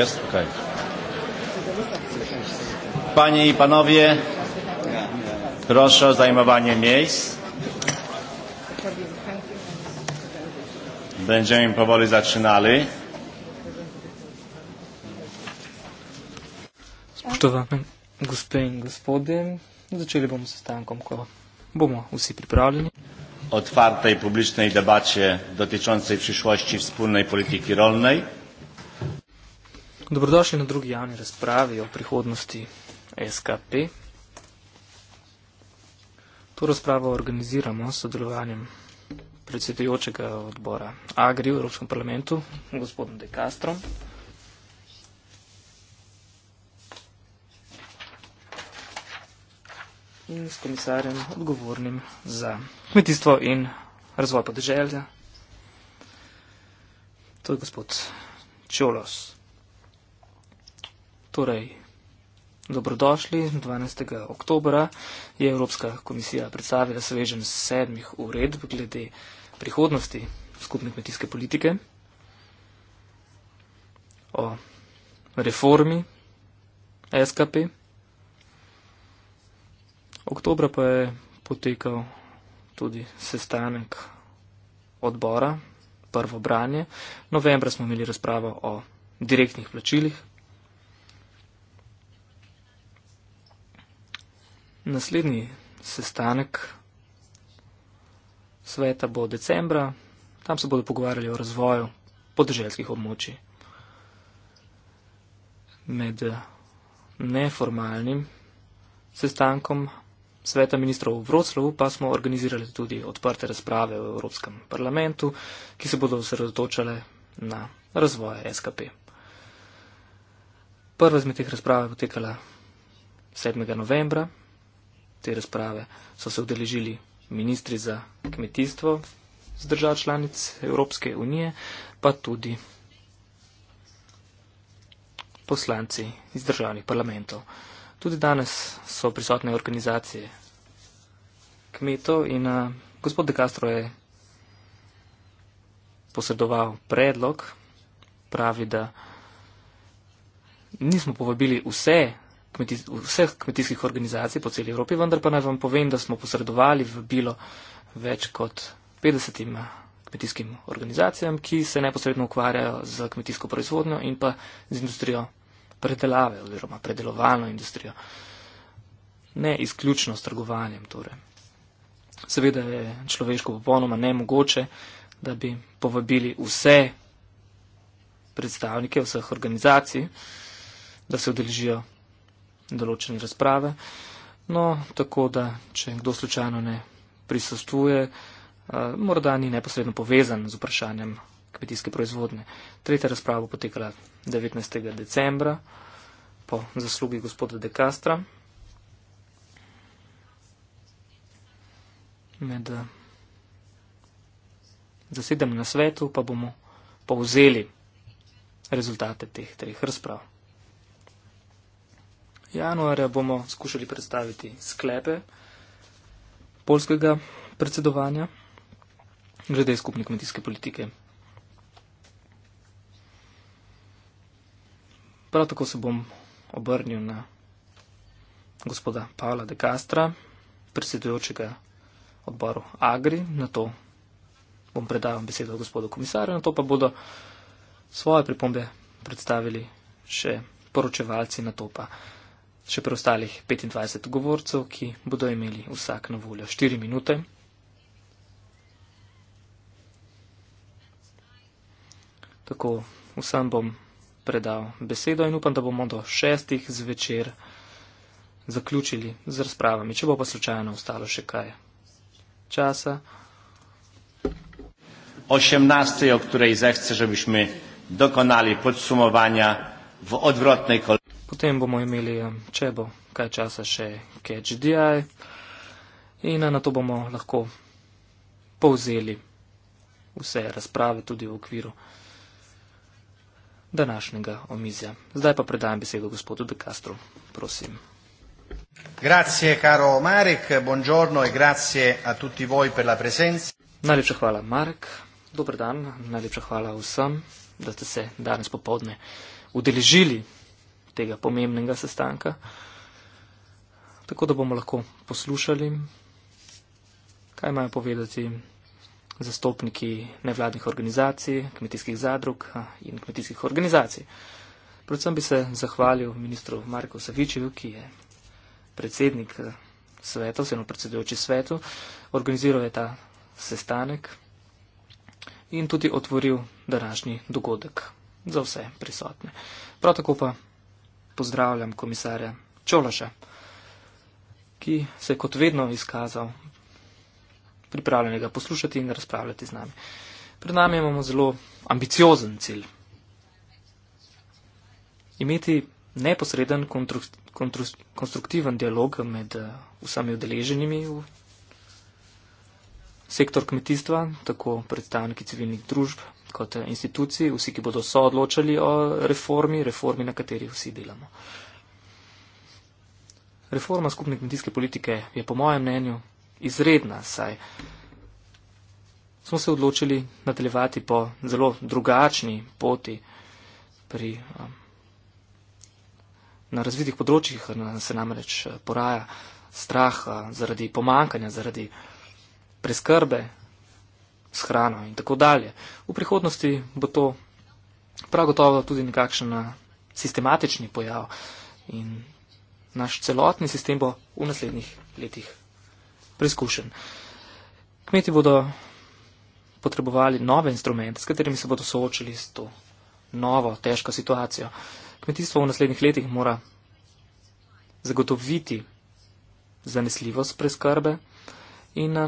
Jest? Okay. Panie i panowie, proszę o zajmowanie miejsc. Będziemy powoli zaczynali. Spoczywamy gospodyń, gospodyń. Zaczęli bomu z stanką koło. Bomu usi pripravljeni. Otwartej publicznej debacie dotyczącej przyszłości wspólnej polityki rolnej. Dobrodošli na drugi javni razpravi o prihodnosti SKP. To razpravo organiziramo s sodelovanjem predsedujočega odbora AGRI v Evropskem parlamentu, gospodom De Castro. in s komisarjem odgovornim za kmetijstvo in razvoj podeželja. To je gospod Čolos. Torej, dobrodošli. 12. oktobra je Evropska komisija predstavila svežen sedmih uredb glede prihodnosti skupne kmetijske politike o reformi SKP. Oktobra pa je potekal tudi sestanek odbora, prvo branje. Novembra smo imeli razpravo o direktnih plačilih, Naslednji sestanek sveta bo decembra, tam se bodo pogovarjali o razvoju podeželskih območij. Med neformalnim sestankom sveta ministrov v Vroclavu pa smo organizirali tudi odprte razprave v Evropskem parlamentu, ki se bodo osredotočale na razvoj SKP. Prva izmed teh razprav je potekala 7. novembra te razprave so se udeležili ministri za kmetijstvo z držav članic Evropske unije, pa tudi poslanci iz državnih parlamentov. Tudi danes so prisotne organizacije kmetov in a, eh, gospod De Castro je posredoval predlog, pravi, da nismo povabili vse vseh kmetijskih organizacij po celi Evropi, vendar pa naj vam povem, da smo posredovali v bilo več kot 50 eh, kmetijskim organizacijam, ki se neposredno ukvarjajo z kmetijsko proizvodnjo in pa z industrijo predelave oziroma predelovalno industrijo. Ne izključno s trgovanjem torej. Seveda je človeško popolnoma nemogoče, da bi povabili vse predstavnike vseh organizacij, da se odeležijo določene razprave. No, tako da, če kdo slučajno ne prisostuje, eh, morda ni neposredno povezan z vprašanjem kmetijske proizvodne. Tretja razprava bo potekala 19. decembra po zaslugi gospoda De Castra. Med eh, zasedem na svetu pa bomo povzeli rezultate teh treh razprav januarja bomo skušali predstaviti sklepe polskega predsedovanja glede skupne kmetijske politike. Prav tako se bom obrnil na gospoda Pavla de Castra, predsedujočega odboru Agri, na to bom predal besedo gospodu komisarju, na to pa bodo svoje pripombe predstavili še poročevalci na to pa še preostalih 25 govorcev, ki bodo imeli vsak na voljo 4 minute. Tako vsem bom predal besedo in upam, da bomo do šestih zvečer zaključili z razpravami, če bo pa slučajno ostalo še kaj časa. 18. oktober, zahce, da bi smo dokonali podsumovanja v odvratnej kolegi potem bomo imeli, eh, če bo kaj časa, še Catch DI in eh, na to bomo lahko povzeli vse razprave tudi v okviru današnjega omizja. Zdaj pa predajam besedo gospodu De Castro, prosim. Grazie, caro Marek, buongiorno e grazie a tutti voi per la presenza. Najlepša hvala, Marek. Dobar dan, najlepša hvala vsem, da ste se danes popovdne udeležili tega pomembnega sestanka. Tako da bomo lahko poslušali, kaj imajo povedati zastopniki nevladnih organizacij, kmetijskih zadrug in kmetijskih organizacij. Predvsem bi se zahvalil ministru Marko Savičevu, ki je predsednik eh, sveta, vseeno predsedujoči svetu, organiziral je ta sestanek in tudi otvoril današnji dogodek za vse prisotne. Prav tako pa pozdravljam komisarja Čološa, ki se je kot vedno izkazal pripravljenega poslušati in razpravljati z nami. Pred nami imamo zelo ambiciozen cilj. Imeti neposreden konstruktiven dialog med eh, vsemi udeleženimi v sektor kmetijstva, tako predstavniki civilnih družb, kot instituciji, vsi, ki bodo soodločali o reformi, reformi, na kateri vsi delamo. Reforma skupne kmetijske politike je po mojem mnenju izredna, saj smo se odločili nadaljevati po zelo drugačni poti pri, um, na razvitih področjih, se namreč eh, poraja strah eh, zaradi pomankanja, zaradi preskrbe s hrano in tako dalje. V prihodnosti bo to prav gotovo tudi nekakšen sistematični pojav in naš celotni sistem bo v naslednjih letih preizkušen. Kmeti bodo potrebovali nove instrumente, s katerimi se bodo soočili s to novo, težko situacijo. Kmetijstvo v naslednjih letih mora zagotoviti zanesljivost preskrbe in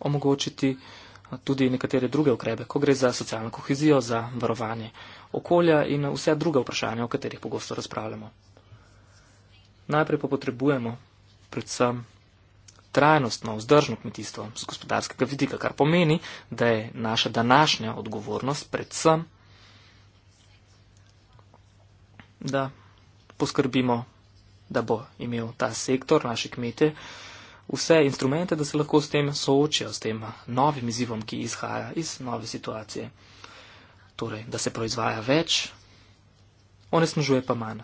omogočiti tudi nekatere druge ukrebe, ko gre za socialno kohezijo, za varovanje okolja in vse druga vprašanja, o katerih pogosto razpravljamo. Najprej pa potrebujemo predvsem trajnostno, vzdržno kmetijstvo z gospodarskega vidika, kar pomeni, da je naša današnja odgovornost predvsem, da poskrbimo, da bo imel ta sektor, naši kmetije, vse instrumente, da se lahko s tem soočijo, s tem novim izzivom, ki izhaja iz nove situacije. Torej, da se proizvaja več, onesnažuje pa manj.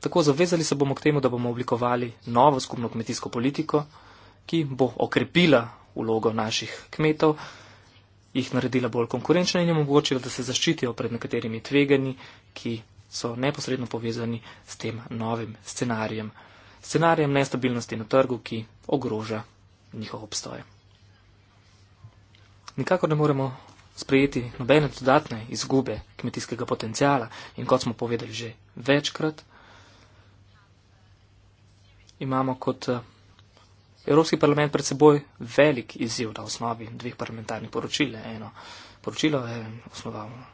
Tako zavezali se bomo k temu, da bomo oblikovali novo skupno kmetijsko politiko, ki bo okrepila ulogo naših kmetov, jih naredila bolj konkurenčne in jim omogočila, da se zaščitijo pred nekaterimi tveganji, ki so neposredno povezani s tem novim scenarijem scenarijem nestabilnosti na trgu, ki ogroža njihov obstoj. Nikako ne moremo sprejeti nobene dodatne izgube kmetijskega potencijala in kot smo povedali že večkrat, imamo kot eh, Evropski parlament pred seboj velik izziv na osnovi dveh parlamentarnih poročil. Eno poročilo je osnovano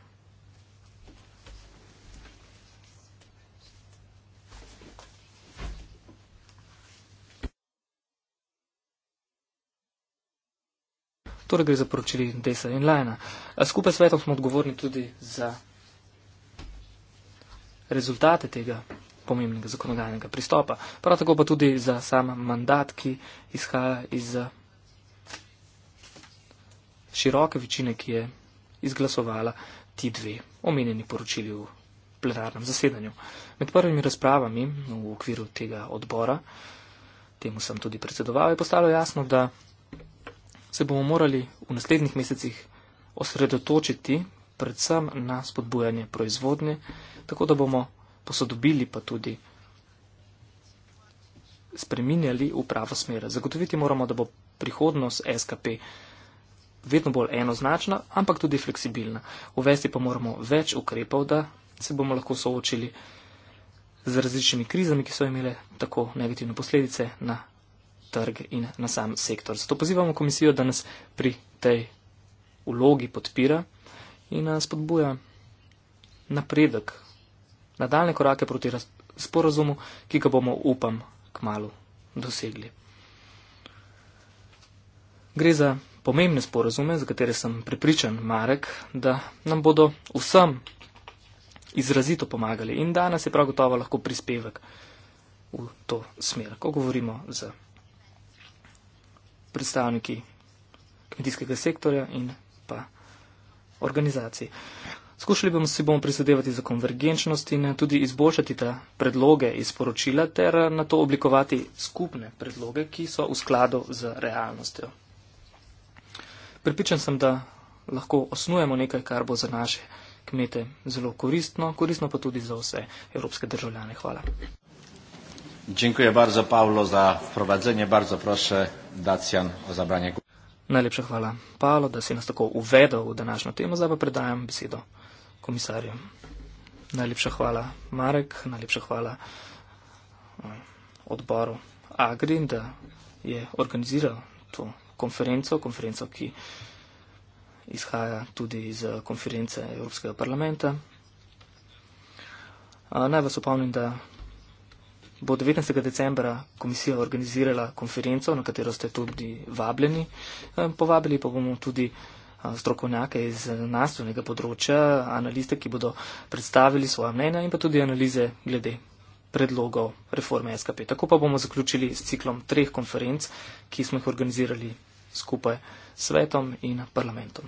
Torej gre za poročili Desa in Lajna. Skupaj s svetom smo odgovorni tudi za rezultate tega pomembnega zakonodajnega pristopa. Prav tako pa tudi za sam mandat, ki izhaja iz široke večine, ki je izglasovala ti dve omenjeni poročili v plenarnem zasedanju. Med prvimi razpravami v okviru tega odbora, temu sem tudi predsedoval, je postalo jasno, da se bomo morali v naslednjih mesecih osredotočiti predvsem na spodbujanje proizvodnje, tako da bomo posodobili pa tudi spreminjali v pravo smer. Zagotoviti moramo, da bo prihodnost SKP vedno bolj enoznačna, ampak tudi fleksibilna. Uvesti pa moramo več ukrepov, da se bomo lahko soočili z različnimi krizami, ki so imele tako negativne posledice na trg in na sam sektor. Zato pozivamo komisijo, da nas pri tej vlogi podpira in eh, spodbuja napredek, nadaljne korake proti sporazumu, ki ga bomo, upam, k malu dosegli. Gre za pomembne sporazume, za katere sem prepričan, Marek, da nam bodo vsem izrazito pomagali in danes je prav gotovo lahko prispevek v to smer, ko govorimo z predstavniki kmetijskega sektorja in pa organizacij. Skušali bomo si bomo prizadevati za konvergenčnost in eh, tudi izboljšati ta predloge iz poročila ter eh, na to oblikovati skupne predloge, ki so v skladu z realnostjo. Pripričan sem, da lahko osnujemo nekaj, kar bo za naše kmete zelo koristno, koristno pa tudi za vse evropske državljane. Hvala. Dziękuję bardzo, Paulo, za wprowadzenie. Bardzo proszę, Dacjan, o zabranie głosu. Najlepša hvala, Paolo, da si nas tako uvedel v današnjo temo. Zdaj pa predajam besedo komisarju. Najlepša hvala, Marek, najlepša hvala eh, odboru Agrin, da je organiziral to konferenco, konferenco, ki izhaja tudi iz eh, konference Evropskega parlamenta. Eh, naj vas opomnim, da bo 19. decembra komisija organizirala konferenco, na katero ste tudi vabljeni. Eh, povabili pa bomo tudi eh, strokovnjake iz eh, nastavnega področja, analiste, ki bodo predstavili svoje mnenja in pa tudi analize glede predlogov reforme SKP. Tako pa bomo zaključili s ciklom treh konferenc, ki smo jih organizirali skupaj s svetom in parlamentom.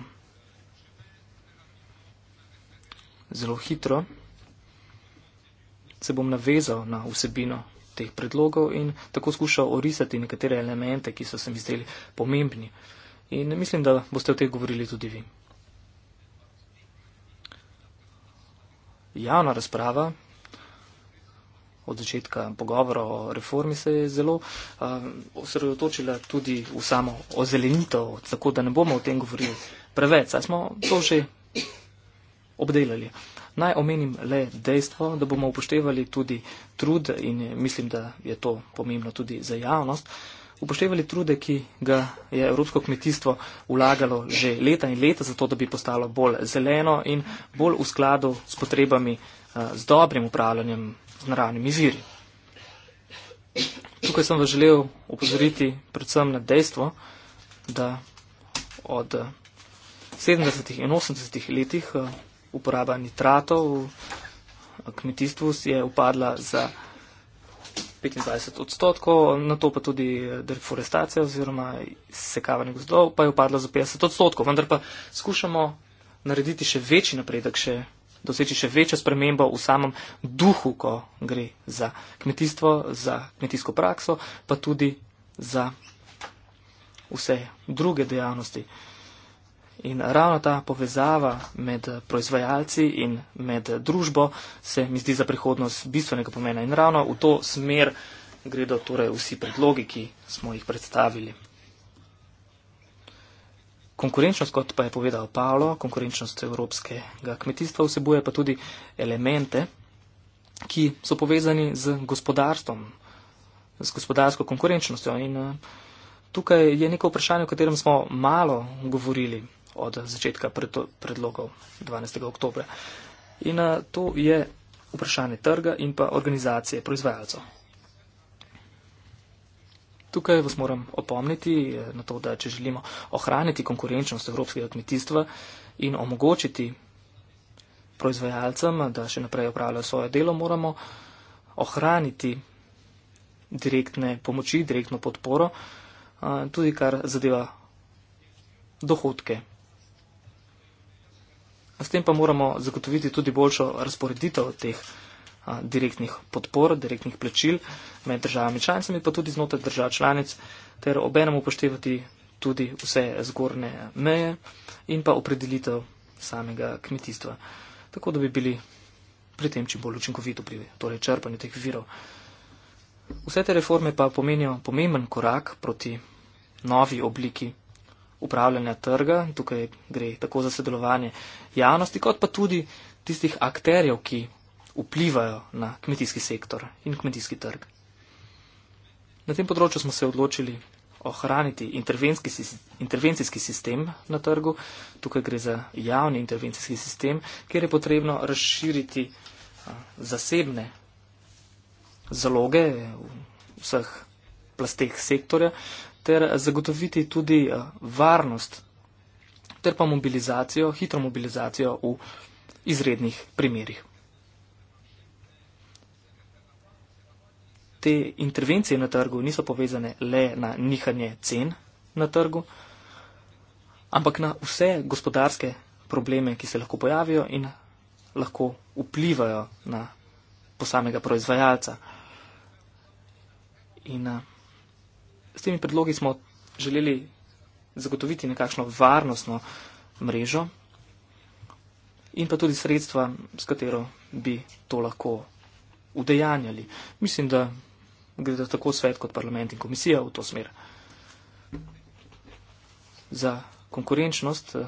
Zelo hitro se bom navezal na vsebino teh predlogov in tako skušal orisati nekatere elemente, ki so se mi zdeli pomembni. In mislim, da boste o tem govorili tudi vi. Javna razprava od začetka pogovora o reformi se je zelo uh, osredotočila tudi v samo ozelenitev, tako da ne bomo o tem govorili preveč, saj smo to že obdelali. Naj omenim le dejstvo, da bomo upoštevali tudi trud in mislim, da je to pomembno tudi za javnost. Upoštevali trude, ki ga je evropsko kmetijstvo vlagalo že leta in leta, zato da bi postalo bolj zeleno in bolj v skladu s potrebami eh, z dobrim upravljanjem z naravnimi viri. Tukaj sem vas želel upozoriti predvsem na dejstvo, da od 70. in 80. letih eh, uporaba nitratov v eh, kmetijstvu je upadla za 25 odstotkov, na to pa tudi eh, deforestacija oziroma sekavanje gozdov pa je upadla za 50 odstotkov. Vendar pa skušamo narediti še večji napredek, še, doseči še večjo spremembo v samem duhu, ko gre za kmetijstvo, za kmetijsko prakso, pa tudi za vse druge dejavnosti. In ravno ta povezava med proizvajalci in med družbo se mi zdi za prihodnost bistvenega pomena. In ravno v to smer gredo torej vsi predlogi, ki smo jih predstavili. Konkurenčnost, kot pa je povedal Paolo, konkurenčnost evropskega kmetijstva vsebuje pa tudi elemente, ki so povezani z gospodarstvom, z gospodarsko konkurenčnostjo. In eh, tukaj je neko vprašanje, o katerem smo malo govorili od začetka predlogov 12. oktober. In to je vprašanje trga in pa organizacije proizvajalcev. Tukaj vas moram opomniti e, na to, da če želimo ohraniti konkurenčnost evropskega kmetijstva in omogočiti proizvajalcem, da še naprej upravljajo svoje delo, moramo ohraniti direktne pomoči, direktno podporo, tudi kar zadeva dohodke S tem pa moramo zagotoviti tudi boljšo razporeditev teh direktnih podpor, direktnih plačil med državami članicami, pa tudi znotraj držav članic, ter obenem upoštevati tudi vse zgorne meje in pa opredelitev samega kmetijstva, tako da bi bili pri tem čim bolj učinkoviti pri torej črpanju teh virov. Vse te reforme pa pomenijo pomemben korak proti novi obliki upravljanja trga, tukaj gre tako za sodelovanje javnosti, kot pa tudi tistih akterjev, ki vplivajo na kmetijski sektor in kmetijski trg. Na tem področju smo se odločili ohraniti intervencijski sistem na trgu. Tukaj gre za javni intervencijski sistem, kjer je potrebno razširiti zasebne zaloge v vseh plasteh sektorja, ter zagotoviti tudi eh, varnost ter pa mobilizacijo, hitro mobilizacijo v izrednih primerjih. Te intervencije na trgu niso povezane le na nihanje cen na trgu, ampak na vse gospodarske probleme, ki se lahko pojavijo in lahko vplivajo na posamega proizvajalca. In, uh, S temi predlogi smo želeli zagotoviti nekakšno varnostno mrežo in pa tudi sredstva, s katero bi to lahko udejanjali. Mislim, da gre da tako svet kot parlament in komisija v to smer. Za konkurenčnost eh,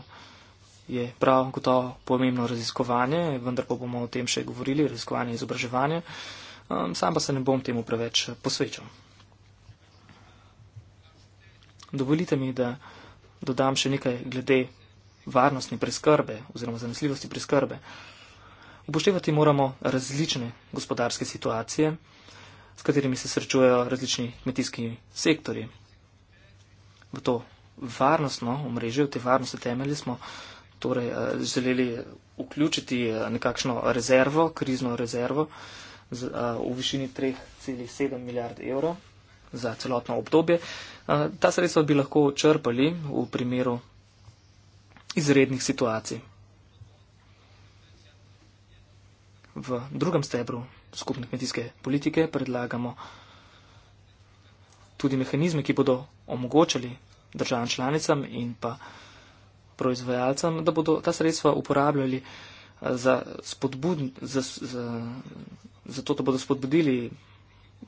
je prav gotovo pomembno raziskovanje, vendar pa bomo o tem še govorili, raziskovanje in izobraževanje. Ehm, sam pa se ne bom temu preveč eh, posvečal dovolite mi, da dodam še nekaj glede varnostne preskrbe oziroma zanesljivosti preskrbe. Upoštevati moramo različne gospodarske situacije, s katerimi se srečujejo različni kmetijski sektori. V to varnostno omrežje, v te varnostne temelje smo torej eh, želeli vključiti eh, nekakšno rezervo, krizno rezervo eh, v višini 3,7 milijard evrov za celotno obdobje. Eh, ta sredstva bi lahko črpali v primeru izrednih situacij. V drugem stebru skupne kmetijske politike predlagamo tudi mehanizme, ki bodo omogočali državam članicam in pa proizvajalcem, da bodo ta sredstva uporabljali eh, za, spodbud, za, za, za to, da bodo spodbudili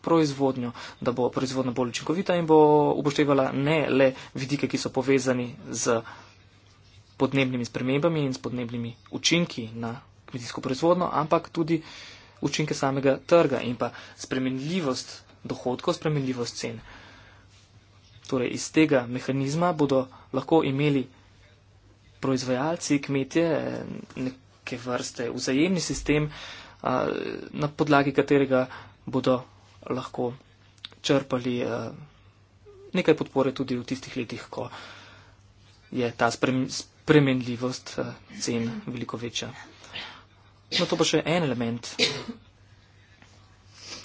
proizvodnjo, da bo proizvodnja bolj učinkovita in bo upoštevala ne le vidike, ki so povezani z podnebnimi spremembami in s podnebnimi učinki na kmetijsko proizvodnjo, ampak tudi učinke samega trga in pa spremenljivost dohodkov, spremenljivost cen. Torej, iz tega mehanizma bodo lahko imeli proizvajalci, kmetje, neke vrste vzajemni sistem, na podlagi katerega bodo lahko črpali eh, nekaj podpore tudi v tistih letih, ko je ta spremenljivost eh, cen veliko večja. No to pa še en element,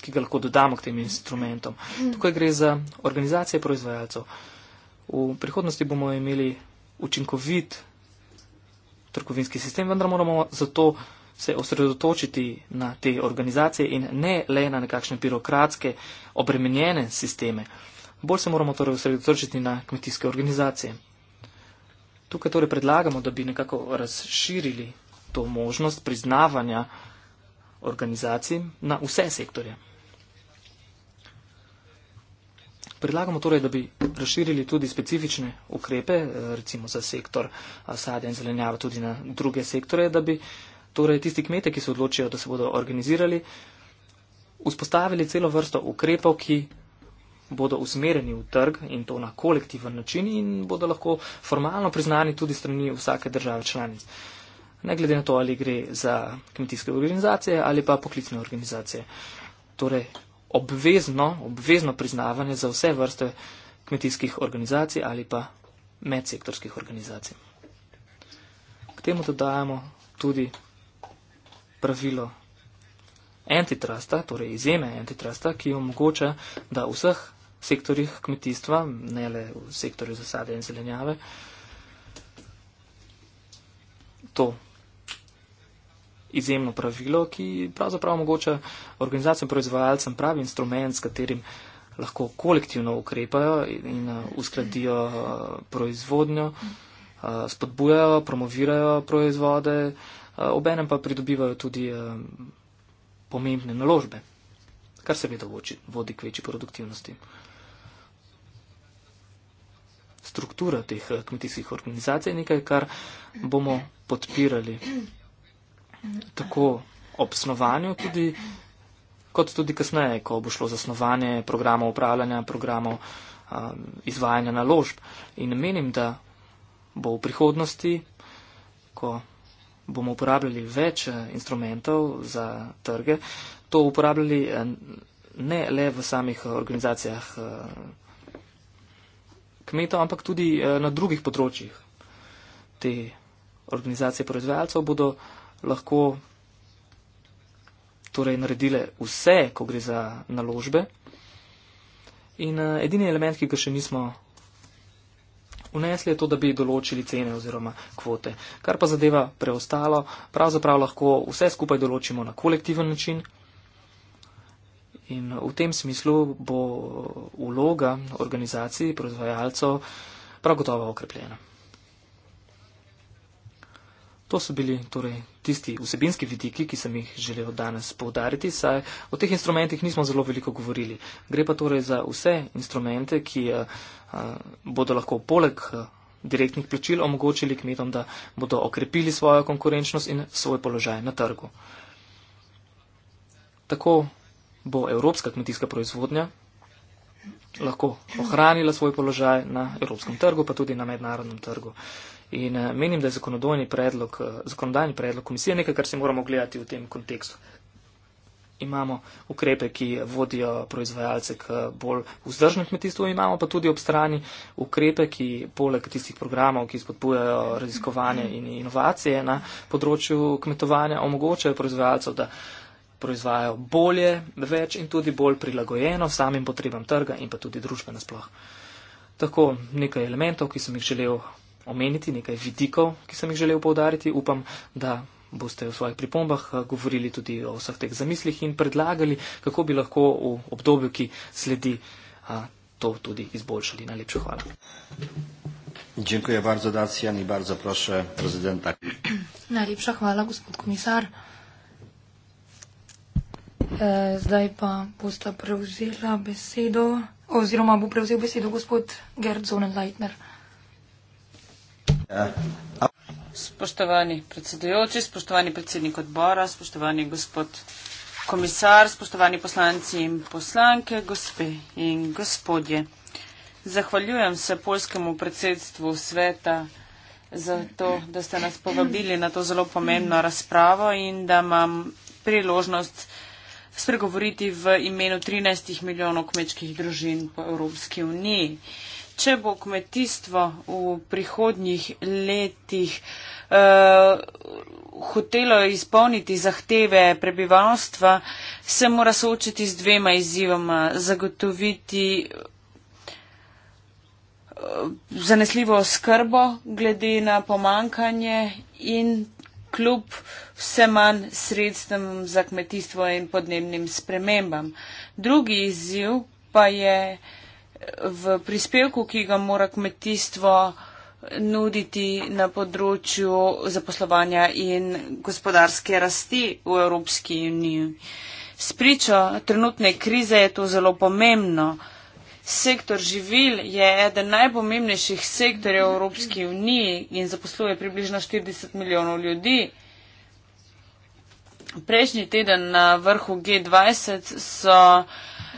ki ga lahko dodamo k tem instrumentom. Tukaj gre za organizacije proizvajalcev. V prihodnosti bomo imeli učinkovit trgovinski sistem, vendar moramo za to se osredotočiti na te organizacije in ne le na nekakšne birokratske obremenjene sisteme. Bolj se moramo torej osredotočiti na kmetijske organizacije. Tukaj torej predlagamo, da bi nekako razširili to možnost priznavanja organizacij na vse sektorje. Predlagamo torej, da bi razširili tudi specifične ukrepe, recimo za sektor sadja in zelenjava, tudi na druge sektore, da bi torej tisti kmete, ki se odločijo, da se bodo organizirali, vzpostavili celo vrsto ukrepov, ki bodo usmereni v trg in to na kolektiven način in bodo lahko formalno priznani tudi strani vsake države članic. Ne glede na to, ali gre za kmetijske organizacije ali pa poklicne organizacije. Torej, obvezno, obvezno priznavanje za vse vrste kmetijskih organizacij ali pa medsektorskih organizacij. K temu dodajamo tudi pravilo antitrusta, torej izjeme antitrusta, ki omogoča, da v vseh sektorjih kmetijstva, ne le v sektorju zasade in zelenjave, to izjemno pravilo, ki pravzaprav omogoča organizacijam proizvajalcem pravi instrument, s katerim lahko kolektivno ukrepajo in eh, uskladijo eh, proizvodnjo, eh, spodbujajo, promovirajo proizvode, obenem pa pridobivajo tudi eh, pomembne naložbe, kar seveda vodi k večji produktivnosti. Struktura teh eh, kmetijskih organizacij je nekaj, kar bomo podpirali tako ob snovanju, tudi, kot tudi kasneje, ko bo šlo za snovanje programov upravljanja, programov um, izvajanja naložb. In menim, da bo v prihodnosti, ko bomo uporabljali več eh, instrumentov za trge, to uporabljali eh, ne le v samih eh, organizacijah kmetov, ampak tudi na drugih področjih. Te organizacije proizvajalcev bodo lahko torej naredile vse, ko gre za naložbe. In edini element, ki ga še nismo vnesli, je to, da bi določili cene oziroma kvote. Kar pa zadeva preostalo, pravzaprav lahko vse skupaj določimo na kolektiven način. In v tem smislu bo vloga organizacij, proizvajalcev prav gotovo okrepljena. To so bili torej tisti vsebinski vidiki, ki sem jih želel danes povdariti, saj o teh instrumentih nismo zelo veliko govorili. Gre pa torej za vse instrumente, ki a, eh, a, eh, bodo lahko poleg a, eh, direktnih plačil omogočili kmetom, da bodo okrepili svojo konkurenčnost in svoj položaj na trgu. Tako bo evropska kmetijska proizvodnja lahko ohranila svoj položaj na evropskem trgu, pa tudi na mednarodnem trgu. In uh, menim, da je zakonodajni predlog, uh, zakonodajni predlog komisije nekaj, kar se moramo gledati v tem kontekstu. Imamo ukrepe, ki vodijo proizvajalce k eh, bolj vzdržnem kmetijstvu, imamo pa tudi ob strani ukrepe, ki poleg tistih programov, ki spodbujajo raziskovanje in inovacije na področju kmetovanja, omogočajo proizvajalcev, da proizvajajo bolje, več in tudi bolj prilagojeno samim potrebam trga in pa tudi družbe nasploh. Tako nekaj elementov, ki sem jih želel omeniti nekaj vidikov, ki sem jih želel povdariti. Upam, da boste v svojih pripombah eh, govorili tudi o vseh teh zamislih in predlagali, kako bi lahko v obdobju, ki sledi, to tudi izboljšali. Najlepša hvala. Dziękuję bardzo, Dacjan, i bardzo proszę prezydenta. Najlepsza chwała, gospod komisar. E, zdaj pa posta prewzięła besedo, oziroma bu prewzięł besedo gospod Gerd Zonenleitner. Leitner. Spoštovani predsedujoči, spoštovani predsednik odbora, spoštovani gospod komisar, spoštovani poslanci in poslanke, gospe in gospodje. Zahvaljujem se polskemu predsedstvu sveta za to, da ste nas povabili na to zelo pomembno razpravo in da imam priložnost spregovoriti v imenu 13 milijonov kmečkih družin po Evropski uniji. Uh, če bo kmetijstvo v prihodnjih letih uh, hotelo izpolniti zahteve prebivalstva, se mora soočiti z dvema izzivoma. Zagotoviti eh, zanesljivo skrbo glede na pomankanje in kljub vse manj sredstvem za kmetijstvo in podnebnim spremembam. Drugi izziv pa je uh, v prispevku, ki ga mora kmetijstvo nuditi na področju zaposlovanja in gospodarske rasti v Evropski uniji. Spričo trenutne krize je to zelo pomembno. Sektor živil je eden najpomembnejših sektorjev Evropske unije in zaposluje približno 40 milijonov ljudi. Prejšnji teden na vrhu G20 so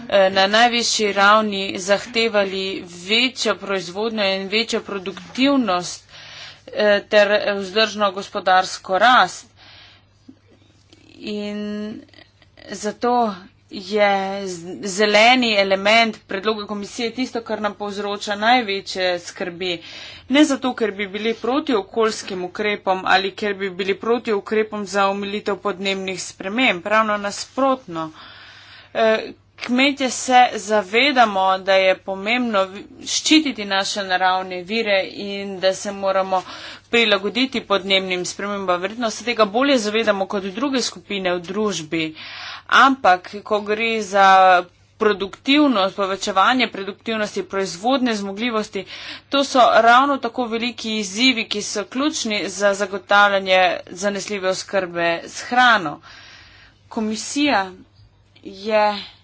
Eh, na najvišji ravni zahtevali večjo proizvodnjo in večjo produktivnost eh, ter vzdržno gospodarsko rast. In zato je zeleni element predloga komisije tisto, kar nam povzroča največje skrbi. Ne zato, ker bi bili proti okoljskim ukrepom ali ker bi bili proti ukrepom za omilitev podnebnih sprememb, ravno nasprotno. Eh, kmetje se zavedamo, da je pomembno ščititi naše naravne vire in da se moramo prilagoditi podnebnim spremembam. Verjetno se tega bolje zavedamo kot druge skupine v družbi. Ampak, ko gre za produktivnost, povečevanje produktivnosti, proizvodne zmogljivosti, to so ravno tako veliki izzivi, ki so ključni za zagotavljanje zanesljive oskrbe s hrano. Komisija je. Yeah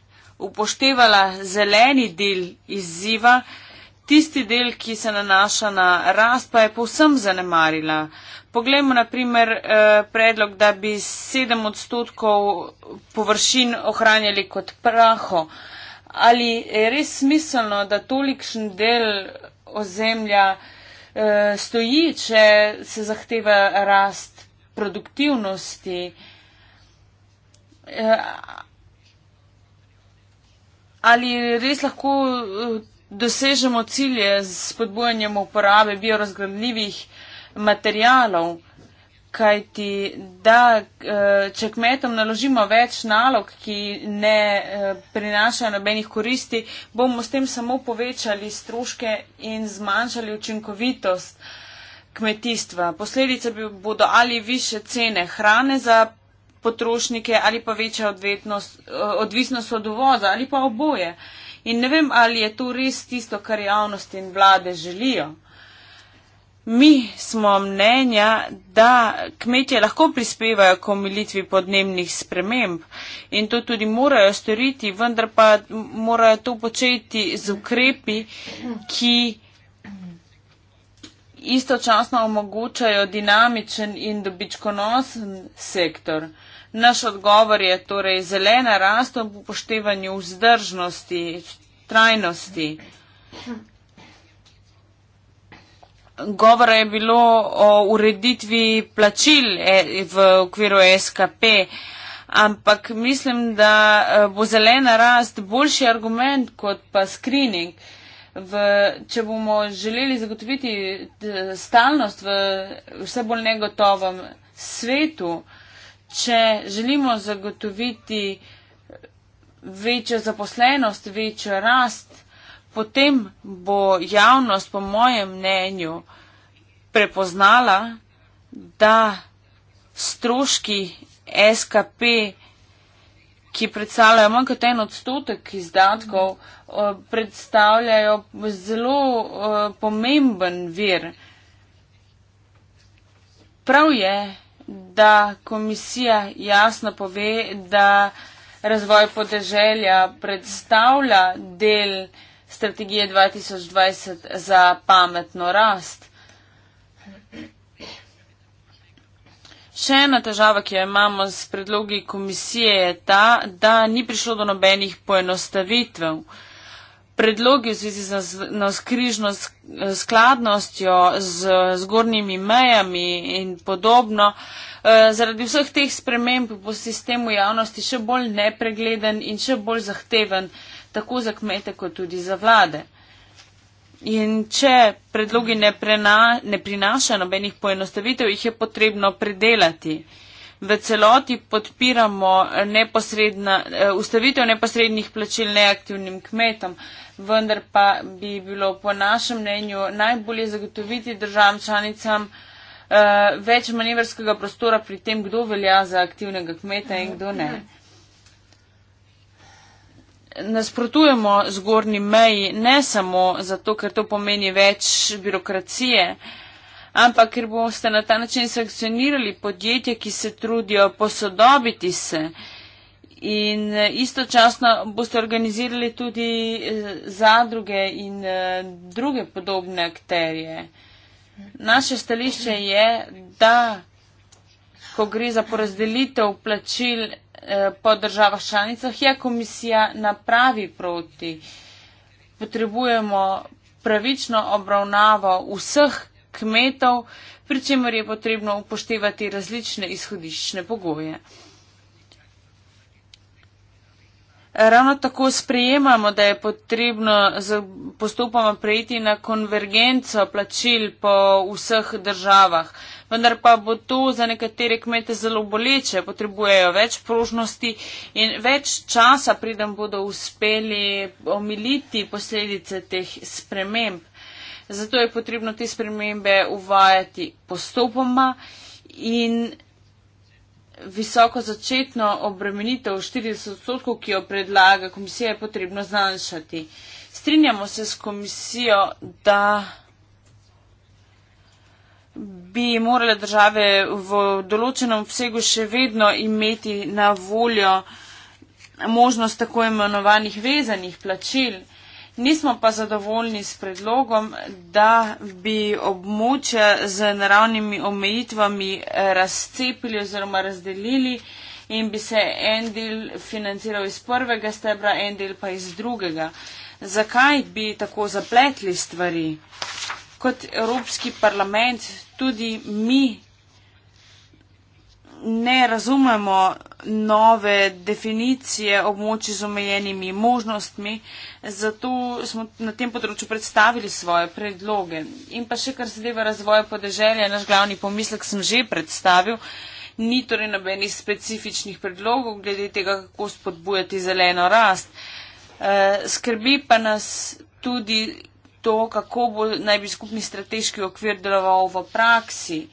upoštevala zeleni del izziva, tisti del, ki se nanaša na rast, pa je povsem zanemarila. Poglejmo naprimer eh, predlog, da bi 7 odstotkov površin ohranjali kot praho. Ali je res smiselno, da tolikšen del ozemlja eh, stoji, če se zahteva rast produktivnosti? Eh, ali res lahko eh, dosežemo cilje z spodbojanjem uporabe biorazgradljivih materijalov, kajti da, eh, če kmetom naložimo več nalog, ki ne eh, prinašajo nobenih koristi, bomo s tem samo povečali stroške in zmanjšali učinkovitost kmetijstva. Posledice bodo ali više cene hrane za potrošnike ali pa večja odvetnost, eh, odvisnost od uvoza ali pa oboje. In ne vem, ali je to res tisto, kar javnost in vlade želijo. Mi smo mnenja, da kmetje lahko prispevajo k omilitvi podnebnih sprememb in to tudi morajo storiti, vendar pa morajo to početi z ukrepi, ki istočasno omogočajo dinamičen in dobičkonosen sektor. Naš odgovor je torej zelena rast ob upoštevanju vzdržnosti, trajnosti. Govora je bilo o ureditvi plačil e, v okviru SKP, ampak mislim, da e, bo zelena rast boljši argument kot pa screening. V, če bomo želeli zagotoviti e, stalnost v vse bolj negotovem svetu, če želimo zagotoviti večjo zaposlenost, večjo rast, potem bo javnost, po mojem mnenju, prepoznala, da stroški SKP, ki predstavljajo manj kot en odstotek izdatkov, predstavljajo zelo pomemben vir. Prav je, da komisija jasno pove, da razvoj podeželja predstavlja del strategije 2020 za pametno rast. Še ena težava, ki jo imamo s predlogi komisije, je ta, da ni prišlo do nobenih poenostavitev predlogi v zvezi na skrižno skladnostjo z zgornjimi mejami in podobno. E, zaradi vseh teh sprememb bo sistem v javnosti še bolj nepregleden in še bolj zahteven tako za kmete, kot tudi za vlade. In če predlogi ne, prena, ne prinaša nobenih poenostavitev, jih je potrebno predelati. Uh, v celoti podpiramo neposredna, eh, ustavitev neposrednih plačil neaktivnim kmetom, vendar pa bi bilo po našem mnenju najbolje zagotoviti državam članicam eh, več manevrskega prostora pri tem, kdo velja za aktivnega kmeta in kdo ne. Nasprotujemo zgornji meji ne samo zato, ker to pomeni več birokracije, uh, ampak ker boste na ta način sankcionirali podjetja, ki se trudijo posodobiti se in eh, istočasno boste organizirali tudi eh, zadruge in eh, druge podobne akterje. Naše stališče je, da ko gre za porazdelitev plačil po državah članicah, je komisija na pravi proti. Potrebujemo pravično obravnavo vseh kmetov, pri čemer je potrebno upoštevati različne izhodiščne pogoje. Ravno tako sprejemamo, da je potrebno postopoma prejeti na konvergenco plačil po vseh državah, vendar pa bo to za nekatere kmete zelo boleče, potrebujejo več prožnosti in več časa, preden bodo uspeli omiliti posledice teh sprememb. Zato je potrebno te spremembe uvajati postopoma in visoko začetno obremenitev 40 odstotkov, ki jo predlaga komisija, je potrebno zmanjšati. Strinjamo se s komisijo, da bi morale države v določenem obsegu še vedno imeti na voljo možnost tako imenovanih vezanih plačil. Nismo pa zadovoljni s predlogom, da bi območja z naravnimi omejitvami eh, razcepili oziroma razdelili in bi se en del financiral iz prvega stebra, en del pa iz drugega. Zakaj bi tako zapletli stvari? Kot Evropski parlament tudi mi ne razumemo nove definicije območij z omejenimi možnostmi, zato smo na tem področju predstavili svoje predloge. In pa še kar se deva razvoja podeželja, naš glavni pomislek sem že predstavil, ni torej nobenih specifičnih predlogov glede tega, kako spodbujati zeleno rast. Eh, skrbi pa nas tudi to, kako bo naj bi skupni strateški okvir deloval v praksi.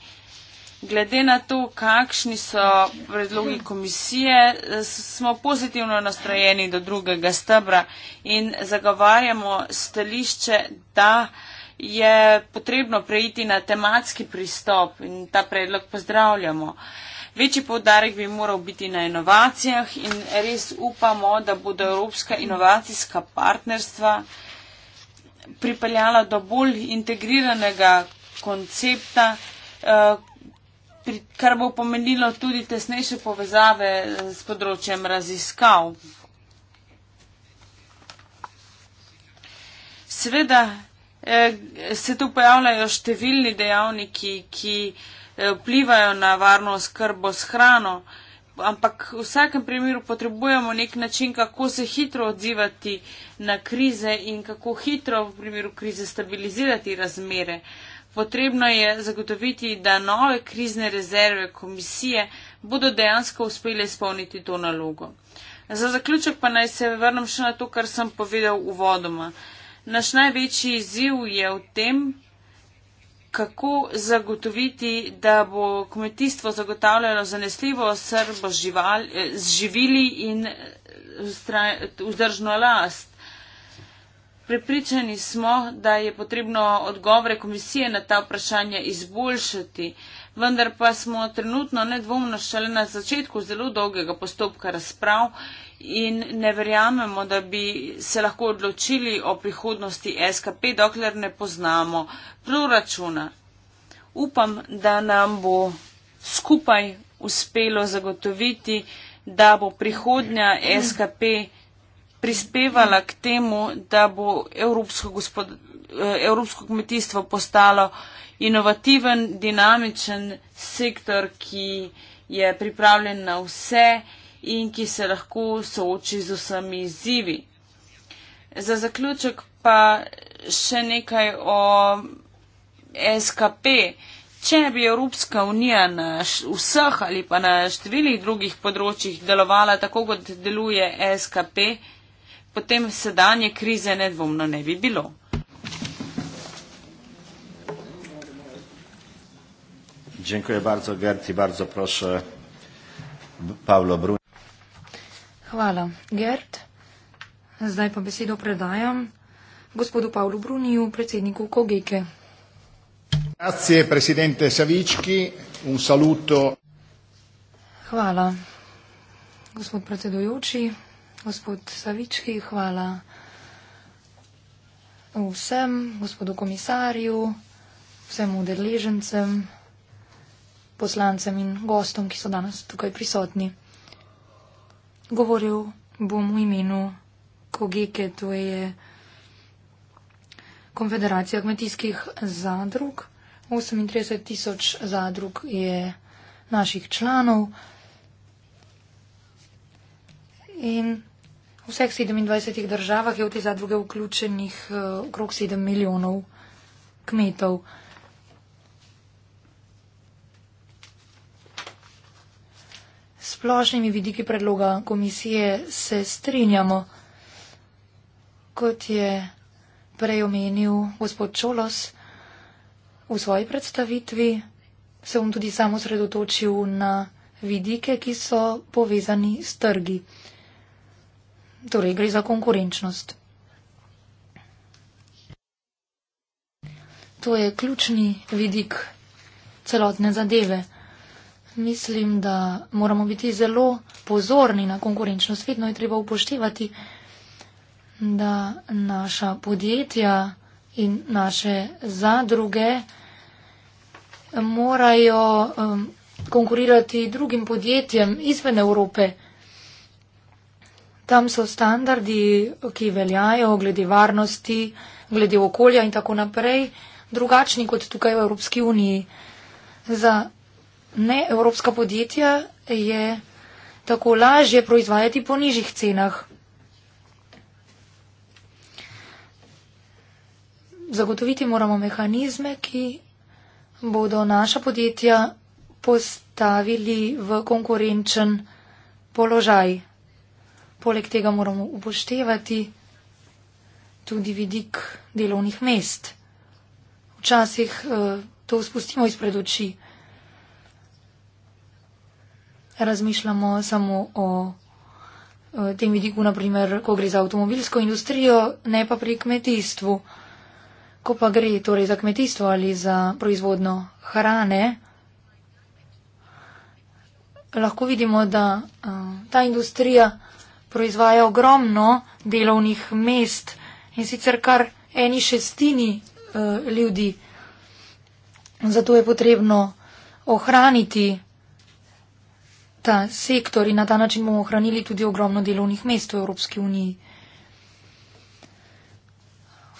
Glede na to, kakšni so predlogi komisije, smo pozitivno nastrojeni do drugega stebra in zagovarjamo stališče, da je potrebno preiti na tematski pristop in ta predlog pozdravljamo. Večji povdarek bi moral biti na inovacijah in res upamo, da bodo evropska inovacijska partnerstva pripeljala do bolj integriranega koncepta, eh, pri, kar bo pomenilo tudi tesnejše povezave eh, s področjem raziskav. Seveda eh, se tu pojavljajo številni dejavniki, ki eh, vplivajo na varno skrbo s hrano, ampak v vsakem primeru potrebujemo nek način, kako se hitro odzivati na krize in kako hitro v primeru krize stabilizirati razmere. Uh, Potrebno je zagotoviti, da nove krizne rezerve komisije bodo dejansko uspeli izpolniti to nalogo. Za zaključek pa naj se vrnem še na to, kar sem povedal v vodoma. Naš največji izziv je v tem, kako zagotoviti, da bo kmetijstvo zagotavljalo zanesljivo srbo živali, eh, živili in eh, vzdržno last. Prepričani smo, da je potrebno odgovore komisije na ta vprašanja izboljšati, vendar pa smo trenutno nedvomno šele na začetku zelo dolgega postopka razprav in ne verjamemo, da bi se lahko odločili o prihodnosti SKP, dokler ne poznamo proračuna. Upam, da nam bo skupaj uspelo zagotoviti, da bo prihodnja SKP. Mm prispevala k temu, da bo evropsko, gospod, eh, evropsko kmetijstvo postalo inovativen, dinamičen sektor, ki je pripravljen na vse in ki se lahko sooči z vsemi izzivi. Za zaključek pa še nekaj o SKP. Če bi Evropska unija na vseh ali pa na številnih drugih področjih delovala tako, kot deluje SKP, potem sedanje krize nedvomno ne bi bilo. Bardzo, Gerti, bardzo proszę, Pavlo Hvala, Gert. Zdaj pa besedo predajam gospodu Pavlu Bruniju, predsedniku Kogeke. Grazie, presidente Savički. Un saluto. Hvala, gospod predsedujoči, gospod Savički, hvala vsem, gospodu komisarju, vsem udeležencem, poslancem in gostom, ki so danes tukaj prisotni. Govoril bom v imenu Kogeke, to je Konfederacija kmetijskih zadrug. 38 tisoč zadrug je naših članov. In V vseh 27 državah je v te zadruge vključenih eh, okrog 7 milijonov kmetov. Splošnimi vidiki predloga komisije se strinjamo, kot je prej omenil gospod Čolos v svoji predstavitvi, se bom tudi samo sredotočil na vidike, ki so povezani s trgi. Torej, gre za konkurenčnost. To je ključni vidik celotne zadeve. Mislim, da moramo biti zelo pozorni na konkurenčnost. Vedno je treba upoštevati, da naša podjetja in naše zadruge morajo um, konkurirati drugim podjetjem izven Evrope. Tam so standardi, ki veljajo glede varnosti, glede okolja in tako naprej, drugačni kot tukaj v Evropski uniji. Za neevropska podjetja je tako lažje proizvajati po nižjih cenah. Zagotoviti moramo mehanizme, ki bodo naša podjetja postavili v konkurenčen položaj. Poleg tega moramo upoštevati tudi vidik delovnih mest. Včasih eh, to spustimo izpred oči. Razmišljamo samo o eh, tem vidiku, naprimer, ko gre za avtomobilsko industrijo, ne pa pri kmetijstvu. Ko pa gre torej za kmetijstvo ali za proizvodno hrane, lahko vidimo, da eh, ta industrija proizvaja ogromno delovnih mest in sicer kar eni šestini uh, ljudi. Zato je potrebno ohraniti ta sektor in na ta način bomo ohranili tudi ogromno delovnih mest v Evropski uniji.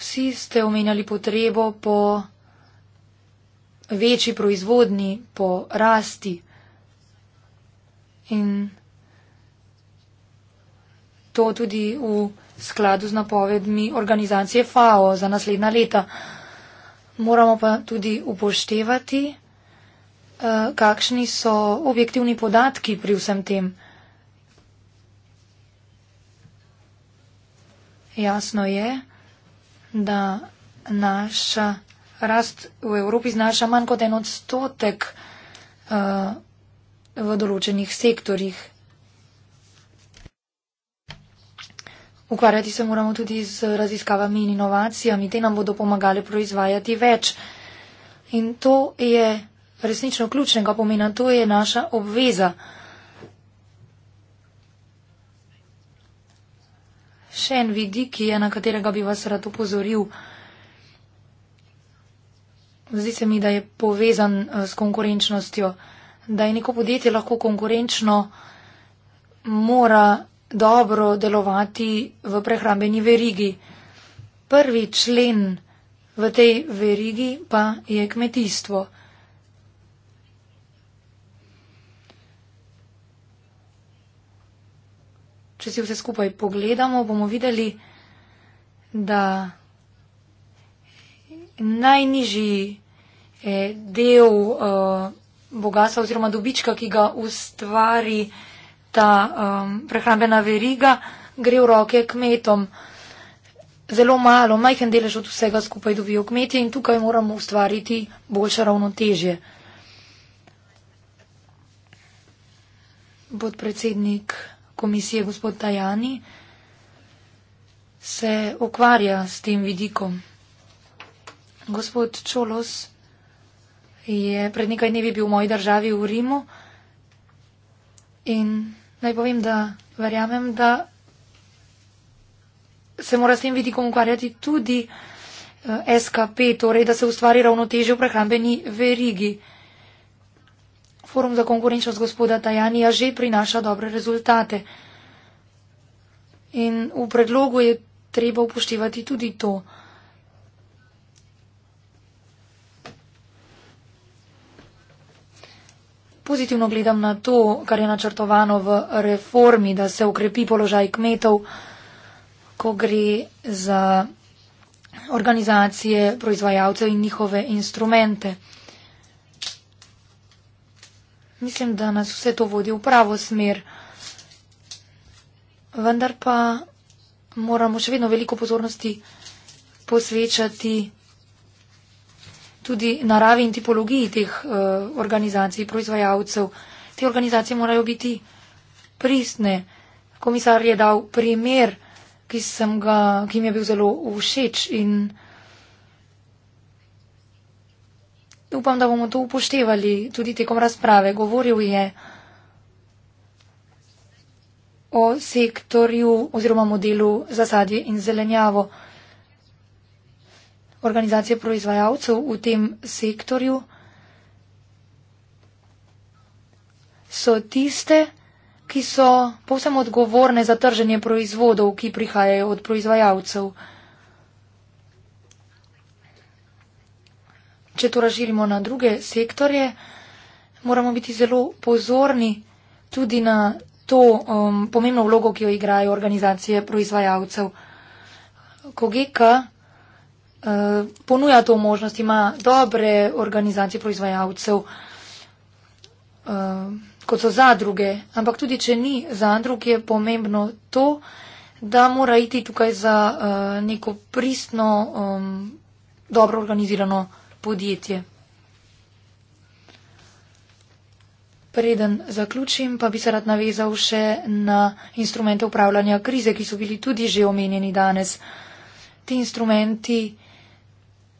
Vsi ste omenjali potrebo po večji proizvodni, po rasti. In to tudi v skladu z napovedmi organizacije FAO za naslednja leta. Moramo pa tudi upoštevati, eh, kakšni so objektivni podatki pri vsem tem. Jasno je, da naša rast v Evropi znaša manj kot en odstotek uh, v določenih sektorjih. Ukvarjati se moramo tudi z raziskavami in inovacijami, te nam bodo pomagale proizvajati več. In to je resnično ključnega pomena, to je naša obveza. Še en vidik je, na katerega bi vas rad upozoril. Zdi se mi, da je povezan eh, s konkurenčnostjo. Da je neko podjetje lahko konkurenčno, mora dobro delovati v prehrambeni verigi. Prvi člen v tej verigi pa je kmetijstvo. Če si vse skupaj pogledamo, bomo videli, da najnižji eh, del eh, bogatstva oziroma dobička, ki ga ustvari eh, ta um, prehrambena veriga gre v roke kmetom. Zelo malo, majhen delež od vsega skupaj dobijo kmetje in tukaj moramo ustvariti boljše ravnotežje. Podpredsednik komisije, gospod Tajani, se ukvarja s tem vidikom. Gospod Čolos je pred nekaj dnevi bil v moji državi v Rimu in. Naj povem, da verjamem, da se mora s tem biti konkurjati tudi eh, SKP, torej da se ustvari ravnoteže v prehrambeni verigi. Forum za konkurenčnost gospoda Tajanija že prinaša dobre rezultate. In v predlogu je treba upoštevati tudi to. pozitivno gledam na to, kar je načrtovano v reformi, da se ukrepi položaj kmetov, ko gre za organizacije proizvajalcev in njihove instrumente. Mislim, da nas vse to vodi v pravo smer. Vendar pa moramo še vedno veliko pozornosti posvečati tudi naravi in tipologiji teh uh, organizacij, proizvajalcev. Te organizacije morajo biti pristne. Komisar je dal primer, ki, ga, ki mi je bil zelo všeč in upam, da bomo to upoštevali tudi tekom razprave. Govoril je o sektorju oziroma modelu za sadje in zelenjavo organizacije proizvajalcev v tem sektorju so tiste, ki so povsem odgovorne za trženje proizvodov, ki prihajajo od proizvajalcev. Če to razširimo na druge sektorje, moramo biti zelo pozorni tudi na to um, pomembno vlogo, ki jo igrajo organizacije proizvajalcev. Kogeka Eh, ponuja to možnost, ima dobre organizacije proizvajalcev, eh, kot so zadruge. Ampak tudi, če ni zadrug, je pomembno to, da mora iti tukaj za eh, neko pristno, dobro organizirano podjetje. Preden zaključim, pa bi se rad navezal še na instrumente upravljanja krize, ki so bili tudi že omenjeni danes. Ti instrumenti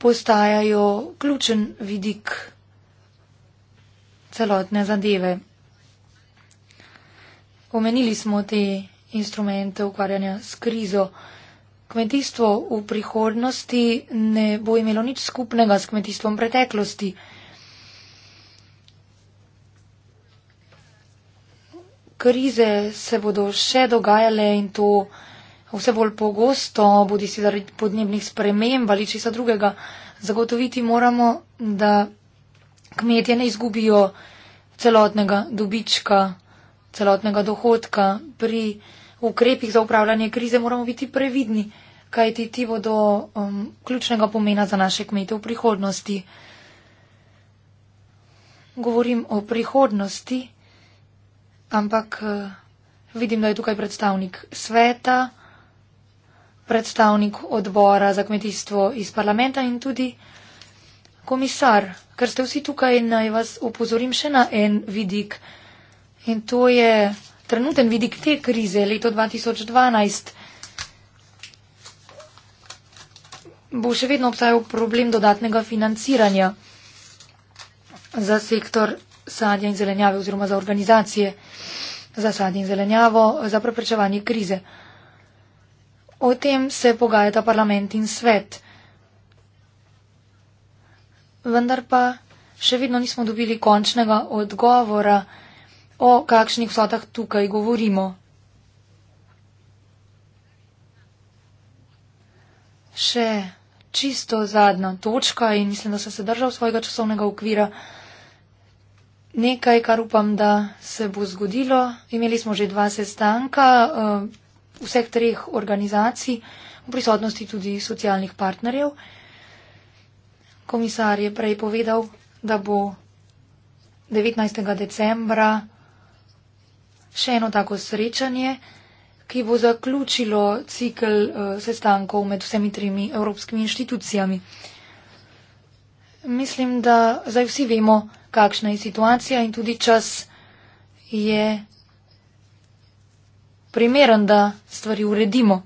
postajajo ključen vidik celotne zadeve. Omenili smo te instrumente ukvarjanja s krizo. Kmetijstvo v prihodnosti ne bo imelo nič skupnega s kmetijstvom preteklosti. Krize se bodo še dogajale in to vse bolj pogosto, bodi si zaradi podnebnih sprememb ali česa drugega, zagotoviti moramo, da kmetje ne izgubijo celotnega dobička, celotnega dohodka. Pri ukrepih za upravljanje krize moramo biti previdni, kajti ti bodo um, ključnega pomena za naše kmete v prihodnosti. Govorim o prihodnosti, ampak uh, vidim, da je tukaj predstavnik sveta predstavnik odbora za kmetijstvo iz parlamenta in tudi komisar, ker ste vsi tukaj in naj vas upozorim še na en vidik. In to je trenuten vidik te krize, leto 2012. Bo še vedno obstajal problem dodatnega financiranja za sektor sadja in zelenjave oziroma za organizacije za sadje in zelenjavo, za preprečevanje krize. O tem se pogajata parlament in svet. Vendar pa še vedno nismo dobili končnega odgovora, o kakšnih vsotah tukaj govorimo. Še čisto zadnja točka in mislim, da sem se držal svojega časovnega okvira. Nekaj, kar upam, da se bo zgodilo. Imeli smo že dva sestanka. Uh, vseh treh organizacij, v prisotnosti tudi socialnih partnerjev. Komisar je prej povedal, da bo 19. decembra še eno tako srečanje, ki bo zaključilo cikl eh, sestankov med vsemi tremi evropskimi inštitucijami. Mislim, da zdaj vsi vemo, kakšna je situacija in tudi čas je primeren, da stvari uredimo.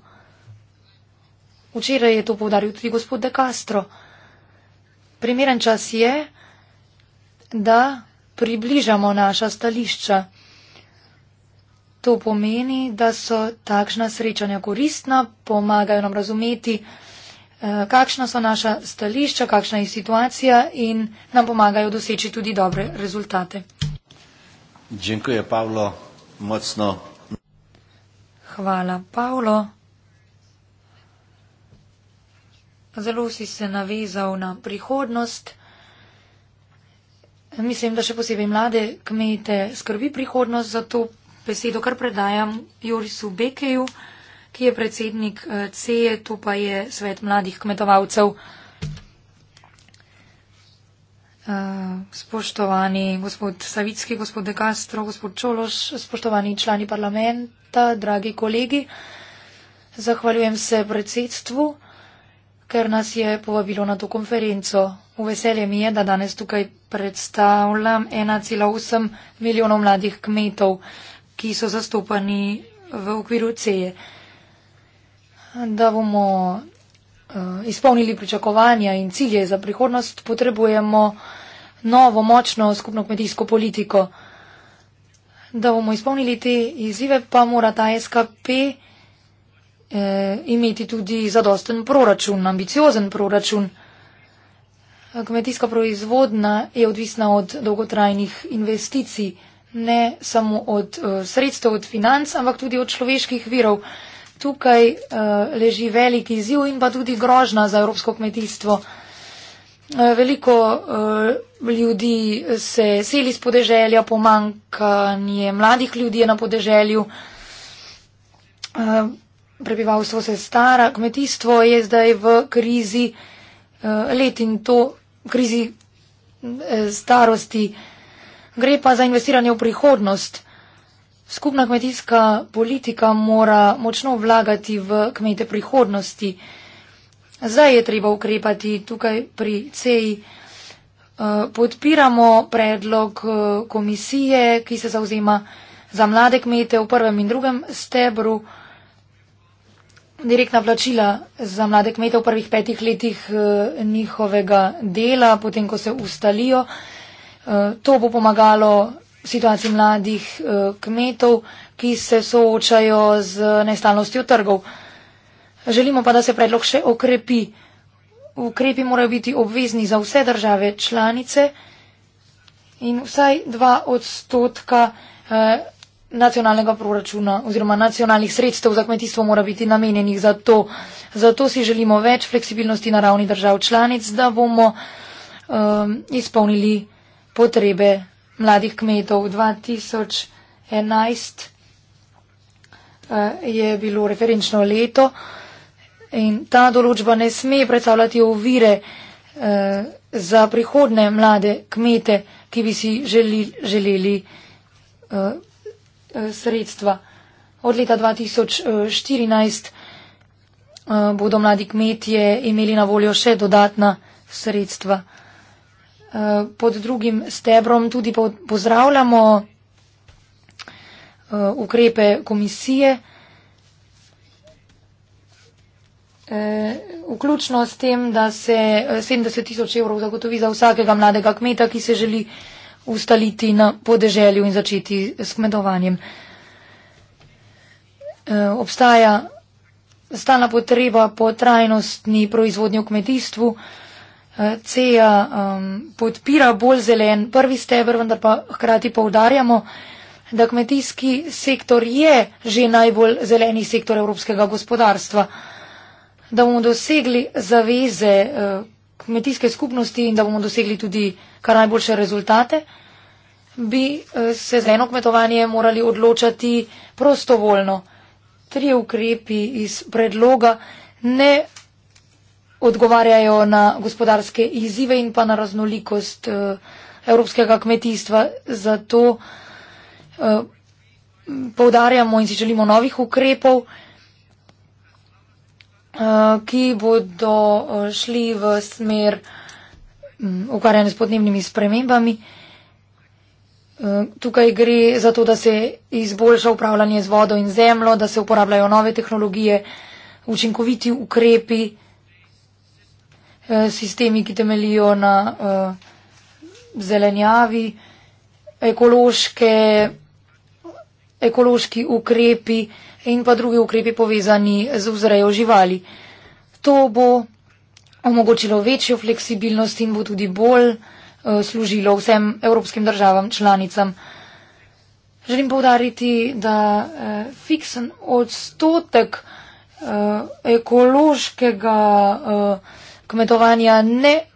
Včeraj je to povdaril tudi gospod De Castro. Primeren čas je, da približamo naša stališča. To pomeni, da so takšna srečanja koristna, pomagajo nam razumeti, eh, kakšna so naša stališča, kakšna je situacija in nam pomagajo doseči tudi dobre rezultate. Dziękuję, Pavlo. Mocno Hvala, Paulo. Zelo si se navezal na prihodnost. Mislim, da še posebej mlade kmete skrbi prihodnost, zato besedo kar predajam Jorisu Bekeju, ki je predsednik eh, CE, to pa je svet mladih kmetovalcev. Eh, spoštovani gospod Savitski, gospod De Castro, gospod Čološ, spoštovani člani parlamenta, dragi kolegi. Zahvaljujem se predsedstvu, ker nas je povabilo na to konferenco. V veselje mi je, da danes tukaj predstavljam 1,8 milijonov mladih kmetov, ki so zastopani v okviru CE. Da bomo Eh, izpolnili pričakovanja in cilje za prihodnost, potrebujemo novo močno skupno kmetijsko politiko. Da bomo izpolnili te izzive, pa mora ta SKP eh, imeti tudi zadosten proračun, ambiciozen proračun. Kmetijska proizvodna je odvisna od dolgotrajnih investicij, ne samo od eh, sredstev, od financ, ampak tudi od človeških virov tukaj uh, leži veliki izziv in pa tudi grožna za evropsko kmetijstvo. Eh, veliko uh, ljudi se seli z podeželja, pomankanje mladih ljudi je na podeželju, uh, prebivalstvo se stara, kmetijstvo je zdaj v krizi uh, let in to krizi uh, starosti. Gre pa za investiranje v prihodnost. Uh, Skupna kmetijska politika mora močno vlagati v kmete prihodnosti. Zdaj je treba ukrepati tukaj pri CEI. Eh, podpiramo predlog eh, komisije, ki se zauzema za mlade kmete v prvem in drugem stebru. Direktna plačila za mlade kmete v prvih petih letih eh, njihovega dela, potem ko se ustalijo. To bo pomagalo situaciji mladih eh, kmetov, ki se soočajo z nestalnostjo trgov. Želimo pa, da se predlog še okrepi. Ukrepi morajo biti obvezni za vse države članice in vsaj dva odstotka eh, nacionalnega proračuna oziroma nacionalnih sredstev za kmetijstvo mora biti namenjenih za to. Zato si želimo več fleksibilnosti na ravni držav članic, da bomo um, izpolnili potrebe mladih kmetov. 2011 eh, je bilo referenčno leto in ta določba ne sme predstavljati ovire eh, za prihodne mlade kmete, ki bi si želi, želeli eh, sredstva. Od leta 2014 bodo mladi kmetje imeli na voljo še dodatna sredstva. Eh, pod drugim stebrom tudi pozdravljamo eh, ukrepe komisije, eh, vključno s tem, da se 70 tisoč evrov zagotovi za vsakega mladega kmeta, ki se želi ustaliti na podeželju in začeti s kmetovanjem. Obstaja stana potreba po trajnostni proizvodnji v kmetijstvu. CEA um, podpira bolj zelen prvi stebr, vendar pa hkrati povdarjamo, da kmetijski sektor je že najbolj zeleni sektor evropskega gospodarstva, da bomo dosegli zaveze uh, kmetijske skupnosti in da bomo dosegli tudi kar najboljše rezultate bi uh, se za eno kmetovanje morali odločati prostovoljno. Tri ukrepi iz predloga ne odgovarjajo na gospodarske izzive in pa na raznolikost eh, evropskega kmetijstva. Zato eh, poudarjamo in si želimo novih ukrepov, eh, ki bodo šli v smer mm, ukvarjanja s podnebnimi spremembami. Tukaj gre za to, da se izboljša upravljanje z vodo in zemljo, da se uporabljajo nove tehnologije, učinkoviti ukrepi. Eh, sistemi, ki temelijo na uh, zelenjavi, ekološke, ekološki ukrepi in pa drugi ukrepi povezani z vzrejo živali. To bo omogočilo večjo fleksibilnost in bo tudi bolj uh, služilo vsem evropskim državam članicam. Želim povdariti, da uh, fiksen odstotek uh, ekološkega uh, kmetovanja ne eh,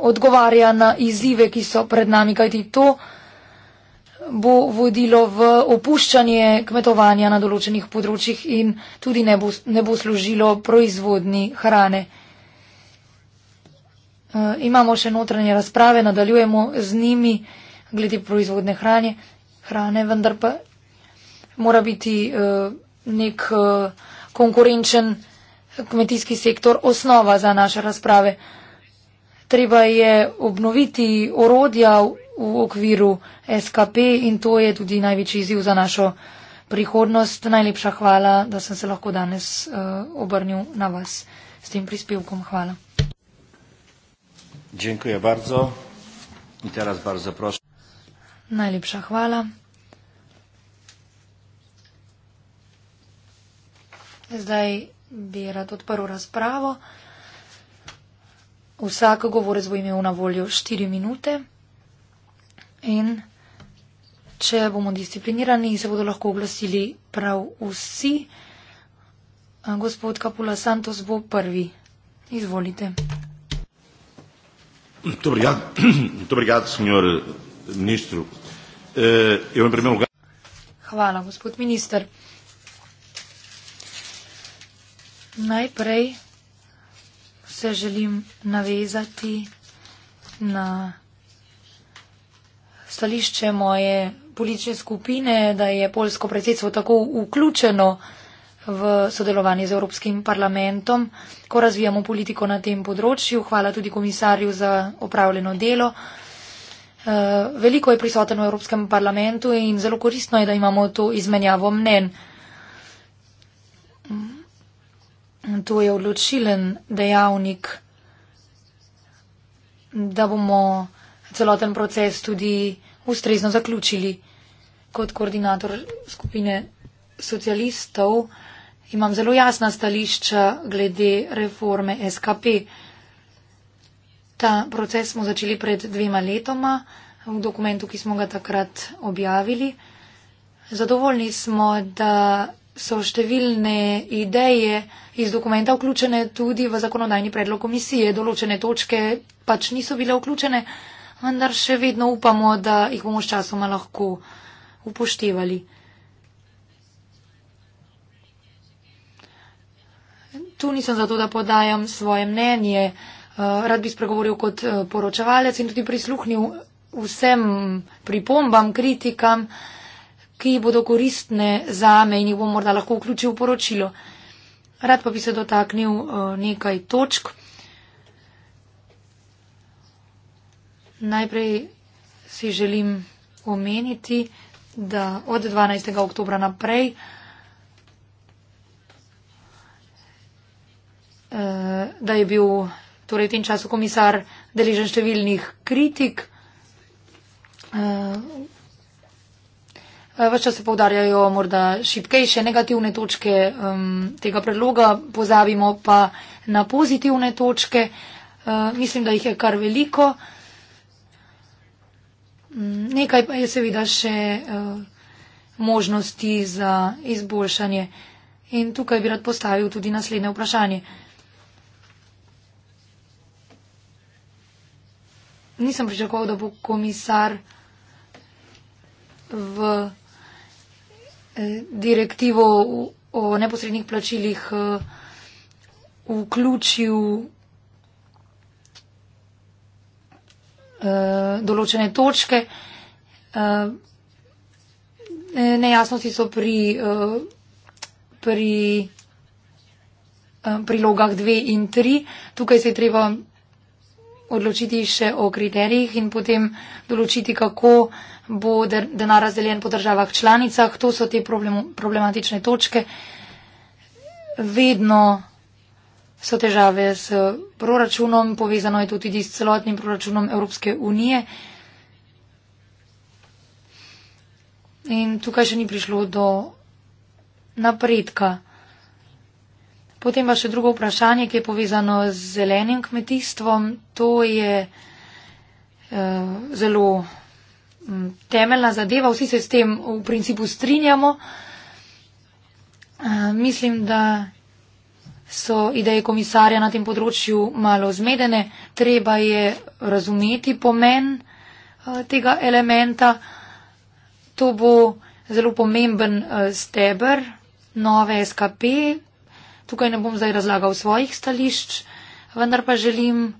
odgovarja na izzive, ki so pred nami, kajti to bo vodilo v opuščanje kmetovanja na določenih področjih in tudi ne bo, ne bo služilo proizvodni hrane. E, imamo še notranje razprave, nadaljujemo z njimi glede proizvodne hranje, hrane, vendar pa mora biti e, nek e, konkurenčen kmetijski sektor osnova za naše razprave. Treba je obnoviti orodja v okviru SKP in to je tudi največji izziv za našo prihodnost. Najlepša hvala, da sem se lahko danes uh, obrnil na vas s tem prispevkom. Hvala. Najlepša hvala. Zdaj bi rad odprl razpravo. Vsak govorec bo imel na voljo 4 minute in če bomo disciplinirani, se bodo lahko oglasili prav vsi. Gospod Kapula Santos bo prvi. Izvolite. Eh, Hvala, gospod minister. Najprej se želim navezati na stališče moje politične skupine, da je polsko predsedstvo tako vključeno v sodelovanje z Evropskim parlamentom, ko razvijamo politiko na tem področju. Hvala tudi komisarju za opravljeno delo. Eh, veliko je prisoten v Evropskem parlamentu in zelo koristno je, da imamo to izmenjavo mnen. To je odločilen dejavnik, da bomo celoten proces tudi ustrezno zaključili. Kot koordinator skupine socialistov imam zelo jasna stališča glede reforme SKP. Ta proces smo začeli pred dvema letoma v dokumentu, ki smo ga takrat objavili. Zadovoljni smo, da so številne ideje iz dokumenta vključene tudi v zakonodajni predlog komisije. Določene točke pač niso bile vključene, vendar še vedno upamo, da jih bomo s časoma lahko upoštevali. Tu nisem zato, da podajam svoje mnenje. Eh, rad bi spregovoril kot eh, poročevalec in tudi prisluhnil vsem pripombam, kritikam ki bodo koristne zame in jih bom morda lahko vključil v poročilo. Rad pa bi se dotaknil uh, nekaj točk. Najprej si želim omeniti, da od 12. oktober naprej eh, da je bil torej v tem času komisar deležen številnih kritik, eh, Eh, ves čas se povdarjajo morda šipkejše negativne točke um, tega predloga, pozabimo pa na pozitivne točke. Uh, mislim, da jih je kar veliko. Mm, nekaj pa je seveda še uh, možnosti za izboljšanje. In tukaj bi rad postavil tudi naslednje vprašanje. Nisem pričakoval, da bo komisar v direktivo o neposrednih plačilih eh, vključil eh, določene točke. Eh, nejasnosti so pri, pri prilogah 2 in 3. Tukaj se je treba odločiti še o kriterijih in potem določiti, kako bo denar razdeljen po državah članicah. To so te problematične točke. Vedno so težave s proračunom, povezano je to tudi s celotnim proračunom Evropske unije. In tukaj še ni prišlo do napredka. Potem pa še drugo vprašanje, ki je povezano z zelenim kmetijstvom. To je uh, zelo um, temeljna zadeva. Vsi se s tem v principu strinjamo. Uh, mislim, da so ideje komisarja na tem področju malo zmedene. Treba je razumeti pomen uh, tega elementa. To bo zelo pomemben uh, steber nove SKP, Tukaj ne bom zdaj razlagal svojih stališč, vendar pa želim,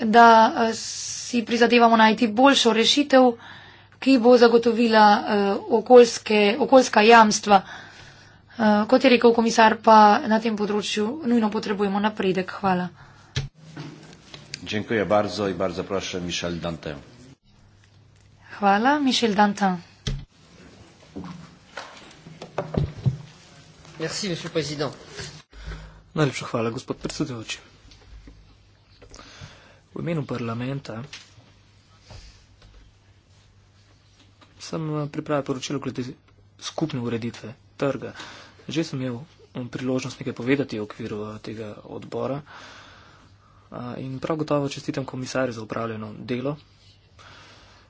da eh, si prizadevamo najti boljšo rešitev, ki bo zagotovila eh, okoljske, okoljska jamstva. Eh, kot je rekel komisar, pa na tem področju nujno potrebujemo napredek. Hvala. Bardzo i bardzo proszę, Michel Dante. Hvala, Michel Dante. Merci, monsieur le président. Najlepša hvala, gospod predsedujoči. V imenu parlamenta sem eh, pripravil poročilo glede skupne ureditve trga. Že sem imel um, priložnost nekaj povedati v okviru eh, tega odbora eh, in prav gotovo čestitam komisarju za upravljeno delo,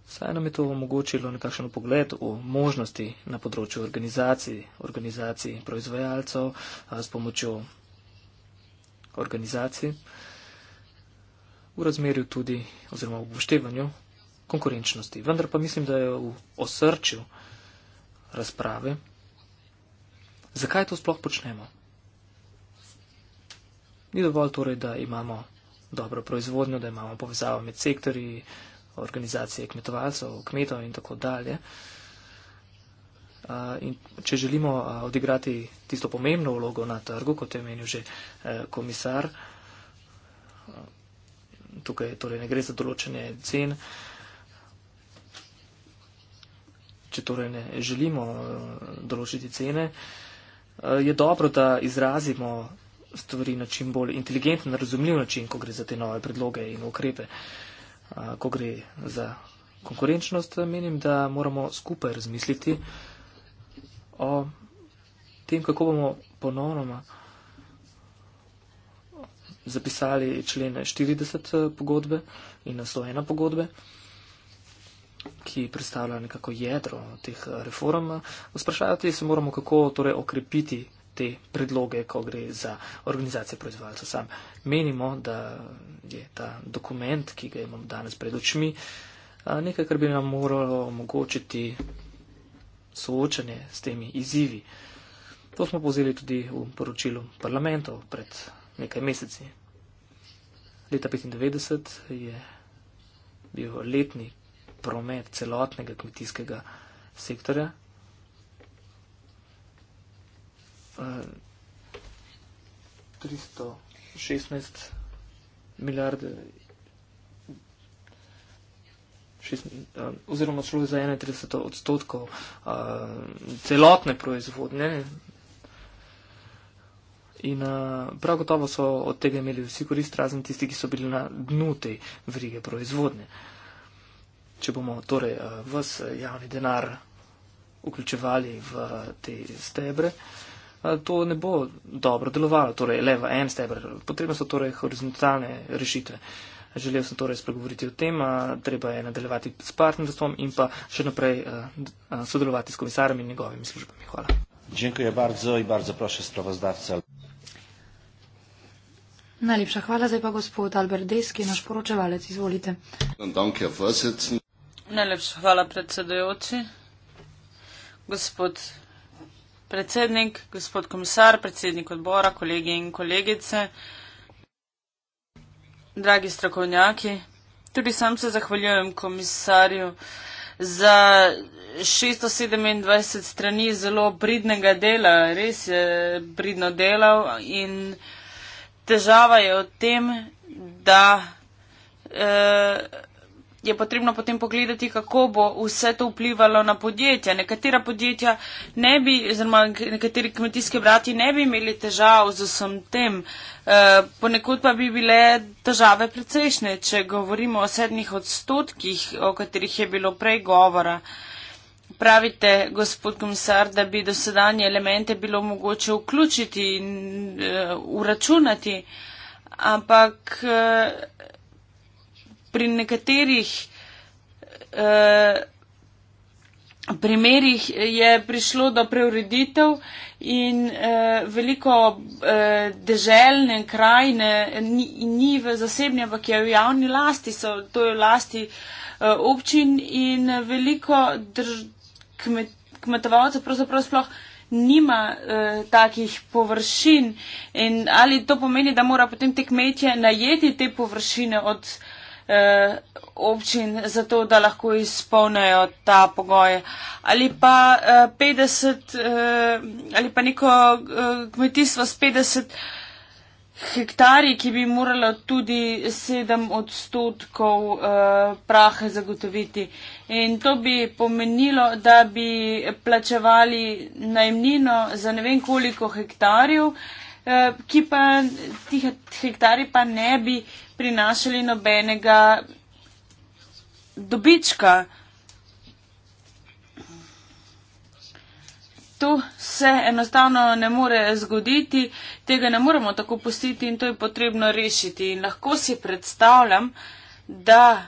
Saj nam je to omogočilo nekakšen pogled v možnosti na področju organizacij, organizacij proizvajalcev s pomočjo organizacij v razmerju tudi oziroma v obuštevanju konkurenčnosti. Vendar pa mislim, da je v osrčju razprave, zakaj to sploh počnemo. Ni dovolj torej, da imamo dobro proizvodnjo, da imamo povezavo med sektori, organizacije kmetovalcev, kmetov in tako dalje. In če želimo odigrati tisto pomembno vlogo na trgu, kot je menil že e, komisar, tukaj torej ne gre za določene cen, če torej ne želimo e, določiti cene, e, je dobro, da izrazimo stvari na čim bolj inteligenten, razumljiv način, ko gre za te nove predloge in ukrepe. Uh, ko gre za konkurenčnost, menim, da moramo skupaj razmisliti o tem, kako bomo ponovno zapisali člene 40 eh, pogodbe in 101 pogodbe, ki predstavlja nekako jedro teh eh, reform. Vsprašati se moramo, kako torej okrepiti te predloge, ko gre za organizacije proizvajalcev. Sam menimo, da je ta dokument, ki ga imam danes pred očmi, nekaj, kar bi nam moralo omogočiti soočanje s temi izzivi. To smo povzeli tudi v poročilu parlamentov pred nekaj meseci. Leta 95 je bil letni promet celotnega kmetijskega sektorja 316 milijarde. Eh, oziroma, šlo je za 31 odstotkov uh, celotne proizvodnje, in uh, prav gotovo so od tega imeli vsi korist, razen tisti, ki so bili na dnu te vrige proizvodnje. Če bomo torej uh, vse javni denar vključevali v te stebre, uh, Eh, to ne bo dobro delovalo, torej le v en stebr. Potrebno so torej horizontalne rešitve. Želel sem torej spregovoriti o tem, treba je nadaljevati s partnerstvom in pa še naprej eh, eh, sodelovati s komisarjem in njegovimi službami. Hvala. Najlepša hvala, zdaj pa gospod Albert Deski, naš poročevalec, izvolite. Najlepša hvala, predsedujoči. Gospod predsednik, gospod komisar, predsednik odbora, kolegi in kolegice, dragi strokovnjaki, tudi sam se zahvaljujem komisarju za 627 strani zelo pridnega dela, res je pridno delal in težava je v tem, da eh, je potrebno potem pogledati, kako bo vse to vplivalo na podjetja. Nekatera podjetja ne bi, oziroma nekateri kmetijski brati ne bi imeli težav z vsem tem. Eh, Ponekud pa bi bile težave precejšnje, če govorimo o sedmih odstotkih, o katerih je bilo prej govora. Pravite, gospod komisar, da bi dosedanje elemente bilo mogoče vključiti in uh, eh, uračunati, ampak uh, pri nekaterih eh, primerjih je prišlo do preureditev in eh, veliko eh, deželne krajine ni, ni v zasebni, ampak je v javni lasti, so, to je v lasti eh, občin in veliko drž, kmet, kmetovalcev pravzaprav sploh nima eh, takih površin in ali to pomeni, da mora potem te kmetje najeti te površine od eh, Eh, občin, zato da lahko izpolnejo ta pogoj. Ali pa, 50, eh, eh, ali pa neko kmetijstvo s 50 hektarji, ki bi moralo tudi 7 odstotkov prahe zagotoviti. In to bi pomenilo, da bi plačevali najmnino za ne vem koliko hektarjev, ki pa tih hektarjev pa ne bi prinašali nobenega dobička. To se enostavno ne more zgoditi, tega ne moremo tako pustiti in to je potrebno rešiti. In lahko si predstavljam, da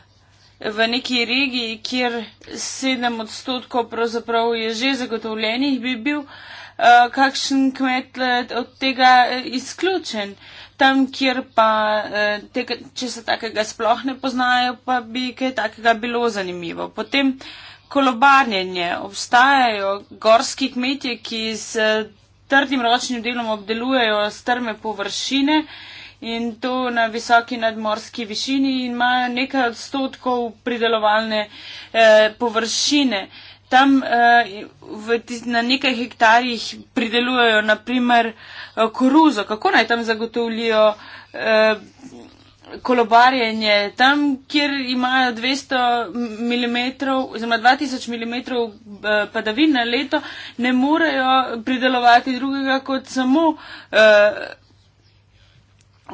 v neki regiji, kjer 7 odstotkov pravzaprav je že zagotovljenih, bi bil uh, kakšen kmet eh, od tega eh, izključen. Uh, tam, kjer pa, eh, te, če se takega sploh ne poznajo, pa bi kaj takega bilo zanimivo. Potem kolobarnjenje. Obstajajo gorski kmetje, ki z eh, trdim ročnim delom obdelujejo strme površine in to na visoki nadmorski višini in imajo nekaj odstotkov pridelovalne eh, površine. Eh, Tam uh, v, na nekaj hektarjih pridelujejo naprimer eh, koruzo. Kako naj tam zagotovljajo uh, eh, kolobarjenje? Tam, kjer imajo 200 mm oziroma 2000 mm padavin na leto, ne morejo pridelovati drugega kot samo uh,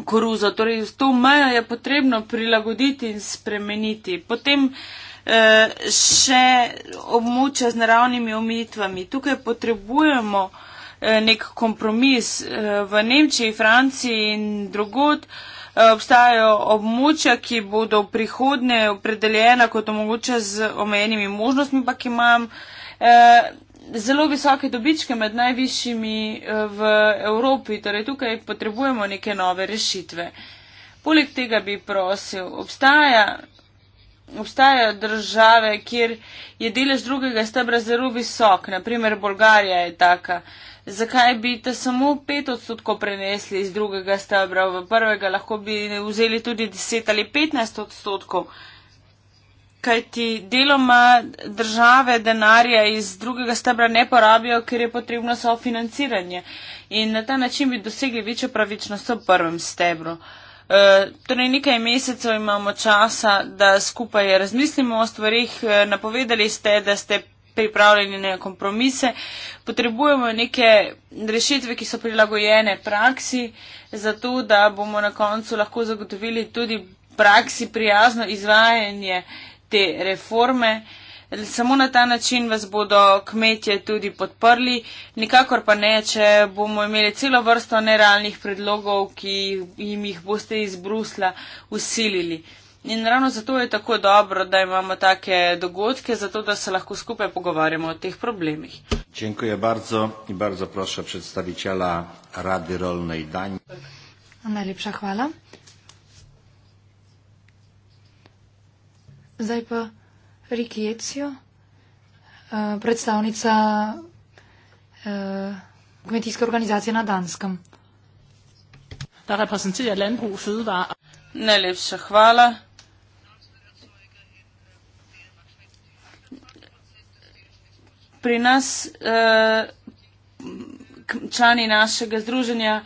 koruzo. Torej, to mejo je potrebno prilagoditi in spremeniti. Potem, uh, Eh, še območja z naravnimi omejitvami. Tukaj potrebujemo eh, nek kompromis. Eh, v Nemčiji, Franciji in drugod obstajajo območja, ki bodo v prihodnje opredeljena kot omogoča z omejenimi možnostmi, pa ki imam zelo visoke dobičke med najvišjimi v Evropi. Torej tukaj potrebujemo neke nove rešitve. Poleg tega bi prosil, obstaja obstajajo države, kjer je delež drugega stebra zelo visok, naprimer Bolgarija je taka. Zakaj bi te samo 5 odstotkov prenesli iz drugega stebra v prvega, lahko bi vzeli tudi 10 ali 15 odstotkov? Kaj ti deloma države denarja iz drugega stebra ne porabijo, ker je potrebno sofinanciranje. In na ta način bi dosegli večjo pravičnost v prvem stebru. Uh, Eh, torej nekaj mesecev imamo časa, da skupaj razmislimo o stvarih. Eh, napovedali ste, da ste pripravljeni na kompromise. Potrebujemo neke rešitve, ki so prilagojene praksi, zato da bomo na koncu lahko zagotovili tudi praksi prijazno izvajanje te reforme. Uh, Samo na ta način vas bodo kmetje tudi podprli, nikakor pa ne, če bomo imeli celo vrsto nerealnih predlogov, ki jim jih boste iz Brusla usilili. In ravno zato je tako dobro, da imamo take dogodke, zato da se lahko skupaj pogovarjamo o teh problemih. Čenkuje bardzo in bardzo prosim predstaviteljala Radi Rolnej Danji. Najlepša hvala. Zdaj pa. Rikijecijo, eh, predstavnica eh, kmetijske organizacije na Danskem. Najlepša hvala. Pri nas eh, člani našega združenja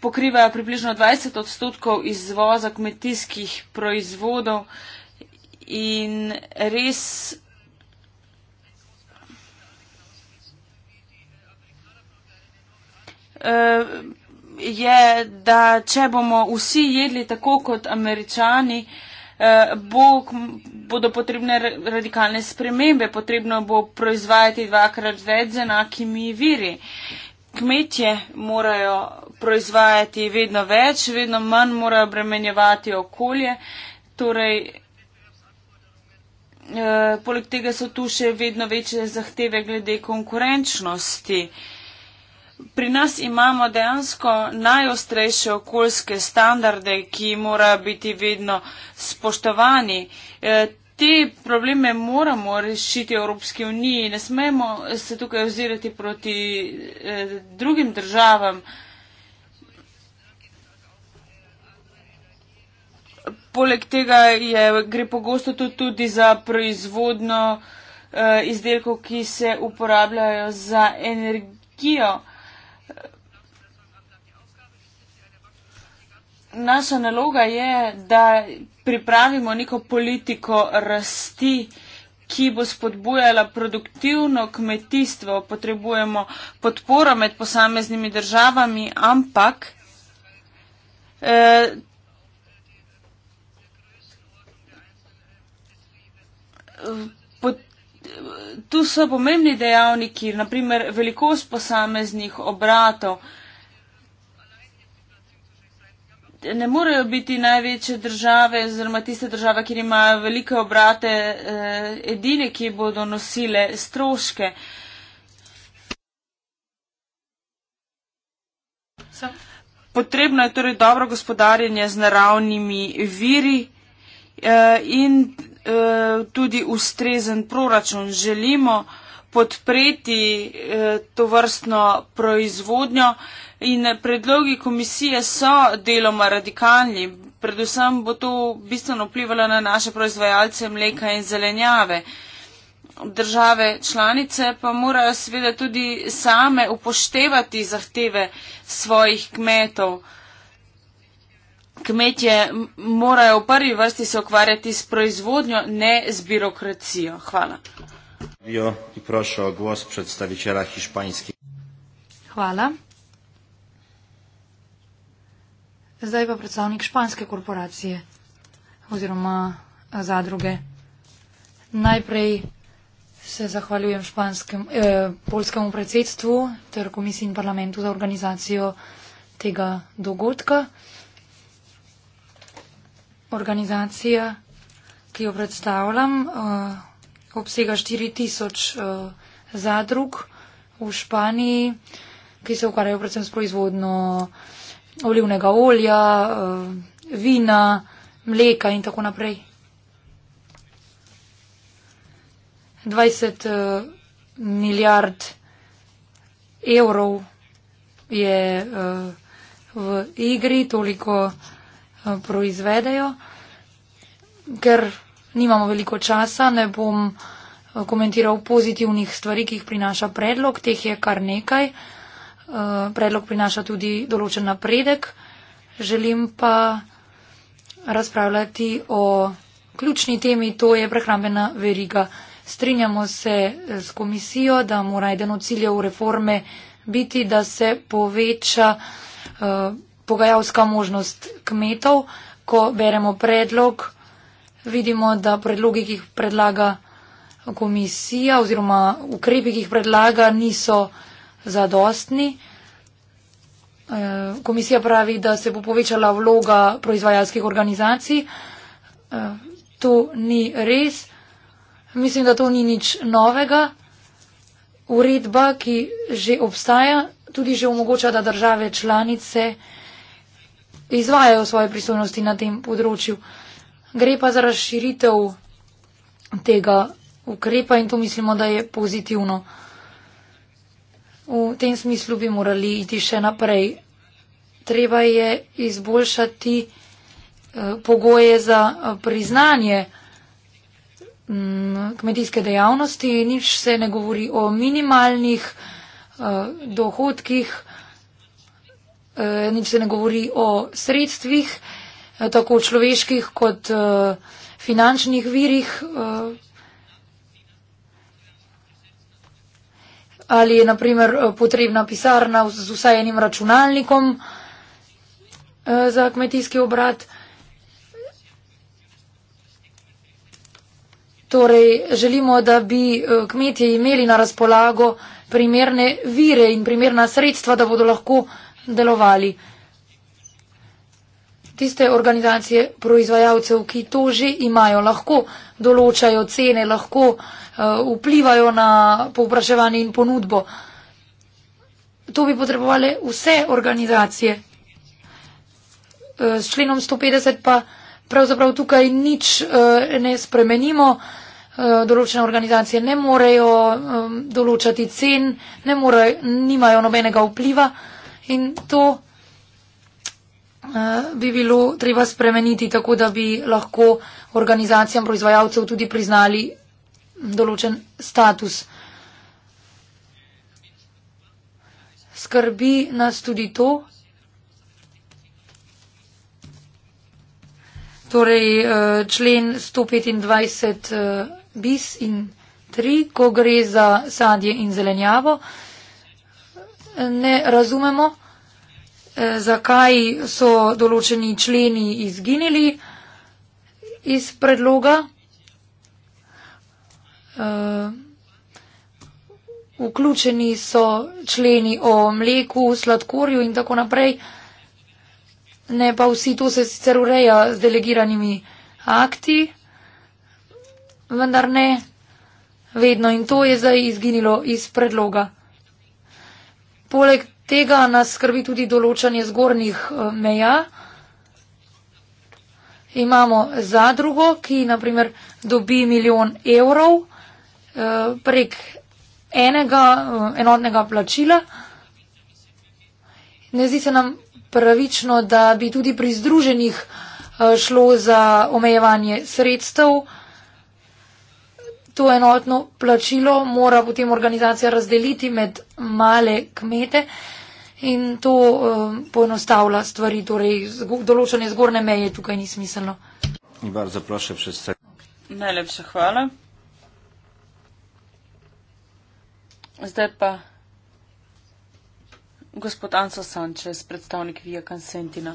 pokrivajo približno 20 odstotkov izvoza kmetijskih proizvodov in res. Eh, je, da če bomo vsi jedli tako kot američani, eh, bo, bodo potrebne radikalne spremembe, potrebno bo proizvajati dvakrat več z enakimi viri. Kmetje morajo proizvajati vedno več, vedno manj morajo bremenjevati okolje, torej Eh, poleg tega so tu še vedno večje zahteve glede konkurenčnosti. Pri nas imamo dejansko najostrejše okoljske standarde, ki morajo biti vedno spoštovani. Eh, te probleme moramo rešiti v Evropski uniji. Ne smemo se tukaj ozirati proti eh, drugim državam. poleg tega je, gre pogosto tudi za proizvodno eh, izdelkov, ki se uporabljajo za energijo. Naša naloga je, da pripravimo neko politiko rasti, ki bo spodbujala produktivno kmetijstvo. Potrebujemo podporo med posameznimi državami, ampak eh, tu so pomembni dejavniki, naprimer velikost posameznih obratov. Ne morejo biti največje države oziroma tiste države, kjer imajo velike obrate, eh, edine, ki bodo nosile stroške. Potrebno je torej dobro gospodarjenje z naravnimi viri. Eh, in eh, tudi ustrezen proračun. Želimo podpreti eh, to vrstno proizvodnjo in predlogi komisije so deloma radikalni. Predvsem bo to bistveno vplivalo na naše proizvajalce mleka in zelenjave. Države članice pa morajo seveda tudi same upoštevati zahteve svojih kmetov kmetje morajo v prvi vrsti se ukvarjati s proizvodnjo, ne z birokracijo. Hvala. Hvala. Zdaj pa predstavnik španske korporacije oziroma zadruge. Najprej se zahvaljujem španskem, eh, polskemu predsedstvu ter komisiji in parlamentu za organizacijo tega dogodka organizacija, ki jo predstavljam, eh, obsega 4000 eh, zadrug v Španiji, ki se ukvarjajo predvsem s proizvodno olivnega olja, eh, vina, mleka in tako naprej. 20 milijard evrov je v igri, toliko. Eh, proizvedejo. Ker nimamo veliko časa, ne bom eh, komentiral pozitivnih stvari, ki jih prinaša predlog. Teh je kar nekaj. Eh, predlog prinaša tudi določen napredek. Želim pa razpravljati o ključni temi, to je prehrambena veriga. Strinjamo se s komisijo, da mora eden od ciljev reforme biti, da se poveča pogajalska možnost kmetov. Ko beremo predlog, vidimo, da predlogi, ki jih predlaga komisija oziroma ukrepi, ki jih predlaga, niso zadostni. Eh, komisija pravi, da se bo povečala vloga proizvajalskih organizacij. Eh, to ni res. Mislim, da to ni nič novega. Uredba, ki že obstaja, tudi že omogoča, da države članice izvajajo svoje pristojnosti na tem področju. Gre pa za razširitev tega ukrepa in to mislimo, da je pozitivno. V tem smislu bi morali iti še naprej. Treba je izboljšati eh, pogoje za eh, priznanje mm, kmetijske dejavnosti. Nič se ne govori o minimalnih eh, dohodkih. Eh, nič se ne govori o sredstvih, eh, tako človeških kot eh, finančnih virih. Ali je naprimer potrebna pisarna z vsaj enim računalnikom za kmetijski obrat. Torej, želimo, da bi kmetje imeli na razpolago primerne vire in primerna sredstva, da bodo lahko uh, delovali. Tiste organizacije proizvajalcev, ki to že imajo, lahko določajo cene, lahko uh, vplivajo na povpraševanje in ponudbo. To bi potrebovali vse organizacije. Eh, s členom 150 pa pravzaprav tukaj nič uh, ne spremenimo. Uh, določene organizacije ne morejo um, določati cen, ne more, nimajo nobenega vpliva. Uh, In to eh, bi bilo treba spremeniti tako, da bi lahko organizacijam proizvajalcev tudi priznali mm, določen status. Skrbi nas tudi to. Torej, eh, člen 125 eh, bis in 3, ko gre za sadje in zelenjavo ne razumemo, eh, zakaj so določeni členi izginili iz predloga. Eh, vključeni so členi o mleku, sladkorju in tako naprej. Ne pa vsi, to se sicer ureja z delegiranimi akti, vendar ne vedno in to je zdaj izginilo iz predloga. Poleg tega nas skrbi tudi določanje zgornjih eh, meja. Imamo zadrugo, ki naprimer dobi milijon evrov eh, prek enega eh, enotnega plačila. Ne zdi se nam pravično, da bi tudi pri združenih šlo za omejevanje sredstev, to enotno plačilo mora potem organizacija razdeliti med male kmete in to um, poenostavlja stvari, torej določene zgorne meje tukaj ni smiselno. Najlepša hvala. Zdaj pa gospod Anso Sanchez, predstavnik Via Consentina.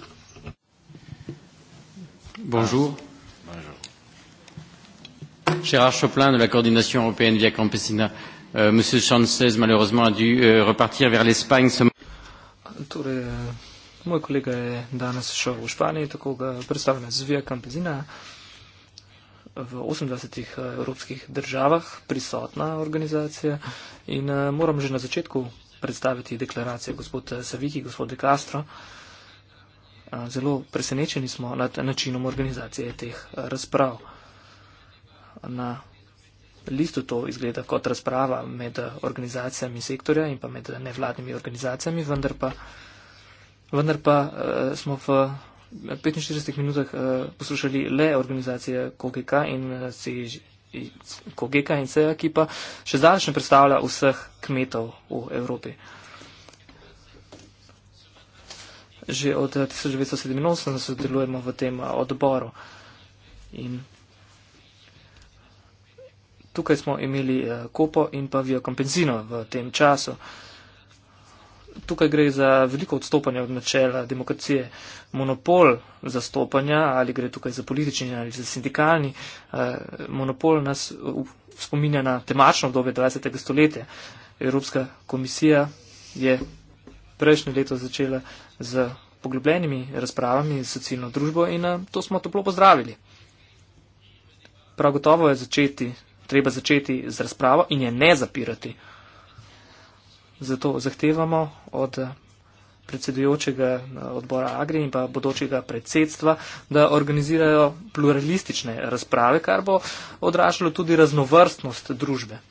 Bonjour. Bonjour. Gérard Choplin de la coordination européenne via Campesina. Euh, Monsieur Sanchez, malheureusement, a dû euh, repartir vers l'Espagne ce torej, Moj kolega je danes šel v Španijo, tako ga predstavljam z via Campesina. V 28 eh, evropskih državah prisotna organizacija in uh, moram že na začetku predstaviti deklaracijo gospod eh, Saviki, gospod De Castro. Zelo presenečeni smo nad načinom organizacije teh razprav na listu to izgleda kot razprava med organizacijami sektorja in pa med nevladnimi organizacijami, vendar pa, vendar pa uh, smo v 45 minutah uh, poslušali le organizacije KGK in eh, CEŽ. Kogeka in CEA, ki pa še zdaleč ne predstavlja vseh kmetov v Evropi. Že od 1987 sodelujemo v tem odboru in tukaj smo imeli eh, kopo in pa vijo kompenzino v tem času. Tukaj gre za veliko odstopanje od načela demokracije. Monopol zastopanja, ali gre tukaj za politični ali za sindikalni, eh, monopol nas spominja na temačno obdobje 20. stoletja. Evropska komisija je prejšnje leto začela z poglobljenimi razpravami s socialno družbo in eh, to smo toplo pozdravili. Prav gotovo je začeti treba začeti z razpravo in je ne zapirati. Zato zahtevamo od predsedujočega odbora Agri in pa bodočega predsedstva, da organizirajo pluralistične razprave, kar bo odražalo tudi raznovrstnost družbe.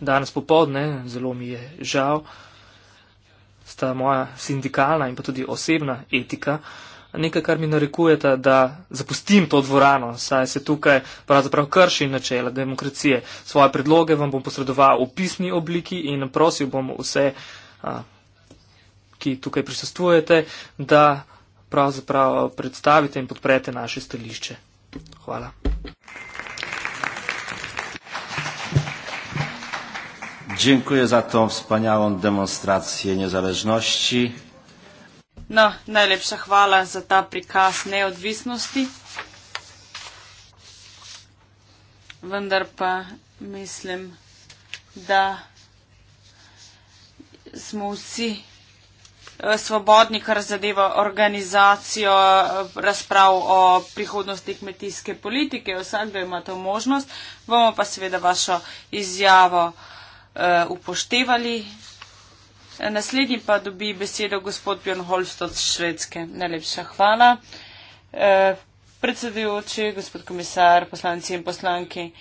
Danes popovdne, zelo mi je žal, sta moja sindikalna in pa tudi osebna etika nekaj, kar mi narekujete, da zapustim to dvorano, saj se tukaj pravzaprav krši načela demokracije. Svoje predloge vam bom posredoval v pisni obliki in prosil bom vse, a, ki tukaj prisostujete, da pravzaprav predstavite in podprete naše stališče. Hvala. Dziękuję za tą wspaniałą demonstrację niezależności. No, najlepša hvala za ta prikaz neodvisnosti. Vendar pa mislim, da smo vsi eh, svobodni, kar zadeva organizacijo eh, razprav o prihodnosti kmetijske politike. Vsakdo ima to možnost. Bomo pa seveda vašo izjavo eh, upoštevali. Naslednji pa dobi besedo gospod Björn Holst od Švedske. Najlepša hvala. Eh, predsedujoči, gospod komisar, poslanci in poslanki.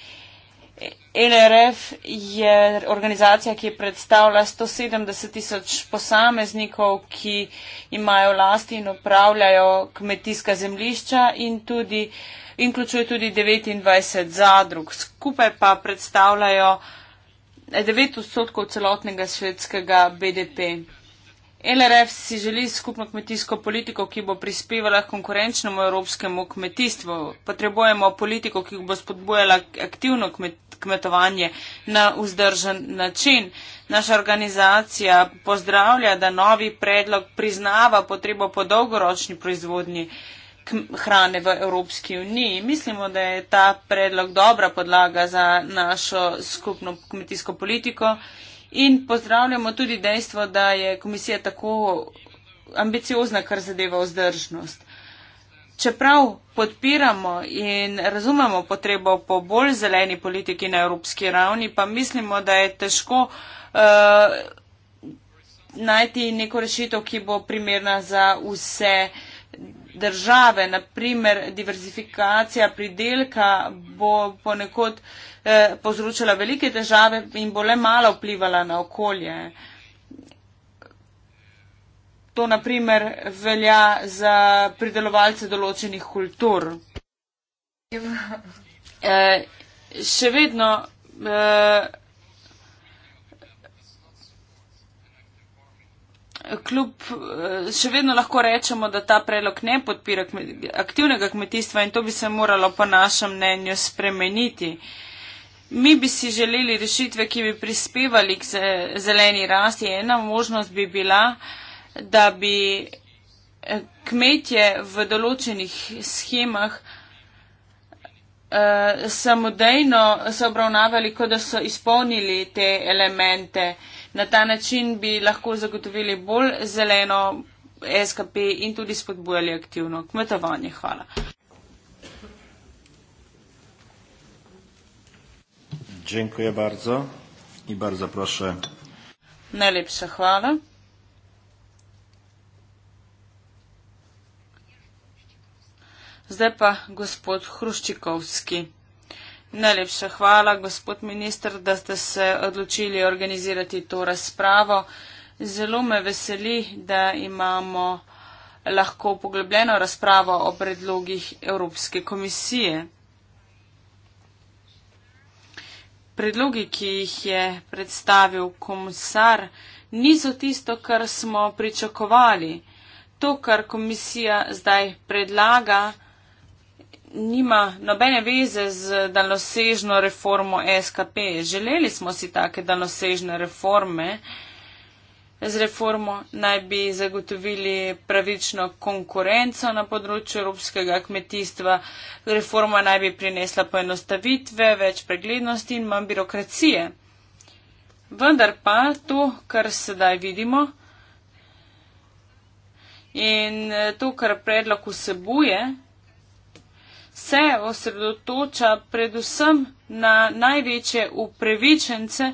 E LRF je organizacija, ki predstavlja 170 tisoč posameznikov, ki imajo lasti in upravljajo kmetijska zemlišča in tudi, vključuje tudi 29 zadrug. Skupaj pa predstavljajo 9 odstotkov celotnega švedskega BDP. LRF si želi skupno kmetijsko politiko, ki bo prispevala konkurenčnemu evropskemu kmetijstvu. Potrebujemo politiko, ki bo spodbujala aktivno kmet, kmetovanje na vzdržen način. Naša organizacija pozdravlja, da novi predlog priznava potrebo po dolgoročni proizvodnji hrane v Evropski uniji. Mislimo, da je ta predlog dobra podlaga za našo skupno kmetijsko politiko in pozdravljamo tudi dejstvo, da je komisija tako ambiciozna, kar zadeva vzdržnost. Čeprav podpiramo in razumemo potrebo po bolj zeleni politiki na evropski ravni, pa mislimo, da je težko uh, najti neko rešitev, ki bo primerna za vse uh, države, naprimer diverzifikacija pridelka bo ponekod eh, povzročila velike težave in bo le malo vplivala na okolje. To naprimer velja za pridelovalce določenih kultur. Eh, še vedno. Eh, kljub eh, še vedno lahko rečemo, da ta predlog ne podpira aktivnega kmetijstva in to bi se moralo po našem mnenju spremeniti. Mi bi si želeli rešitve, ki bi prispevali k zeleni rasti. Ena možnost bi bila, da bi eh, kmetje v določenih schemah eh, samodejno se obravnavali, kot da so izpolnili te elemente. Na ta način bi lahko zagotovili bolj zeleno SKP in tudi spodbujali aktivno kmetovanje. Hvala. Dziękuję bardzo i bardzo proszę. Najlepsza chwała. Zdepa, gospod Chruszczykowski. Najlepša hvala, gospod minister, da ste se odločili organizirati to razpravo. Zelo me veseli, da imamo lahko poglobljeno razpravo o predlogih Evropske komisije. Predlogi, ki jih je predstavil komisar, niso tisto, kar smo pričakovali. To, kar komisija zdaj predlaga, nima nobene veze z daljnosežno reformo SKP. Želeli smo si take daljnosežne reforme. Z reformo naj bi zagotovili pravično konkurenco na področju evropskega kmetijstva. Reforma naj bi prinesla poenostavitve, več preglednosti in manj birokracije. Vendar pa to, kar sedaj vidimo in to, kar predlog vsebuje, se osredotoča predvsem na največje upravičence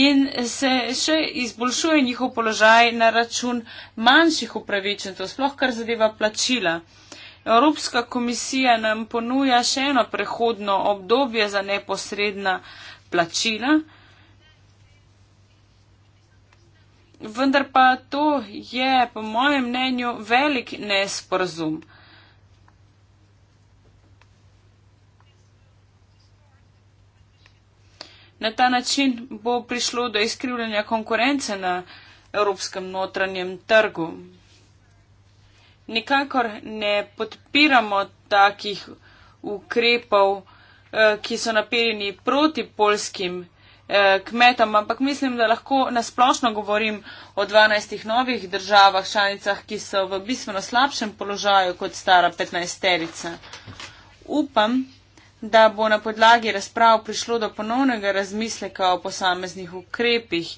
in se še izboljšuje njihov položaj na račun manjših upravičencev, sploh kar zadeva plačila. Evropska komisija nam ponuja še eno prehodno obdobje za neposredna plačila, vendar pa to je po mojem mnenju velik nesporazum. Na ta način bo prišlo do izkrivljanja konkurence na evropskem notranjem trgu. Nikakor ne podpiramo takih ukrepov, eh, ki so napeljeni proti polskim eh, kmetom, ampak mislim, da lahko nasplošno govorim o 12 novih državah, članicah, ki so v bistveno slabšem položaju kot stara 15-terica. Upam, da bo na podlagi razprav prišlo do ponovnega razmisleka o posameznih ukrepih.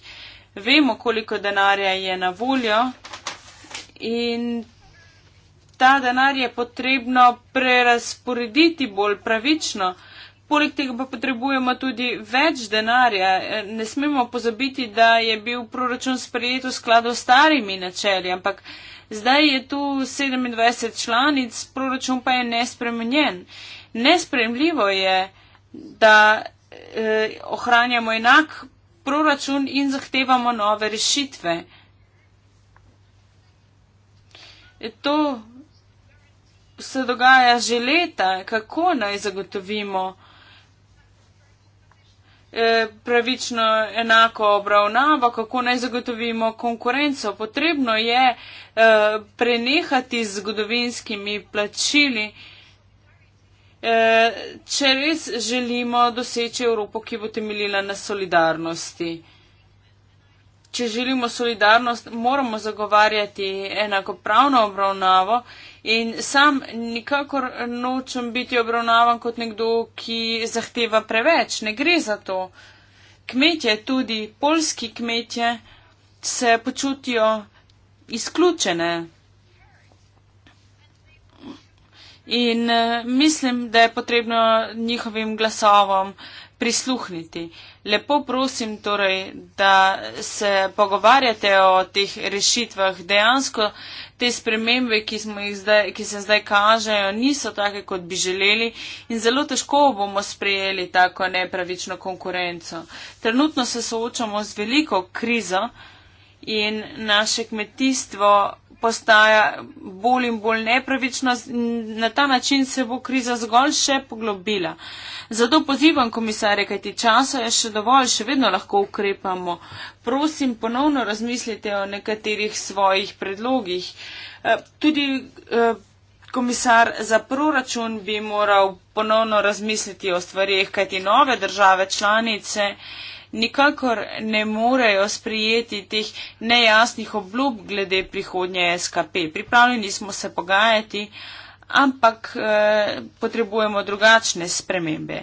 Vemo, koliko denarja je na voljo in ta denar je potrebno prerasporediti bolj pravično. Poleg tega pa potrebujemo tudi več denarja. Ne smemo pozabiti, da je bil proračun sprejet v skladu s starimi načeli, ampak zdaj je tu 27 članic, proračun pa je nespremenjen nespremljivo je, da eh, ohranjamo enak proračun in zahtevamo nove rešitve. To se dogaja že leta, kako naj zagotovimo eh, pravično enako obravnavo, kako naj zagotovimo konkurenco. Potrebno je eh, prenehati z zgodovinskimi plačili Eh, če res želimo doseči Evropo, ki bo temeljila na solidarnosti. Če želimo solidarnost, moramo zagovarjati enakopravno obravnavo in sam nikakor nočem biti obravnavan kot nekdo, ki zahteva preveč. Ne gre za to. Kmetje, tudi polski kmetje, se počutijo izključene. In eh, mislim, da je potrebno njihovim glasovom prisluhniti. Lepo prosim torej, da se pogovarjate o teh rešitvah. Dejansko te spremembe, ki, zdaj, ki se zdaj kažejo, niso take, kot bi želeli in zelo težko bomo sprejeli tako nepravično konkurenco. Trenutno se soočamo z veliko krizo in naše kmetijstvo postaja bolj in bolj nepravična. Na ta način se bo kriza zgolj še poglobila. Zato pozivam komisarje, kajti časa je še dovolj, še vedno lahko ukrepamo. Prosim, ponovno razmislite o nekaterih svojih predlogih. Eh, tudi eh, komisar za proračun bi moral ponovno razmisliti o stvarih, kajti nove države članice nikakor ne morejo sprijeti teh nejasnih obljub glede prihodnje SKP. Pripravljeni smo se pogajati, ampak eh, potrebujemo drugačne spremembe.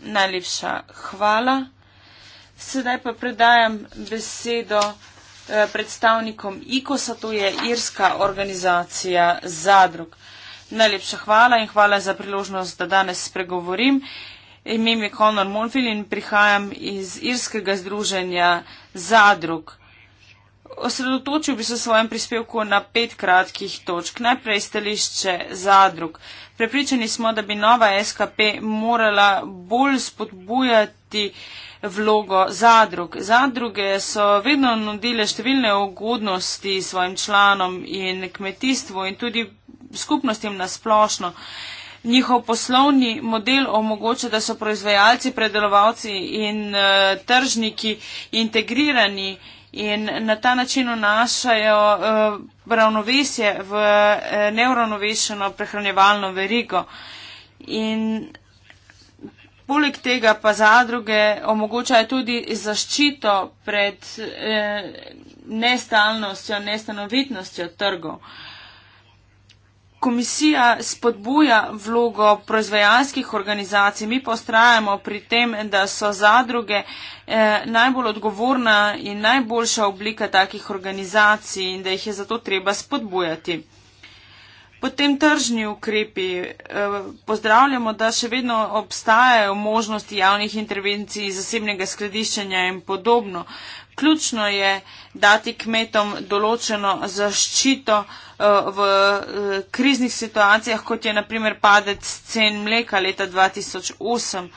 Najlepša hvala. Sedaj pa predajam besedo eh, predstavnikom IKOSA, to je Irska organizacija zadrug. Najlepša hvala in hvala za priložnost, da danes spregovorim. Eh, Ime mi je Konor Monfil in prihajam iz irskega združenja Zadrug. Osredotočil bi se v svojem prispevku na pet kratkih točk. Najprej stališče Zadrug. Prepričani smo, da bi nova SKP morala bolj spodbujati vlogo zadrug. Zadruge so vedno nudile številne ugodnosti svojim članom in kmetijstvu in tudi skupnostim nasplošno njihov poslovni model omogoča, da so proizvajalci, predelovalci in uh, tržniki integrirani in na ta način vnašajo uh, ravnovesje v uh, neuravnovešeno prehranjevalno verigo. In poleg tega pa zadruge omogočajo tudi zaščito pred eh, nestalnostjo, nestanovitnostjo trgov. Eh, Komisija spodbuja vlogo proizvajalskih organizacij, mi pa ustrajamo pri tem, da so zadruge eh, najbolj odgovorna in najboljša oblika takih organizacij in da jih je zato treba spodbujati. Potem tržni ukrepi. Eh, pozdravljamo, da še vedno obstajajo možnosti javnih intervencij, zasebnega skladiščenja in podobno. Ključno je dati kmetom določeno zaščito eh, v eh, kriznih situacijah, kot je naprimer padec cen mleka leta 2008.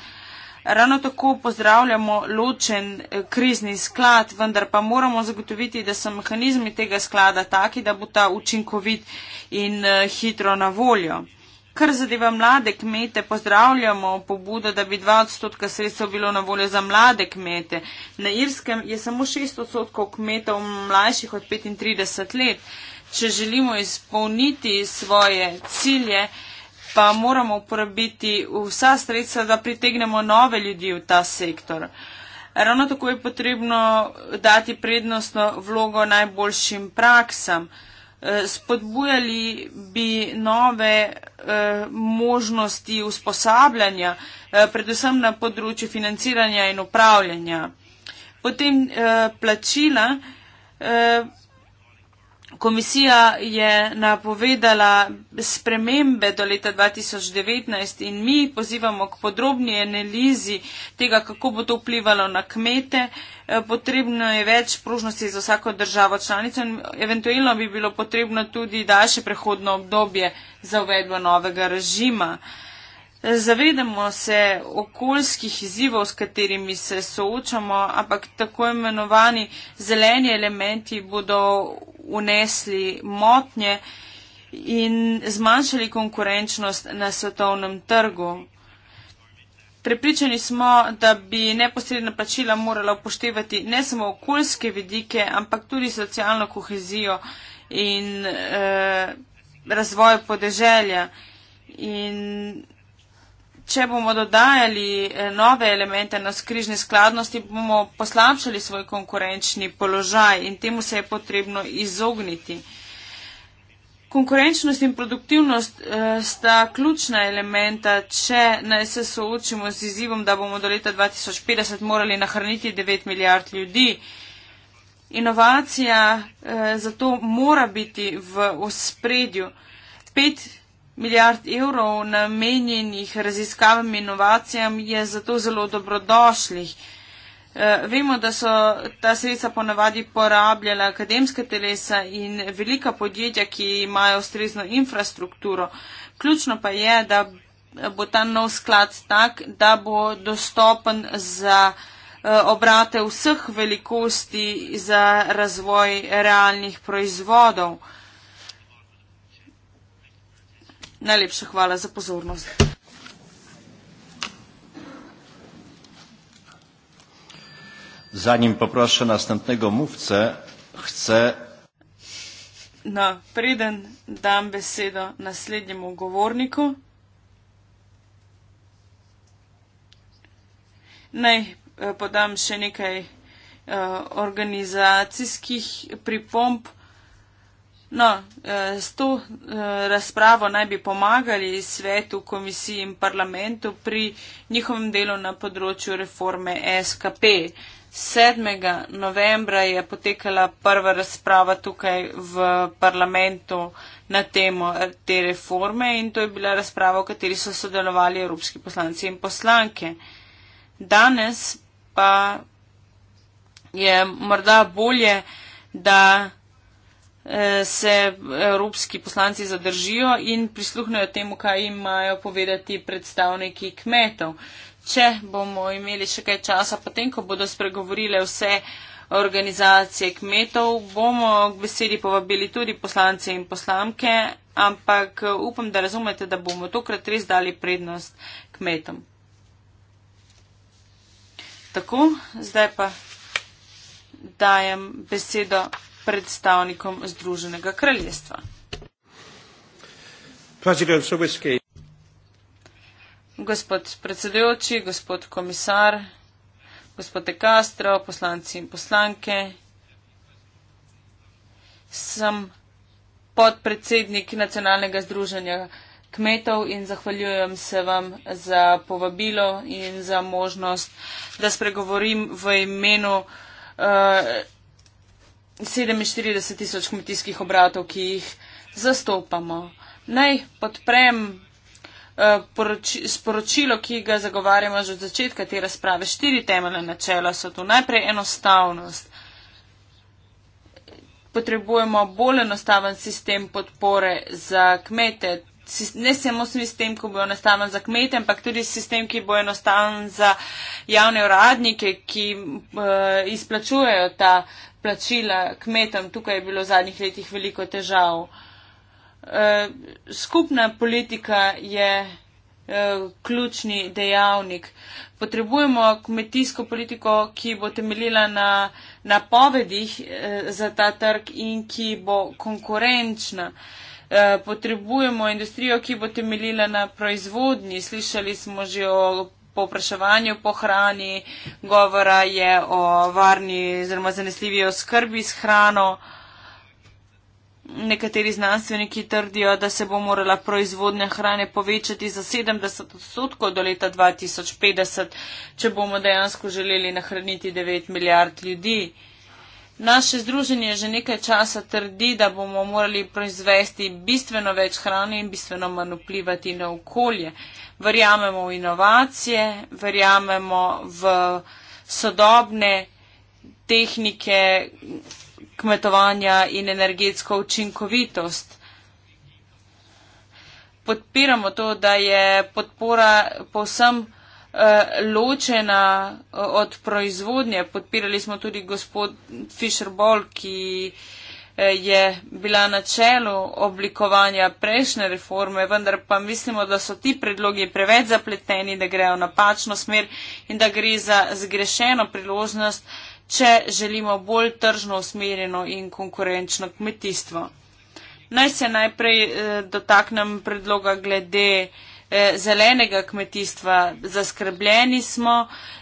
Ravno tako pozdravljamo ločen eh, krizni sklad, vendar pa moramo zagotoviti, da so mehanizmi tega sklada taki, da bo ta učinkovit in hitro na voljo. Kar zadeva mlade kmete, pozdravljamo pobudo, da bi 2 odstotka sredstev bilo na voljo za mlade kmete. Na Irskem je samo 6 odstotkov kmetov mlajših od 35 let. Če želimo izpolniti svoje cilje, pa moramo uporabiti vsa sredstva, da pritegnemo nove ljudi v ta sektor. Ravno tako je potrebno dati prednostno vlogo najboljšim praksam. Eh, spodbujali bi nove eh, možnosti usposabljanja, eh, predvsem na področju financiranja in upravljanja. Potem plačila Komisija je napovedala spremembe do leta 2019 in mi pozivamo k podrobni analizi tega, kako bo to vplivalo na kmete. Eh, potrebno je več pružnosti za vsako državo članico in eventualno bi bilo potrebno tudi daljše prehodno obdobje za uvedbo novega režima. Eh, zavedamo se okoljskih izzivov, s katerimi se soočamo, ampak tako imenovani zeleni elementi bodo unesli motnje in zmanjšali konkurenčnost na svetovnem trgu. Prepričani smo, da bi neposredna plačila morala upoštevati ne samo okoljske vidike, ampak tudi socialno kohezijo in eh, razvoj podeželja. In če bomo dodajali eh, nove elemente na skrižni skladnosti, bomo poslabšali svoj konkurenčni položaj in temu se je potrebno izogniti. Konkurenčnost in produktivnost eh, sta ključna elementa, če naj se soočimo z izzivom, da bomo do leta 2050 morali nahraniti 9 milijard ljudi. Inovacija eh, zato mora biti v ospredju. Pet Milijard evrov namenjenih raziskavam in inovacijam je zato zelo dobrodošlih. Eh, vemo, da so ta sredstva ponavadi porabljala akademska telesa in velika podjetja, ki imajo ustrezno infrastrukturo. Ključno pa je, da bo ta nov sklad tak, da bo dostopen za eh, obrate vseh velikosti za razvoj realnih proizvodov. Najlepša hvala za pozornost. Zanim poprošam naslednjega mufce, chce. No, preden dam besedo naslednjemu govorniku, naj eh, podam še nekaj uh, organizacijskih pripomp. No, eh, s to eh, razpravo naj bi pomagali svetu, komisiji in parlamentu pri njihovem delu na področju reforme SKP. 7. novembra je potekala prva razprava tukaj v parlamentu na temo te reforme in to je bila razprava, v kateri so sodelovali evropski poslanci in poslanke. Danes pa je morda bolje, da Eh, se eh, evropski poslanci zadržijo in prisluhnejo temu, kaj imajo povedati predstavniki kmetov. Če bomo imeli še kaj časa, potem, ko bodo spregovorile vse organizacije kmetov, bomo k besedi povabili tudi poslance in poslanke, ampak eh, upam, da razumete, da bomo tokrat res dali prednost kmetom. Tako, zdaj pa dajem besedo predstavnikom Združenega kraljestva. Gospod predsedujoči, gospod komisar, gospod Ekastro, poslanci in poslanke, sem podpredsednik Nacionalnega združenja kmetov in zahvaljujem se vam za povabilo in za možnost, da spregovorim v imenu uh, 47 tisoč kmetijskih obratov, ki jih zastopamo. Naj podprem eh, sporočilo, ki ga zagovarjamo že od začetka te razprave. Štiri temeljne načela so tu. Najprej enostavnost. Potrebujemo bolj enostaven sistem podpore za kmete. Ne samo sistem, ki bo enostaven za kmete, ampak tudi sistem, ki bo enostaven za javne uradnike, ki uh, izplačujejo ta uh, plačila kmetom, tukaj je bilo v zadnjih letih veliko težav. E, skupna politika je e, ključni dejavnik. Potrebujemo kmetijsko politiko, ki bo temeljila na napovedih e, za ta trg in ki bo konkurenčna. Potrebujemo industrijo, ki bo temeljila na proizvodnji. Slišali smo že o povpraševanju po hrani, govora je o varni oziroma zanesljivi oskrbi s hrano. Nekateri znanstveniki trdijo, da se bo morala proizvodnja hrane povečati za 70 odstotkov do leta 2050, če bomo dejansko želeli nahraniti 9 milijard ljudi. Naše združenje že nekaj časa trdi, da bomo morali proizvesti bistveno več hrane in bistveno manj vplivati na okolje. Verjamemo v inovacije, verjamemo v sodobne tehnike kmetovanja in energetsko učinkovitost. Podpiramo to, da je podpora povsem. Po Eh, ločena eh, od proizvodnje. Podpirali smo tudi gospod Fisher Ball, ki eh, je bila na čelu oblikovanja prejšnje reforme, vendar pa mislimo, da so ti predlogi preveč zapleteni, da grejo napačno smer in da gre za zgrešeno priložnost, če želimo bolj tržno usmerjeno in konkurenčno kmetijstvo. Naj se najprej dotaknem predloga glede eh, Eh, zelenega kmetijstva. Zaskrbljeni smo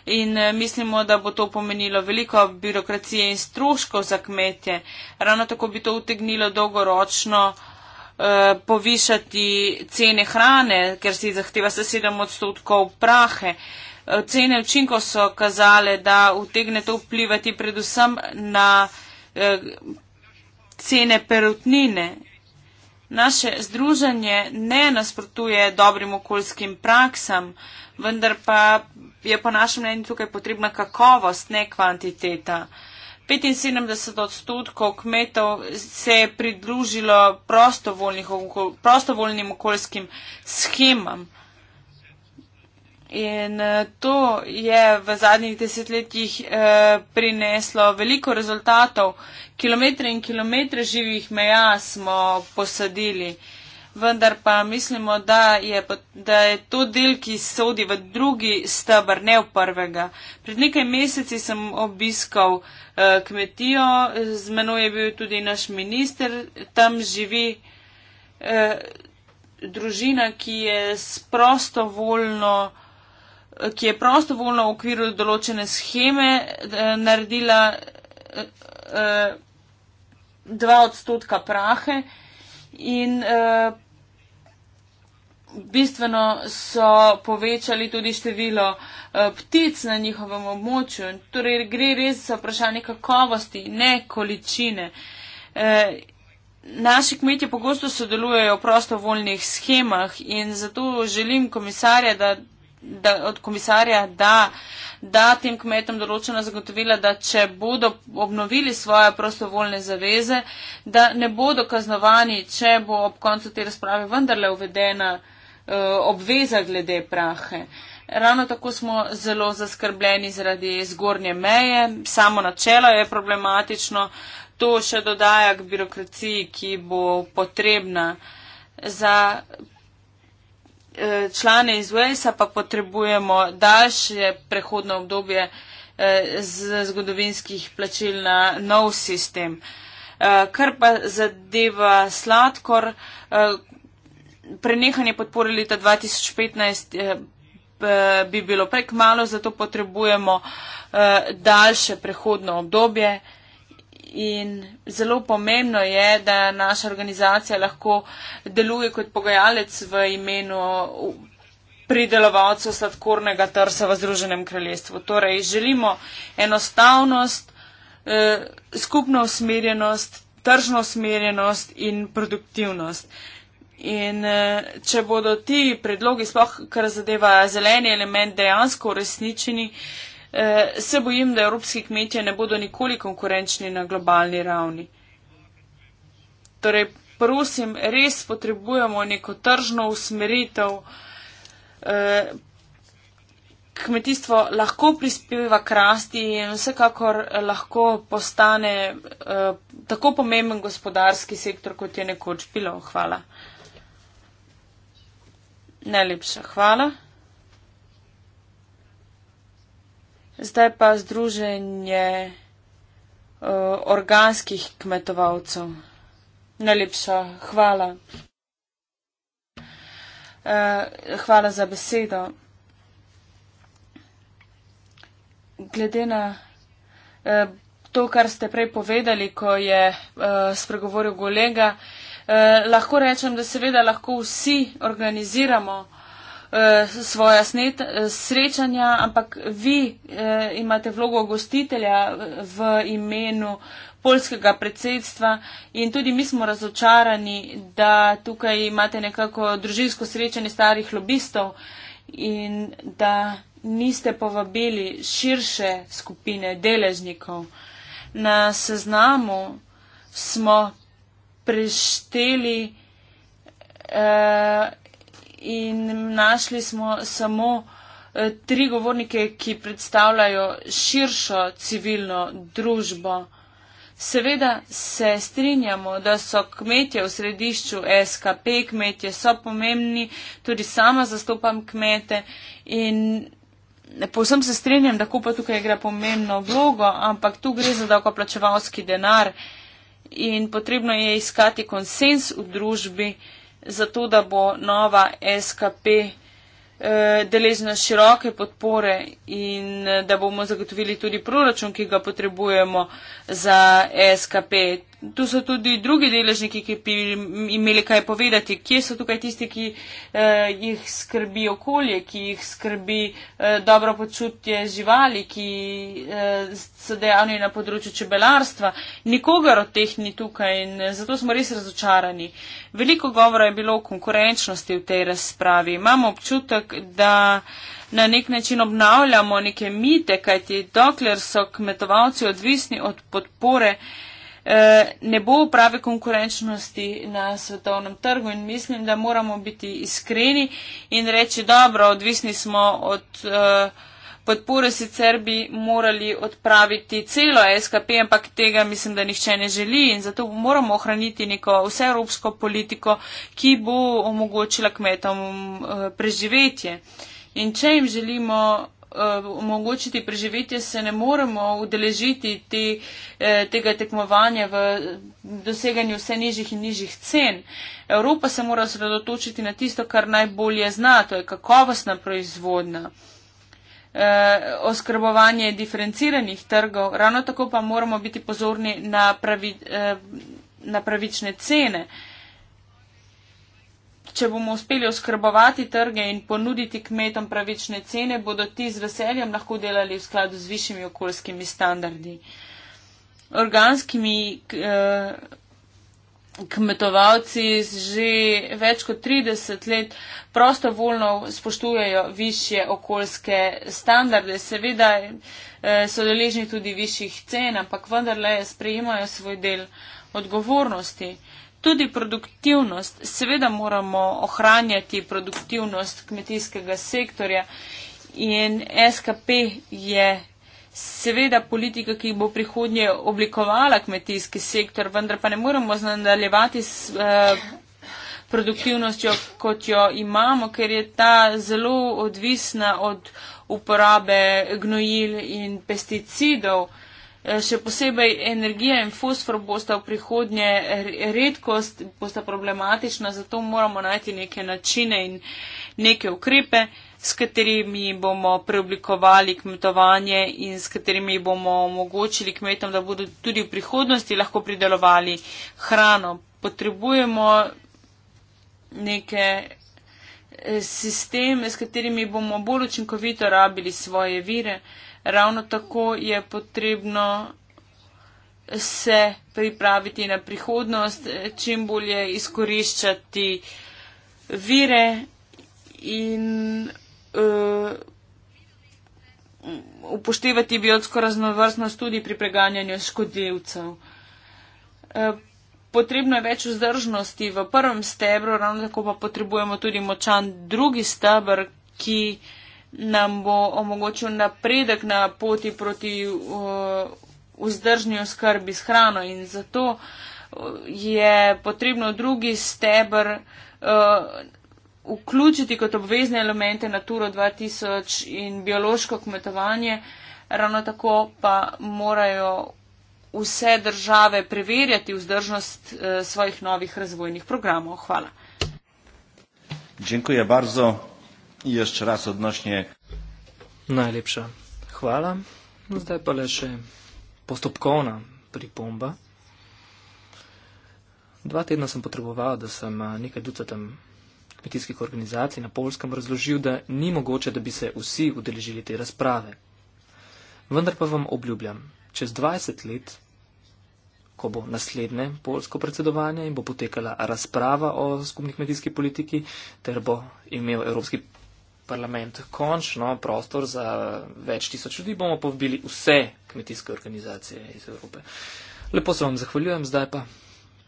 in eh, mislimo, da bo to pomenilo veliko birokracije in stroškov za kmetje. Ravno tako bi to utegnilo dolgoročno eh, povišati cene hrane, ker si zahteva se 7 odstotkov prahe. Cene učinkov so kazale, da utegne to vplivati predvsem na cene perutnine Naše združenje ne nasprotuje dobrim okoljskim praksam, vendar pa je po našem mnenju tukaj potrebna kakovost, ne kvantiteta. 75 odstotkov kmetov se je pridružilo prostovoljnim okoljskim schemam. In eh, to je v zadnjih desetletjih eh, prineslo veliko rezultatov. Kilometre in kilometre živih meja smo posadili, vendar pa mislimo, da je, da je to del, ki sodi v drugi stebr, ne v prvega. Pred nekaj meseci sem obiskal eh, kmetijo, z menoj je bil tudi naš minister, tam živi. Družina, ki je sprostovoljno ki je prostovoljno v okviru določene scheme eh, naredila eh, eh, dva odstotka prahe in eh, bistveno so povečali tudi število eh, ptic na njihovem območju. Torej gre res za vprašanje kakovosti, ne količine. Eh, Naši kmetje pogosto sodelujejo v prostovoljnih schemah in zato želim komisarja, da da, od komisarja, da da tem kmetom določena zagotovila, da če bodo obnovili svoje prostovoljne zaveze, da ne bodo kaznovani, če bo ob koncu te razprave vendarle uvedena eh, obveza glede prahe. Ravno tako smo zelo zaskrbljeni zaradi zgornje meje, samo načelo je problematično, to še dodaja k birokraciji, ki bo potrebna za Eh, člane iz Walesa pa potrebujemo daljše prehodno obdobje eh, z zgodovinskih plačil na nov sistem. Eh, kar pa zadeva sladkor, prenehanje podpore leta 2015 bi bilo prek malo, zato potrebujemo daljše prehodno obdobje in zelo pomembno je, da naša organizacija lahko deluje kot pogajalec v imenu pridelovalcev sladkornega trsa v Združenem kraljestvu. Torej, želimo enostavnost, eh, skupno usmerjenost, tržno usmerjenost in produktivnost. In eh, če bodo ti predlogi, sploh kar zadeva zeleni element, dejansko uresničeni, Eh, se bojim, da evropski kmetje ne bodo nikoli konkurenčni na globalni ravni. Torej, prosim, res potrebujemo neko tržno usmeritev. Eh, kmetijstvo lahko prispeva k rasti in vsekakor lahko postane eh, tako pomemben gospodarski sektor, kot je nekoč bilo. Hvala. Najlepša hvala. Zdaj pa združenje uh, organskih kmetovalcev. Najlepša hvala. Uh, hvala za besedo. Glede na uh, to, kar ste prej povedali, ko je uh, spregovoril kolega, uh, lahko rečem, da seveda lahko vsi organiziramo. Eh, svoja snet, eh, srečanja, ampak vi eh, imate vlogo gostitelja v imenu polskega predsedstva in tudi mi smo razočarani, da tukaj imate nekako družinsko srečanje starih lobistov in da niste povabili širše skupine deležnikov. Na seznamu smo prešteli eh, in našli smo samo eh, tri govornike, ki predstavljajo širšo civilno družbo. Seveda se strinjamo, da so kmetje v središču SKP, kmetje so pomembni, tudi sama zastopam kmete in povsem se strinjam, da kupa tukaj igra pomembno vlogo, ampak tu gre za davkoplačevalski denar in potrebno je iskati konsens v družbi zato da bo nova SKP eh, deležna široke podpore in eh, da bomo zagotovili tudi proračun, ki ga potrebujemo za SKP. Tu so tudi drugi deležniki, ki bi imeli kaj povedati. Kje so tukaj tisti, ki eh, jih skrbi okolje, ki jih skrbi eh, dobro počutje živali, ki eh, so dejavni na področju čebelarstva. Nikogar od teh ni tukaj in eh, zato smo res razočarani. Veliko govora je bilo o konkurenčnosti v tej razpravi. Imamo občutek, da na nek način obnavljamo neke mite, kajti dokler so kmetovalci odvisni od podpore, E, ne bo prave konkurenčnosti na svetovnem trgu in mislim, da moramo biti iskreni in reči, dobro, odvisni smo od e, podpore, sicer bi morali odpraviti celo SKP, ampak tega mislim, da nihče ne želi in zato moramo ohraniti neko vseevropsko politiko, ki bo omogočila kmetom e, preživetje. In če jim želimo uh, omogočiti preživetje, se ne moremo udeležiti te, uh, tega tekmovanja v doseganju vse nižjih in nižjih cen. Evropa se mora sredotočiti na tisto, kar najbolje zna, to je kakovostna proizvodna. Eh, oskrbovanje diferenciranih trgov, ravno tako pa moramo biti pozorni na, pravi, na pravične cene če bomo uspeli oskrbovati trge in ponuditi kmetom pravične cene, bodo ti z veseljem lahko delali v skladu z višjimi okoljskimi standardi. Organskimi eh, kmetovalci že več kot 30 let prostovoljno spoštujejo višje okoljske standarde. Seveda eh, so deležni tudi višjih cen, ampak vendarle sprejemajo svoj del odgovornosti. Tudi produktivnost, seveda moramo ohranjati produktivnost kmetijskega sektorja in SKP je seveda politika, ki bo prihodnje oblikovala kmetijski sektor, vendar pa ne moremo nadaljevati s eh, produktivnostjo, kot jo imamo, ker je ta zelo odvisna od uporabe gnojil in pesticidov. Eh, Eh, še posebej energija in fosfor bosta v prihodnje redkost, bosta problematična, zato moramo najti neke načine in neke ukrepe, s katerimi bomo preoblikovali kmetovanje in s katerimi bomo omogočili kmetom, da bodo tudi v prihodnosti lahko pridelovali hrano. Potrebujemo neke eh, sisteme, s katerimi bomo bolj učinkovito rabili svoje vire ravno tako je potrebno se pripraviti na prihodnost, čim bolje izkoriščati vire in uh, upoštevati biotsko raznovrstnost tudi pri preganjanju škodljivcev. Eh, potrebno je več vzdržnosti v prvem stebru, ravno tako pa potrebujemo tudi močan drugi stebr, ki uh, nam bo omogočil napredek na poti proti uh, vzdržni oskrbi s hrano in zato uh, je potrebno drugi stebr uh, vključiti kot obvezne elemente Natura 2000 in biološko kmetovanje, ravno tako pa morajo vse države preverjati vzdržnost svojih novih razvojnih programov. Hvala. Dziękuję bardzo jeszcze raz odnośnie. Najlepsza. Chwala. No, zdaj pa le še postopkovna pripomba. Dva tedna sem potreboval, da sem eh, nekaj ducatem kmetijskih organizacij na Polskem razložil, da ni mogoče, da bi se vsi udeležili te razprave. Vendar pa vam obljubljam, čez 20 let, ko bo naslednje polsko predsedovanje in bo potekala razprava o skupni kmetijski politiki ter bo imel Evropski parlament končno prostor za več tisoč ljudi, bomo povabili vse kmetijske organizacije iz Evrope. Lepo se vam zahvaljujem, zdaj pa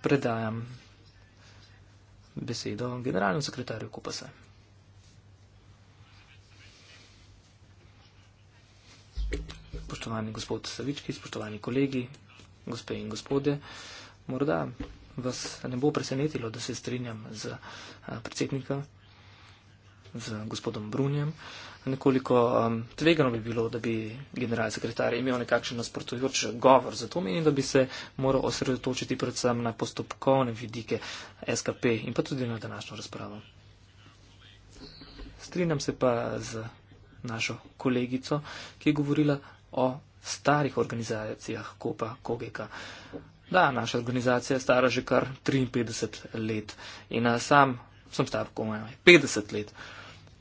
predajam besedo generalnemu sekretarju Kupasa. Spoštovani gospod Savički, spoštovani kolegi, gospe in gospode, morda vas ne bo presenetilo, da se strinjam z eh, predsednikom z gospodom Brunjem. Nekoliko um, tvegano bi bilo, da bi generalni sekretar imel nekakšen nasprotujoč govor, zato menim, da bi se moral osredotočiti predvsem na postopkovne vidike SKP in pa tudi na današnjo razpravo. Strinjam se pa z našo kolegico, ki je govorila o starih organizacijah Kopa Kogeka. Da, naša organizacija je stara že kar 53 let in sam sem star komaj 50 let. Uh,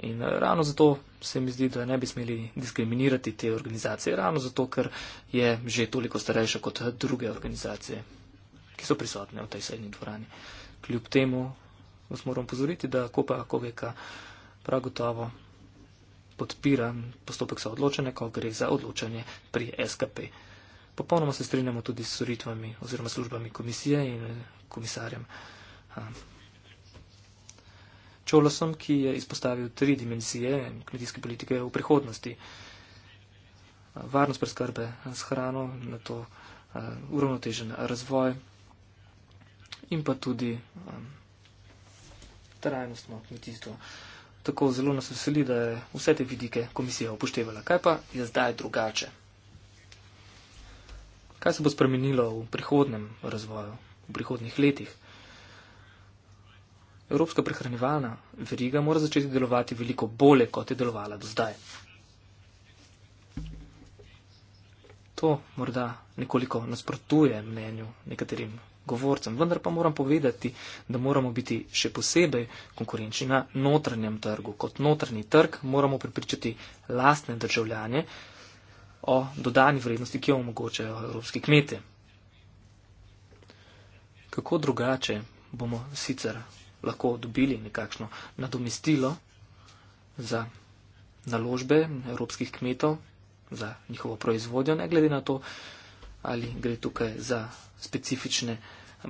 In ravno zato se mi zdi, da ne bi smeli diskriminirati te organizacije, ravno zato, ker je že toliko starejša kot druge organizacije, ki so prisotne v tej srednji dvorani. Kljub temu vas moram pozoriti, da Kopa Koveka prav gotovo podpira postopek za odločanje, ko gre za odločanje pri SKP. Popolnoma se strinjamo tudi s storitvami oziroma službami komisije in komisarjem. Čolosom, ki je izpostavil tri dimenzije kmetijske politike v prihodnosti. Varnost preskrbe s hrano, na to eh, uravnotežen razvoj in pa tudi trajnostno kmetijstvo. Tako zelo nas veseli, da je vse te vidike komisija upoštevala. Kaj pa je zdaj drugače? Kaj se bo spremenilo v prihodnem razvoju, v prihodnih letih? Evropska prehranjevalna veriga mora začeti delovati veliko bolje, kot je delovala do zdaj. To morda nekoliko nasprotuje mnenju nekaterim govorcem, vendar pa moram povedati, da moramo biti še posebej konkurenčni na notranjem trgu. Kot notranji trg moramo pripričati lastne državljanje o dodani vrednosti, ki jo omogočajo evropski kmete. Kako drugače bomo sicer lahko dobili nekakšno nadomestilo za naložbe evropskih kmetov, za njihovo proizvodnjo, ne glede na to, ali gre tukaj za specifične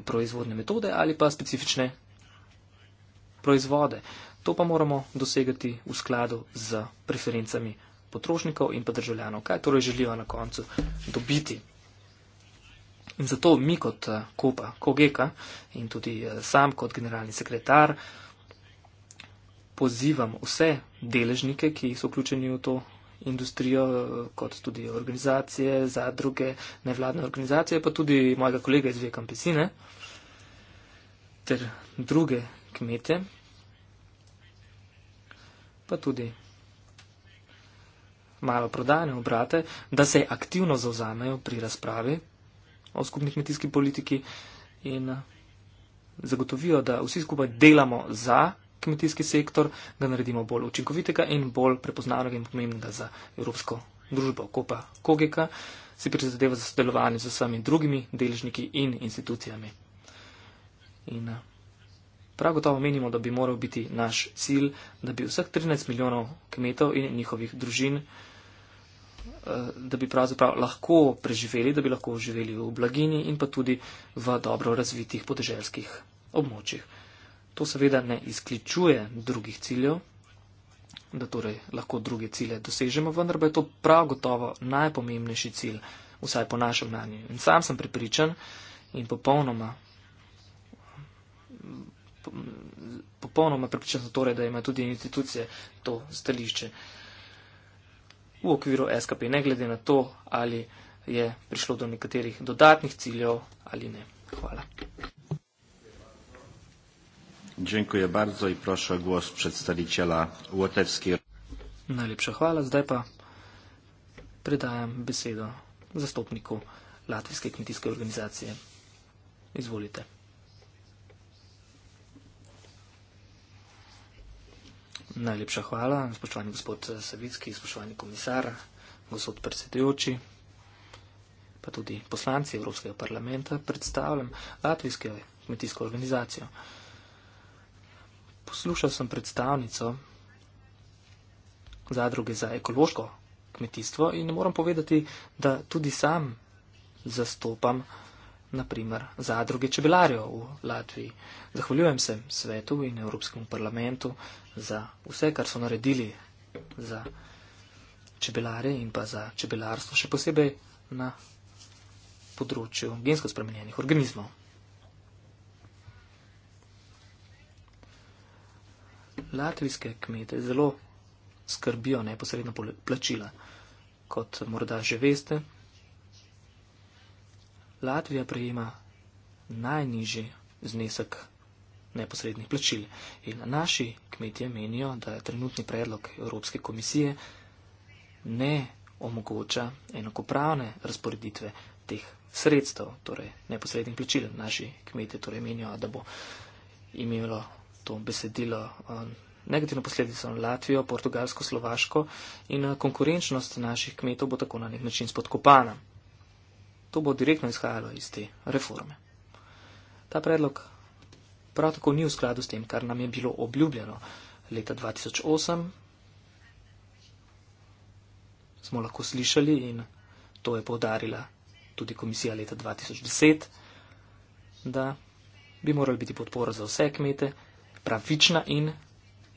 proizvodne metode ali pa specifične proizvode. To pa moramo dosegati v skladu z preferencami potrošnikov in pa državljanov, kaj torej želijo na koncu dobiti. In zato mi kot eh, Kupa Kogeka in tudi eh, sam kot generalni sekretar pozivam vse deležnike, ki so vključeni v to industrijo, eh, kot tudi organizacije, zadruge, nevladne organizacije, pa tudi mojega kolega iz Vije Kampesine ter druge kmete, pa tudi malo prodane obrate, da se aktivno zauzamejo pri razpravi o skupni kmetijski politiki in eh, zagotovijo, da vsi skupaj delamo za kmetijski sektor, ga naredimo bolj učinkovitega in bolj prepoznavnega in pomembnega za Evropsko družbo Kopa Kogeka, si prizadeva za sodelovanje z vsemi drugimi deležniki in institucijami. In eh, prav gotovo menimo, da bi moral biti naš cilj, da bi vseh 13 milijonov kmetov in njihovih družin Eh, da bi pravzaprav lahko preživeli, da bi lahko živeli v blagini in pa tudi v dobro razvitih podeželskih območjih. To seveda ne izključuje drugih ciljev, da torej lahko druge cilje dosežemo, vendar pa je to prav gotovo najpomembnejši cilj, vsaj po našem mnenju. In sam sem prepričan in popolnoma. Popolnoma prepričan sem torej, da ima tudi institucije to stališče. Uh, v okviru SKP, ne glede na to, ali je prišlo do nekaterih dodatnih ciljev ali ne. Hvala. Dziękuję bardzo i proszę o głos przedstawiciela Łotewskiej. Najlepsza chwała. Zdaj pa przydajam besedo zastępniku Latwijskiej Kmitijskiej Organizacji. Izwolite. Najlepša hvala, spoštovani gospod eh, Savitski, spoštovani komisar, gospod predsedujoči, pa tudi poslanci Evropskega parlamenta. Predstavljam Latvijske kmetijsko organizacijo. Poslušal sem predstavnico zadruge za ekološko kmetijstvo in moram povedati, da tudi sam zastopam uh, naprimer zadruge čebelarjev v Latviji. Zahvaljujem se svetu in Evropskemu parlamentu za vse, kar so naredili za čebelare in pa za čebelarstvo, še posebej na področju gensko spremenjenih organizmov. Latvijske kmete zelo skrbijo neposredno plačila. Kot morda že veste, Latvija prejema najniže znesek neposrednih plačil. In naši kmetje menijo, da je trenutni predlog Evropske komisije ne omogoča enakopravne razporeditve teh sredstev, torej neposrednih plačil. Naši kmetje torej menijo, da bo imelo to besedilo um, negativno posledico na Latvijo, Portugalsko, Slovaško in uh, konkurenčnost naših kmetov bo tako na nek način spodkopana to bo direktno izhajalo iz te reforme. Ta predlog prav tako ni v skladu s tem, kar nam je bilo obljubljeno leta 2008. Smo lahko slišali in to je povdarila tudi komisija leta 2010, da bi morali biti podpora za vse kmete pravična in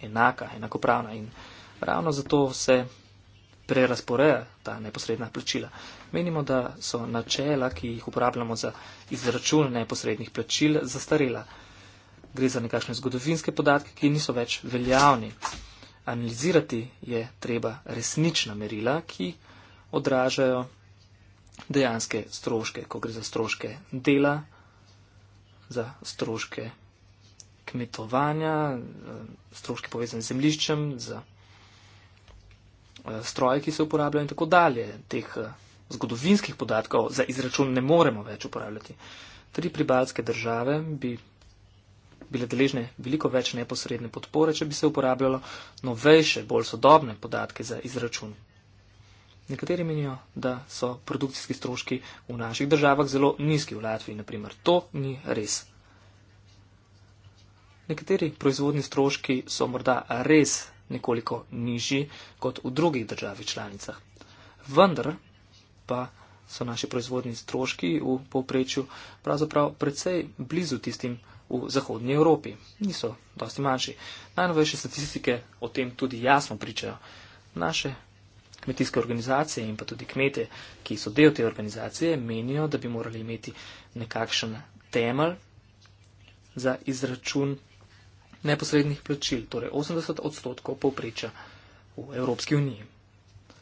enaka, enakopravna. In ravno zato se prerasporeja ta neposredna plačila. Menimo, da so načela, ki jih uporabljamo za izračun neposrednih plačil, zastarela. Gre za nekakšne zgodovinske podatke, ki niso več veljavni. Analizirati je treba resnična merila, ki odražajo dejanske stroške, ko gre za stroške dela, za stroške kmetovanja, stroške povezane z zemliščem, za Eh, stroje, ki se uporabljajo in tako dalje. Teh eh, zgodovinskih podatkov za izračun ne moremo več uporabljati. Tri pribalske države bi bile deležne veliko več neposredne podpore, če bi se uporabljalo novejše, bolj sodobne podatke za izračun. Nekateri menijo, da so produkcijski stroški v naših državah zelo nizki, v Latviji naprimer. To ni res. Nekateri proizvodni stroški so morda res nekoliko nižji kot v drugih državi članicah. Vendar pa so naši proizvodni stroški v povprečju pravzaprav precej blizu tistim v Zahodnji Evropi. Niso dosti manjši. Najnovejše statistike o tem tudi jasno pričajo. Naše kmetijske organizacije in pa tudi kmete, ki so del te organizacije, menijo, da bi morali imeti nekakšen temelj za izračun neposrednih plačil, torej 80 odstotkov povpreča v Evropski uniji.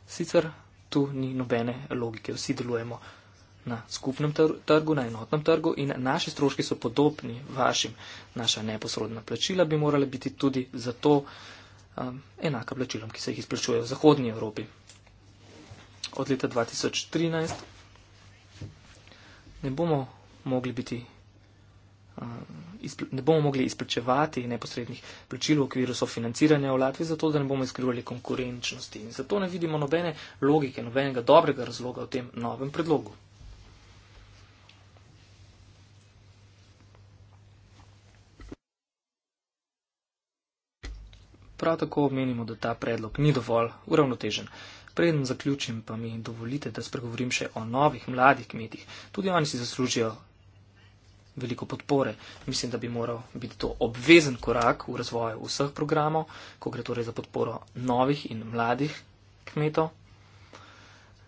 Sicer tu ni nobene logike, vsi delujemo na skupnem trgu, na enotnem trgu in naši stroški so podobni vašim. Naša neposredna plačila bi morala biti tudi zato um, enaka plačilom, ki se jih izplačuje v Zahodnji Evropi. Od leta 2013 ne bomo mogli biti Eh, ne bomo mogli izplačevati neposrednih plačil v okviru sofinanciranja v Latviji, zato da ne bomo izkrivali konkurenčnosti. In zato ne vidimo nobene logike, nobenega dobrega razloga v tem novem predlogu. Prav tako menimo, da ta predlog ni dovolj uravnotežen. Preden zaključim, pa mi dovolite, da spregovorim še o novih mladih kmetih. Tudi oni si zaslužijo veliko podpore. Mislim, da bi moral biti to obvezen korak v razvoju vseh programov, ko gre torej za podporo novih in mladih kmetov.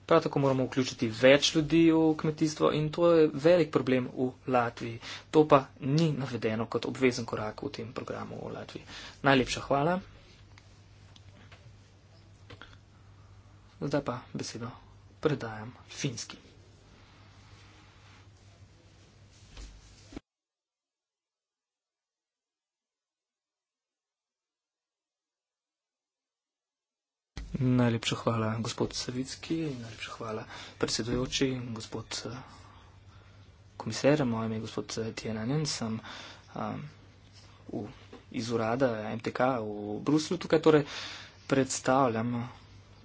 Prav tako moramo vključiti več ljudi v kmetijstvo in to je velik problem v Latviji. To pa ni navedeno kot obvezen korak v tem programu v Latviji. Najlepša hvala. Zdaj pa besedo predajam finski. Najlepša hvala, gospod Savicki, najlepša hvala, predsedujoči, gospod eh, komisar, moj ime je gospod eh, Tjenanen, sem um, v, iz urada MTK v Bruslju, tukaj torej predstavljam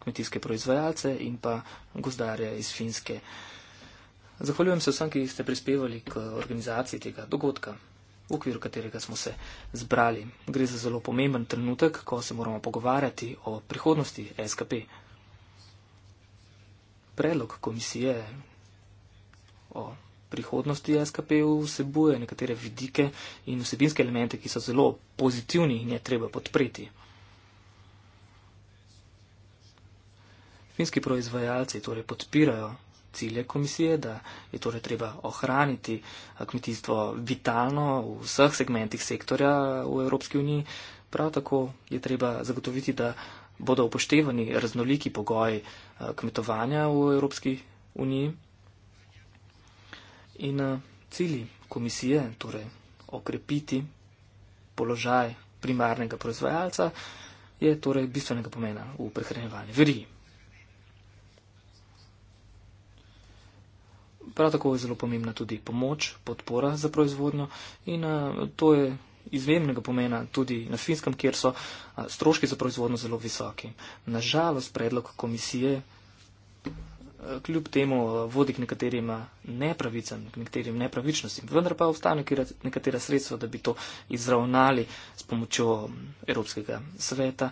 kmetijske proizvajalce in pa gozdarje iz Finske. Zahvaljujem se vsem, ki ste prispevali k organizaciji tega dogodka v okviru katerega smo se zbrali. Gre za zelo pomemben trenutek, ko se moramo pogovarjati o prihodnosti SKP. Predlog komisije o prihodnosti SKP vsebuje nekatere vidike in vsebinske elemente, ki so zelo pozitivni in je treba podpreti. Finski proizvajalci torej podpirajo cilje komisije, da je torej treba ohraniti eh, kmetijstvo vitalno v vseh segmentih sektorja v Evropski uniji. Prav tako je treba zagotoviti, da bodo upoštevani raznoliki pogoji eh, kmetovanja v Evropski uniji. In eh, cilji komisije, torej okrepiti položaj primarnega proizvajalca, je torej bistvenega pomena v prehranjevanju verigi. prav tako je zelo pomembna tudi pomoč, podpora za proizvodnjo in eh, to je izjemnega pomena tudi na finskem, kjer so eh, stroški za proizvodnjo zelo visoki. Nažalost, predlog komisije eh, kljub temu vodi k nekaterim nepravicam, k nekaterim nepravičnostim, vendar pa ostane nekatera sredstva, da bi to izravnali s pomočjo mm, Evropskega sveta,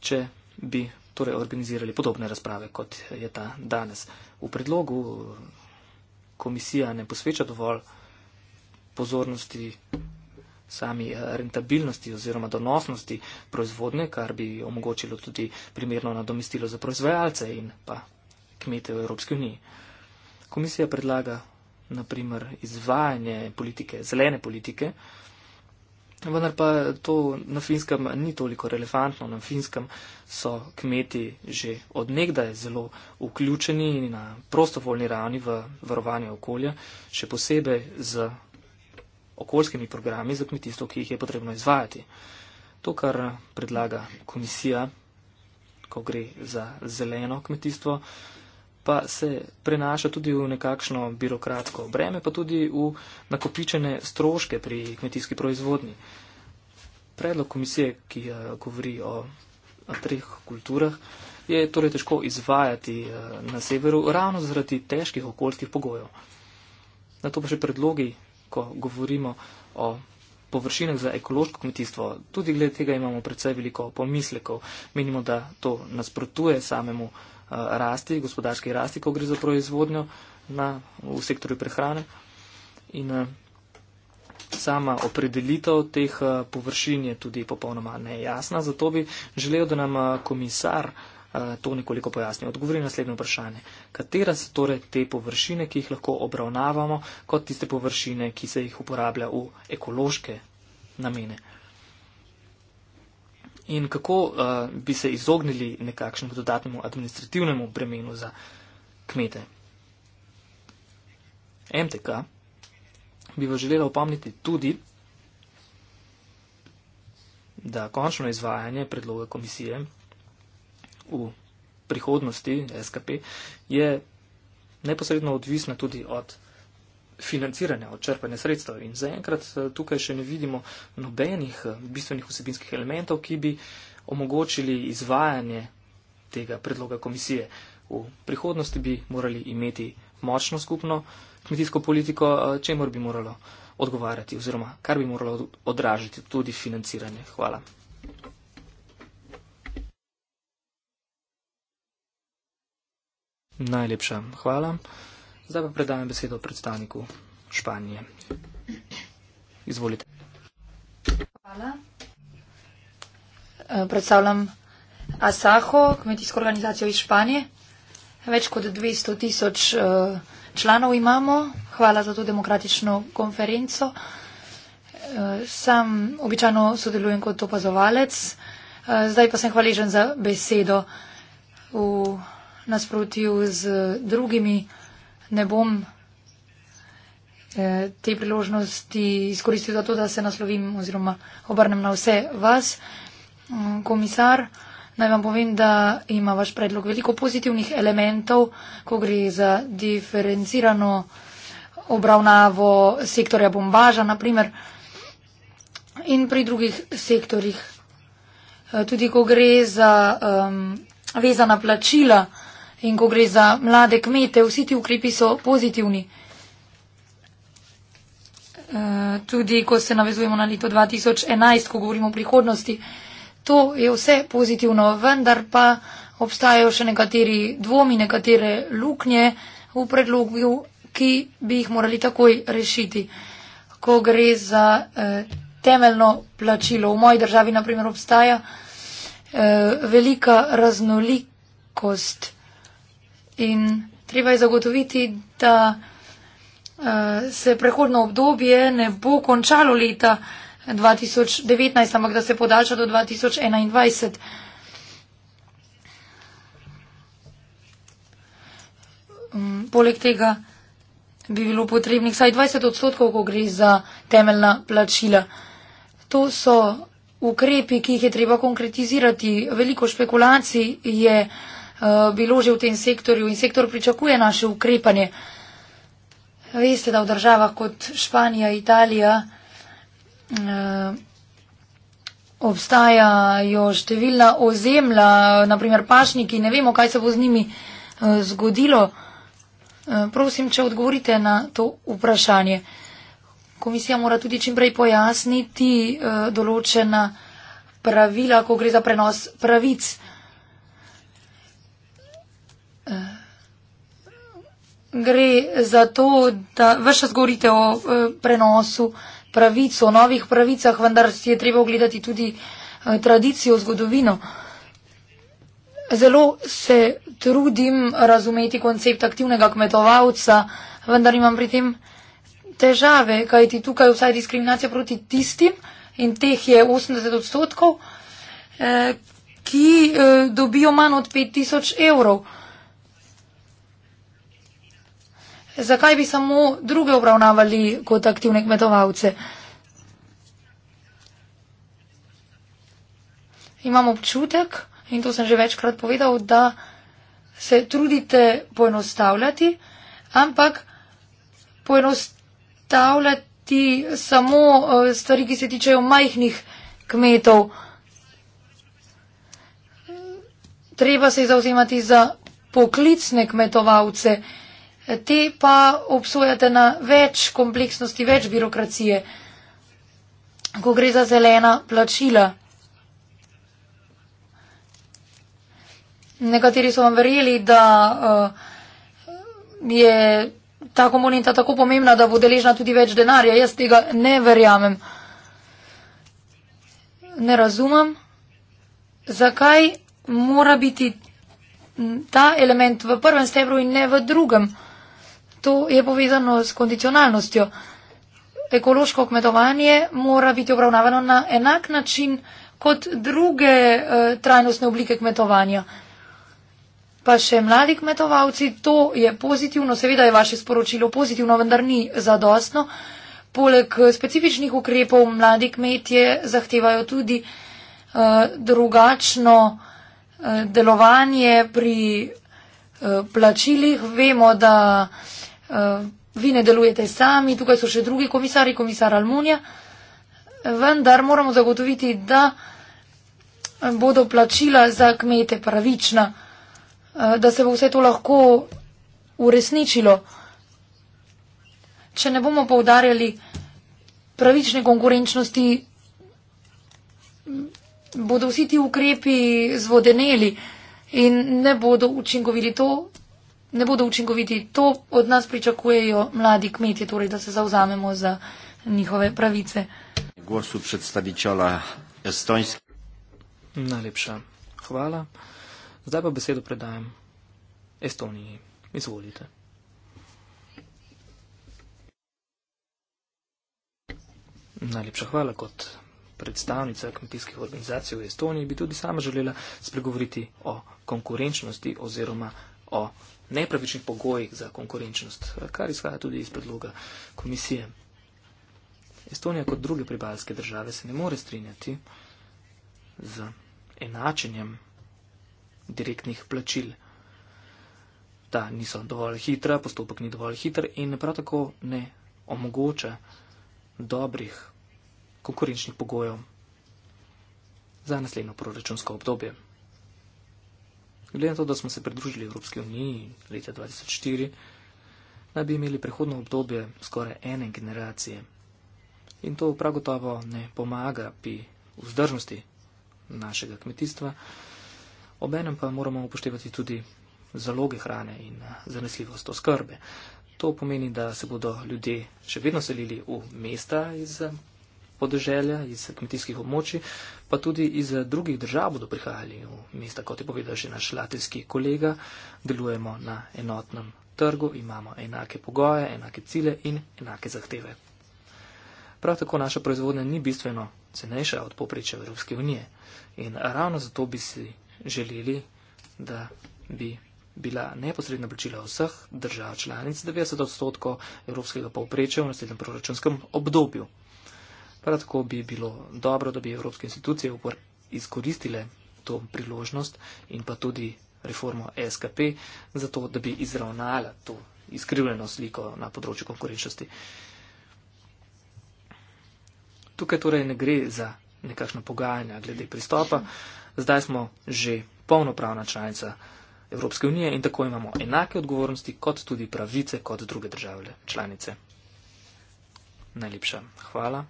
če bi torej organizirali podobne razprave, kot je ta danes. V predlogu komisija ne posveča dovolj pozornosti sami eh, rentabilnosti oziroma donosnosti proizvodne, kar bi omogočilo tudi primerno nadomestilo za proizvajalce in pa kmete v Evropski uniji. Komisija predlaga naprimer izvajanje politike, zelene politike, Vendar pa to na finskem ni toliko relevantno. Na finskem so kmeti že odnegdaj zelo vključeni na prostovoljni ravni v varovanje okolja, še posebej z okoljskimi programi za kmetijstvo, ki jih je potrebno izvajati. To, kar predlaga komisija, ko gre za zeleno kmetijstvo, pa se prenaša tudi v nekakšno birokratsko breme, pa tudi v nakopičene stroške pri kmetijski proizvodni. Predlog komisije, ki eh, govori o treh kulturah, je torej težko izvajati eh, na severu ravno zaradi težkih okoljskih pogojev. Na to pa še predlogi, ko govorimo o površinah za ekološko kmetijstvo. Tudi glede tega imamo predvsej veliko pomislekov. Menimo, da to nasprotuje samemu rasti, gospodarski rasti, ko gre za proizvodnjo na, v sektorju prehrane. In eh, sama opredelitev teh eh, površin je tudi popolnoma nejasna, zato bi želel, da nam eh, komisar to nekoliko pojasni. Odgovori naslednje vprašanje. Katera so torej te površine, ki jih lahko obravnavamo kot tiste površine, ki se jih uporablja v ekološke namene? in kako uh, bi se izognili nekakšnemu dodatnemu administrativnemu bremenu za kmete. MTK bi vas želela upomniti tudi, da končno izvajanje predloga komisije v prihodnosti SKP je neposredno odvisno tudi od financiranja, od črpanja sredstev. In zaenkrat eh, tukaj še ne vidimo nobenih eh, bistvenih vsebinskih elementov, ki bi omogočili izvajanje tega predloga komisije. V prihodnosti bi morali imeti močno skupno kmetijsko politiko, eh, čemor bi moralo odgovarjati oziroma kar bi moralo odražiti tudi financiranje. Hvala. Najlepša hvala. Zdaj pa predajam besedo predstavniku Španije. Izvolite. Hvala. Eh, predstavljam ASAHO, kmetijsko organizacijo iz Španije. Več kot 200 tisoč eh, članov imamo. Hvala za to demokratično konferenco. Eh, sam običajno sodelujem kot opazovalec. Zdaj pa sem hvaležen za besedo v nasprotju z drugimi ne bom eh, te priložnosti izkoristil za to, da se naslovim oziroma obrnem na vse vas. Mm, komisar, naj vam povem, da ima vaš predlog veliko pozitivnih elementov, ko gre za diferencirano obravnavo sektorja bombaža, naprimer, in pri drugih sektorjih. Eh, tudi, ko gre za um, vezana plačila, In ko gre za mlade kmete, vsi ti ukrepi so pozitivni. E, tudi ko se navezujemo na leto 2011, ko govorimo o prihodnosti, to je vse pozitivno, vendar pa obstajajo še nekateri dvomi, nekatere luknje v predlogu, ki bi jih morali takoj rešiti. Ko gre za e, temeljno plačilo, v moji državi naprimer obstaja e, velika raznolikost. In treba je zagotoviti, da uh, se prehodno obdobje ne bo končalo leta 2019, ampak da se podaljša do 2021. Um, mm, poleg tega bi bilo potrebnih saj 20 odstotkov, ko gre za temeljna plačila. To so ukrepi, ki jih je treba konkretizirati. Veliko špekulacij je. Uh, Eh, bilo že v tem sektorju in sektor pričakuje naše ukrepanje. Veste, da v državah kot Španija, Italija eh, obstajajo številna ozemlja, naprimer pašniki, ne vemo, kaj se bo z njimi eh, zgodilo. Prosim, če odgovorite na to vprašanje. Komisija mora tudi čimprej pojasniti določena pravila, ko gre za prenos pravic. gre za to, da vse zgorite o eh, prenosu pravic, o novih pravicah, vendar si je treba ogledati tudi eh, tradicijo, zgodovino. Zelo se trudim razumeti koncept aktivnega kmetovalca, vendar imam pri tem težave, kajti tukaj vsaj diskriminacija proti tistim in teh je 80 odstotkov, eh, ki dobijo manj od 5000 evrov. zakaj bi samo druge obravnavali kot aktivne kmetovalce? Imam občutek, in to sem že večkrat povedal, da se trudite poenostavljati, ampak poenostavljati samo eh, stvari, ki se tičejo majhnih kmetov. Treba se zauzemati za poklicne kmetovalce te pa obsojate na več kompleksnosti, več birokracije, ko gre za zelena plačila. Nekateri so vam verjeli, da uh, je ta komponenta tako pomembna, da bo deležna tudi več denarja. Jaz tega ne verjamem. Ne razumem, zakaj mora biti ta element v prvem stebru in ne v drugem. To je povezano s kondicionalnostjo. Ekološko kmetovanje mora biti obravnavano na enak način kot druge eh, trajnostne oblike kmetovanja. Pa še mladi kmetovalci, to je pozitivno, seveda je vaše sporočilo pozitivno, vendar ni zadostno. Poleg eh, specifičnih ukrepov mladi kmetje zahtevajo tudi eh, drugačno eh, delovanje pri eh, plačilih. Vemo, da eh, Eh, vi ne delujete sami, tukaj so še drugi komisari, komisar Almunija, vendar moramo zagotoviti, da bodo plačila za kmete pravična, eh, da se bo vse to lahko uresničilo. Če ne bomo povdarjali pravične konkurenčnosti, bodo vsi ti ukrepi zvodeneli in ne bodo učinkoviti to, ne bodo učinkoviti. To od nas pričakujejo mladi kmetje, torej da se zauzamemo za njihove pravice. Gosu predstavičala Estonski. Najlepša hvala. Zdaj pa besedo predajam Estoniji. Izvolite. Najlepša hvala kot predstavnica kmetijskih organizacij v Estoniji bi tudi sama želela spregovoriti o konkurenčnosti oziroma o nepravičnih pogojih za konkurenčnost, kar izhaja tudi iz predloga komisije. Estonija kot druge pribalske države se ne more strinjati z enačenjem direktnih plačil. Ta niso dovolj hitra, postopek ni dovolj hiter in prav tako ne omogoča dobrih konkurenčnih pogojev za naslednjo proračunsko obdobje. Glede na to, da smo se pridružili Evropski uniji leta 2004, naj bi imeli prehodno obdobje skoraj ene generacije. In to prav gotovo ne pomaga pri vzdržnosti našega kmetijstva, obenem pa moramo upoštevati tudi zaloge hrane in eh, zanesljivost oskrbe. To pomeni, da se bodo ljudje še vedno selili v mesta iz podeželja, iz kmetijskih območij, pa tudi iz drugih držav bodo prihajali v mesta, kot je povedal že naš latvijski kolega. Delujemo na enotnem trgu, imamo enake pogoje, enake cilje in enake zahteve. Prav tako naša proizvodnja ni bistveno cenejša od poprečja Evropske unije in ravno zato bi si želeli, da bi bila neposredna plačila vseh držav članic 90 odstotkov evropskega povprečja v naslednjem proračunskem obdobju. Prav tako bi bilo dobro, da bi evropske institucije izkoristile to priložnost in pa tudi reformo SKP, zato da bi izravnala to izkrivljeno sliko na področju konkurenčnosti. Tukaj torej ne gre za nekakšno pogajanje glede pristopa. Zdaj smo že polnopravna članica Evropske unije in tako imamo enake odgovornosti kot tudi pravice kot druge države članice. Najlepša hvala.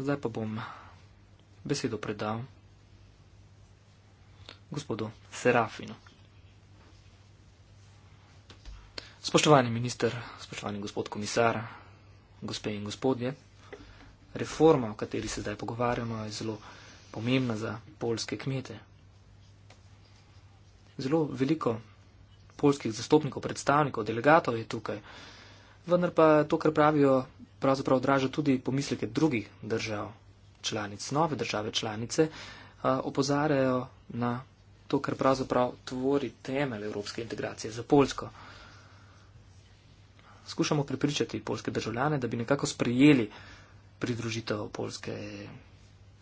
Zdaj pa bom besedo predal gospodu Serafinu. Spoštovani minister, spoštovani gospod komisar, gospe in gospodje, reforma, o kateri se zdaj pogovarjamo, je zelo pomembna za polske kmete. Zelo veliko polskih zastopnikov, predstavnikov, delegatov je tukaj, vendar pa to, kar pravijo pravzaprav odraža tudi pomisleke drugih držav članic, nove države članice, opozarjajo na to, kar pravzaprav tvori temelj evropske integracije za Polsko. Skušamo prepričati polske državljane, da bi nekako sprejeli pridružitev Polske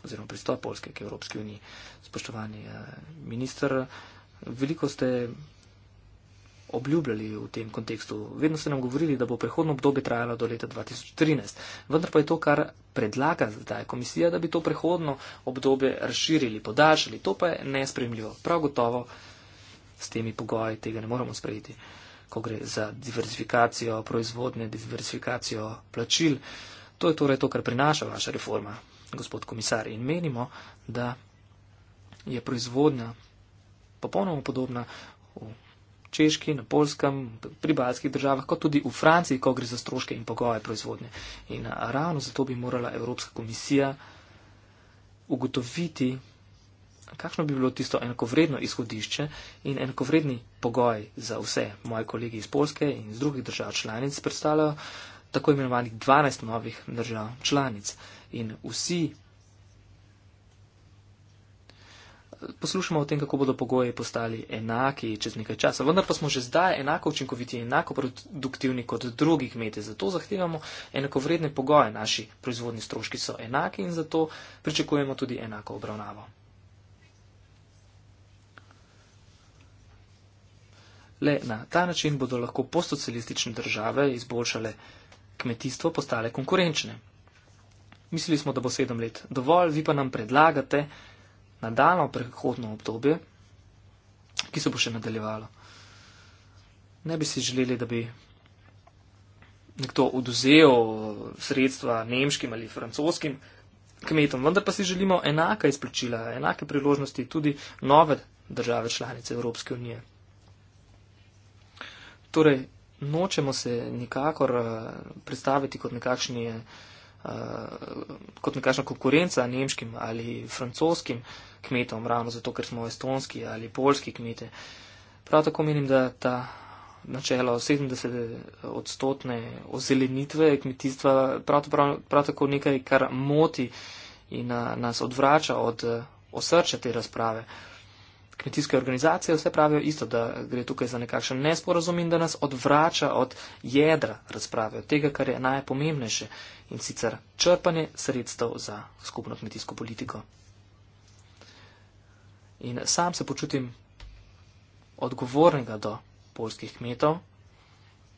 oziroma pristop Polske k Evropski uniji. Spoštovani minister, veliko ste obljubljali v tem kontekstu. Vedno ste nam govorili, da bo prehodno obdobje trajalo do leta 2013. Vendar pa je to, kar predlaga zdaj komisija, da bi to prehodno obdobje razširili, podaljšali. To pa je nespremljivo. Prav gotovo s temi pogoji tega ne moremo sprejeti, ko gre za diversifikacijo proizvodne, diversifikacijo plačil. To je torej to, kar prinaša vaša reforma, gospod komisar. In menimo, da je proizvodnja popolnoma podobna v Češki, na Polskem, pri balskih državah, kot tudi v Franciji, ko gre za stroške in pogoje proizvodnje. In ravno zato bi morala Evropska komisija ugotoviti, kakšno bi bilo tisto enakovredno izhodišče in enakovredni pogoj za vse moje kolege iz Polske in iz drugih držav članic predstavljajo tako imenovanih 12 novih držav članic. In vsi poslušamo o tem, kako bodo pogoji postali enaki čez nekaj časa. Vendar pa smo že zdaj enako učinkoviti in enako produktivni kot drugi kmete. Zato zahtevamo enakovredne pogoje. Naši proizvodni stroški so enaki in zato pričakujemo tudi enako obravnavo. Le na ta način bodo lahko postsocialistične države izboljšale kmetijstvo, postale konkurenčne. Mislili smo, da bo sedem let dovolj, vi pa nam predlagate, nadaljno prehodno obdobje, ki se bo še nadaljevalo. Ne bi si želeli, da bi nekdo oduzel sredstva nemškim ali francoskim kmetom, vendar pa si želimo enaka izplačila, enake priložnosti tudi nove države članice Evropske unije. Torej, nočemo se nikakor eh, predstaviti kot nekakšni. Uh, Eh, kot nekakšna konkurenca nemškim ali francoskim kmetom, ravno zato, ker smo estonski ali polski kmete. Prav tako menim, da ta načelo 70 odstotne ozelenitve kmetijstva prav, prav, prav tako nekaj, kar moti in a, eh, nas odvrača od eh, osrča te razprave. Uh, kmetijske organizacije vse pravijo isto, da gre tukaj za nekakšen nesporazum in da nas odvrača od jedra razprave, od tega, kar je najpomembnejše in sicer črpanje sredstev za skupno kmetijsko politiko. In sam se počutim odgovornega do polskih kmetov,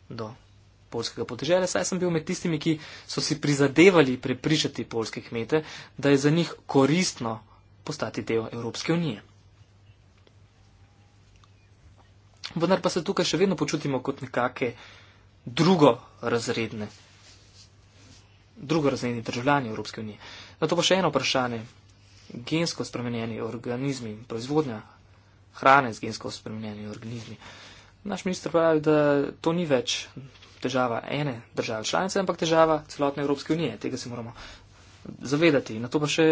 do polskega podeželja, saj sem bil med tistimi, ki so si prizadevali prepričati polske kmete, da je za njih koristno postati del Evropske unije. vendar pa se tukaj še vedno počutimo kot nekake drugorazredne, drugorazredni državljani Evropske unije. Zato pa še eno vprašanje. Gensko spremenjeni organizmi, proizvodnja hrane z gensko spremenjenimi organizmi. Naš minister pravi, da to ni več. Težava ene države članice, ampak težava celotne Evropske unije. Tega si moramo zavedati. Na to pa še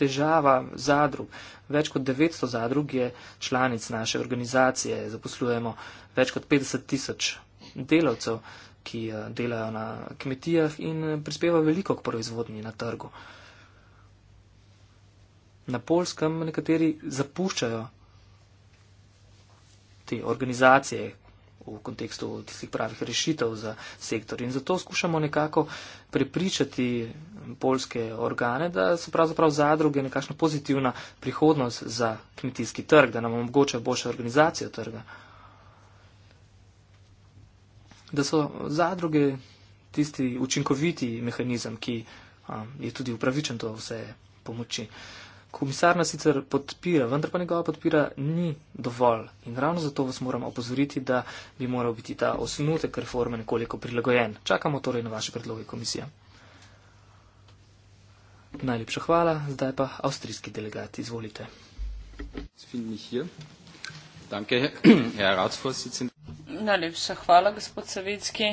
težava zadrug. Več kot 900 zadrug je članic naše organizacije, zaposlujemo več kot 50 tisoč delavcev, ki eh, delajo na kmetijah in eh, prispevajo veliko k proizvodnji na trgu. Na polskem nekateri zapuščajo te organizacije, v kontekstu tistih pravih rešitev za sektor. In zato skušamo nekako prepričati polske organe, da so pravzaprav zadruge nekakšna pozitivna prihodnost za kmetijski trg, da nam omogoča boljšo organizacijo trga. Da so zadruge tisti učinkoviti mehanizem, ki a, je tudi upravičen do vse pomoči. Komisar nas sicer podpira, vendar pa njegova podpira ni dovolj. In ravno zato vas moram opozoriti, da bi moral biti ta osnutek reforme nekoliko prilagojen. Čakamo torej na vaše predloge, komisija. Najlepša hvala, zdaj pa avstrijski delegat, izvolite. Najlepša hvala, gospod Savitski.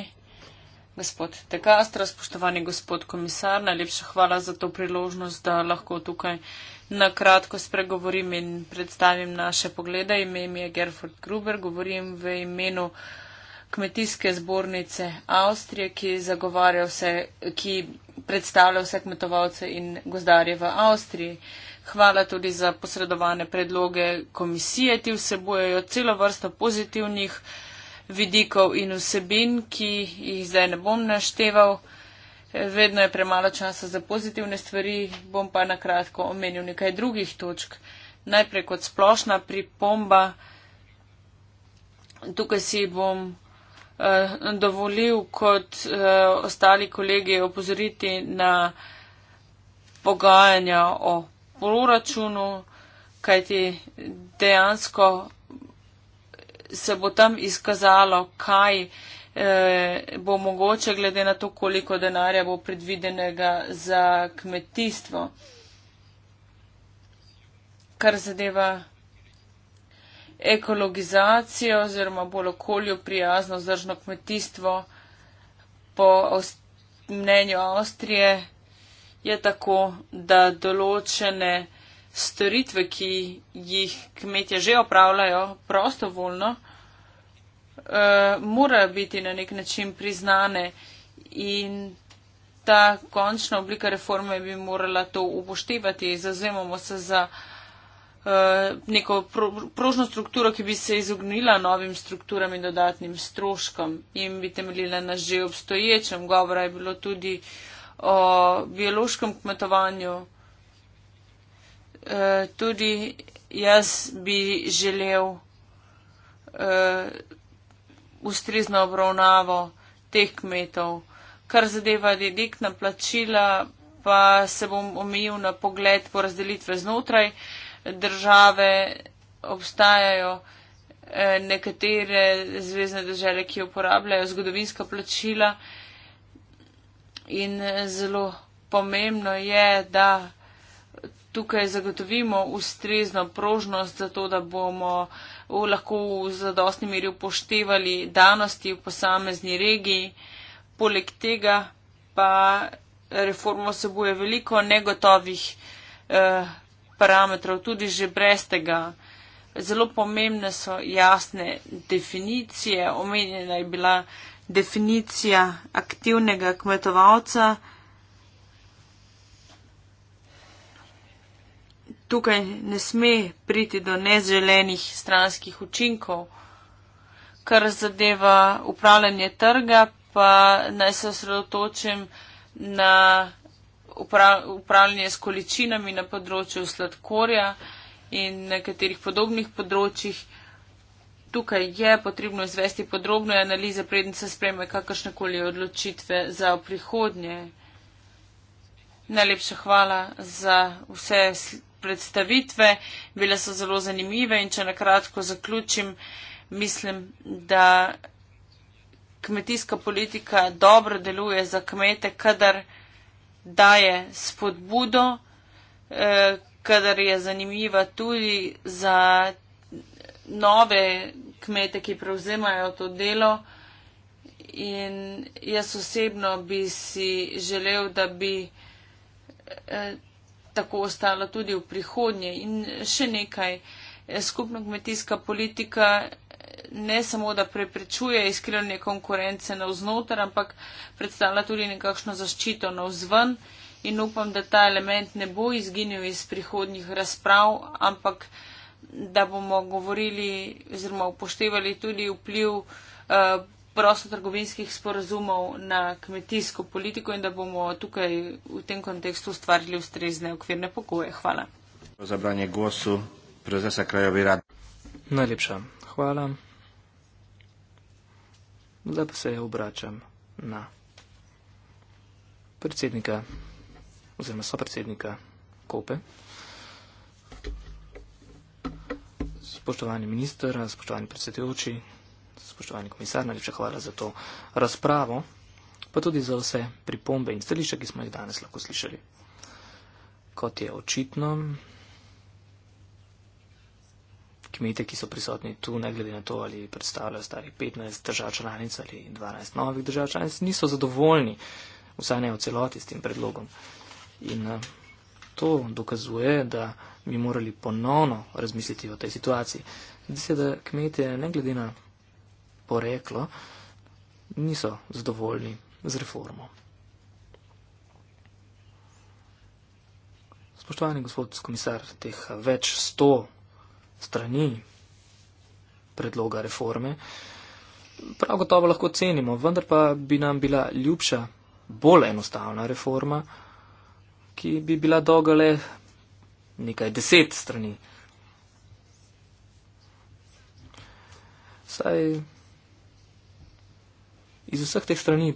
Gospod Tekastra, spoštovani gospod komisar, najlepša hvala za to priložnost, da lahko tukaj. Na kratko spregovorim in predstavim naše poglede. Ime mi je Gerford Gruber, govorim v imenu kmetijske zbornice Avstrije, ki zagovarja vse, ki predstavlja vse kmetovalce in gozdarje v Avstriji. Hvala tudi za posredovane predloge komisije, ti vsebujejo celo vrsto pozitivnih vidikov in vsebin, ki jih zdaj ne bom našteval vedno je premalo časa za pozitivne stvari, bom pa nakratko omenil nekaj drugih točk. Najprej kot splošna pripomba, tukaj si bom eh, dovolil kot eh, ostali kolegi opozoriti na pogajanja o proračunu, kajti dejansko se bo tam izkazalo, kaj eh, eh, bo mogoče, glede na to, koliko denarja bo predvidenega za kmetijstvo. Kar zadeva ekologizacijo oziroma bolj okolju prijazno zdržno kmetijstvo, po mnenju Avstrije je tako, da določene storitve, ki jih kmetje že opravljajo prostovoljno, Eh, morajo biti na nek način priznane in ta končna oblika reforme bi morala to upoštevati. Zazemamo se za eh, neko prožno strukturo, ki bi se izognila novim strukturam in dodatnim stroškom in bi temeljila na že obstoječem. Govora je bilo tudi o biološkem kmetovanju. Eh, tudi jaz bi želel ustrezno obravnavo teh kmetov. Kar zadeva direktna plačila, pa se bom omejil na pogled po razdelitve znotraj države. Obstajajo eh, nekatere zvezdne države, ki uporabljajo zgodovinska plačila in eh, zelo pomembno je, da tukaj zagotovimo ustrezno prožnost za to, da bomo uh, lahko v zadostni meri upoštevali danosti v posamezni regiji. Poleg tega pa reforma vsebuje veliko negotovih eh, parametrov, tudi že brez tega. Zelo pomembne so jasne definicije. Omenjena je bila definicija aktivnega kmetovalca. tukaj ne sme priti do neželenih stranskih učinkov. Kar zadeva upravljanje trga, pa naj se osredotočim na upravljanje s količinami na področju sladkorja in nekaterih podobnih področjih. Tukaj je potrebno izvesti podrobno analize, preden se spreme kakršnekoli odločitve za prihodnje. Najlepša hvala za vse predstavitve, bile so zelo zanimive in če na kratko zaključim, mislim, da kmetijska politika dobro deluje za kmete, kadar daje spodbudo, eh, kadar je zanimiva tudi za nove kmete, ki prevzemajo to delo. In jaz osebno bi si želel, da bi eh, tako ostala tudi v prihodnje. In še nekaj, eh, skupna kmetijska politika eh, ne samo, da preprečuje iskrenje konkurence na vznoter, ampak predstavlja tudi nekakšno zaščito na vzven in upam, da ta element ne bo izginil iz prihodnjih razprav, ampak da bomo govorili oziroma upoštevali tudi vpliv. Uh, prostotrgovinskih sporazumov na kmetijsko politiko in da bomo tukaj v tem kontekstu ustvarili ustrezne okvirne pogoje. Hvala. Zabranje gosu, prezesa krajovi rad. Najlepša hvala. Zdaj pa se obračam na predsednika oziroma sopredsednika Kope. Spoštovani minister, spoštovani predsedujoči, spoštovani komisar, najlepša hvala za to razpravo, pa tudi za vse pripombe in stališča, ki smo jih danes lahko slišali. Kot je očitno, kmete, ki so prisotni tu, ne glede na to, ali predstavljajo starih 15 držav članic ali 12 novih držav članic, niso zadovoljni, vsaj ne v celoti, s tem predlogom. In eh, to dokazuje, da bi morali ponovno razmisliti o tej situaciji. Zdi se, da kmete, ne glede na poreklo, niso zadovoljni z reformo. Spoštovani gospod komisar, teh več sto strani predloga reforme prav gotovo lahko cenimo, vendar pa bi nam bila ljubša, bolj enostavna reforma, ki bi bila dolga le nekaj deset strani. Saj iz vseh teh strani,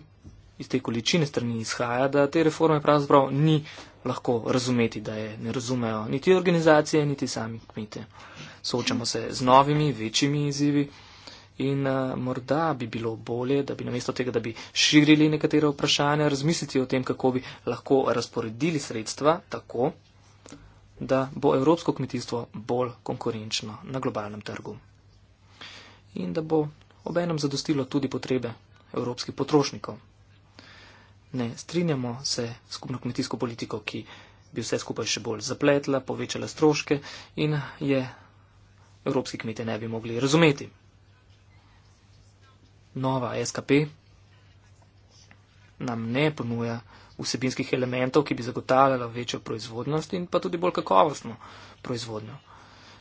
iz te količine strani izhaja, da te reforme pravzaprav ni lahko razumeti, da je ne razumejo niti organizacije, niti sami kmete. Soočamo se z novimi, večjimi izzivi in uh, morda bi bilo bolje, da bi namesto tega, da bi širili nekatere vprašanja, razmisliti o tem, kako bi lahko razporedili sredstva tako, da bo evropsko kmetijstvo bolj konkurenčno na globalnem trgu. In da bo obenem zadostilo tudi potrebe evropskih potrošnikov. Ne strinjamo se skupno kmetijsko politiko, ki bi vse skupaj še bolj zapletla, povečala stroške in je evropski kmete ne bi mogli razumeti. Nova SKP nam ne ponuja vsebinskih elementov, ki bi zagotavljala večjo proizvodnost in pa tudi bolj kakovostno proizvodnjo.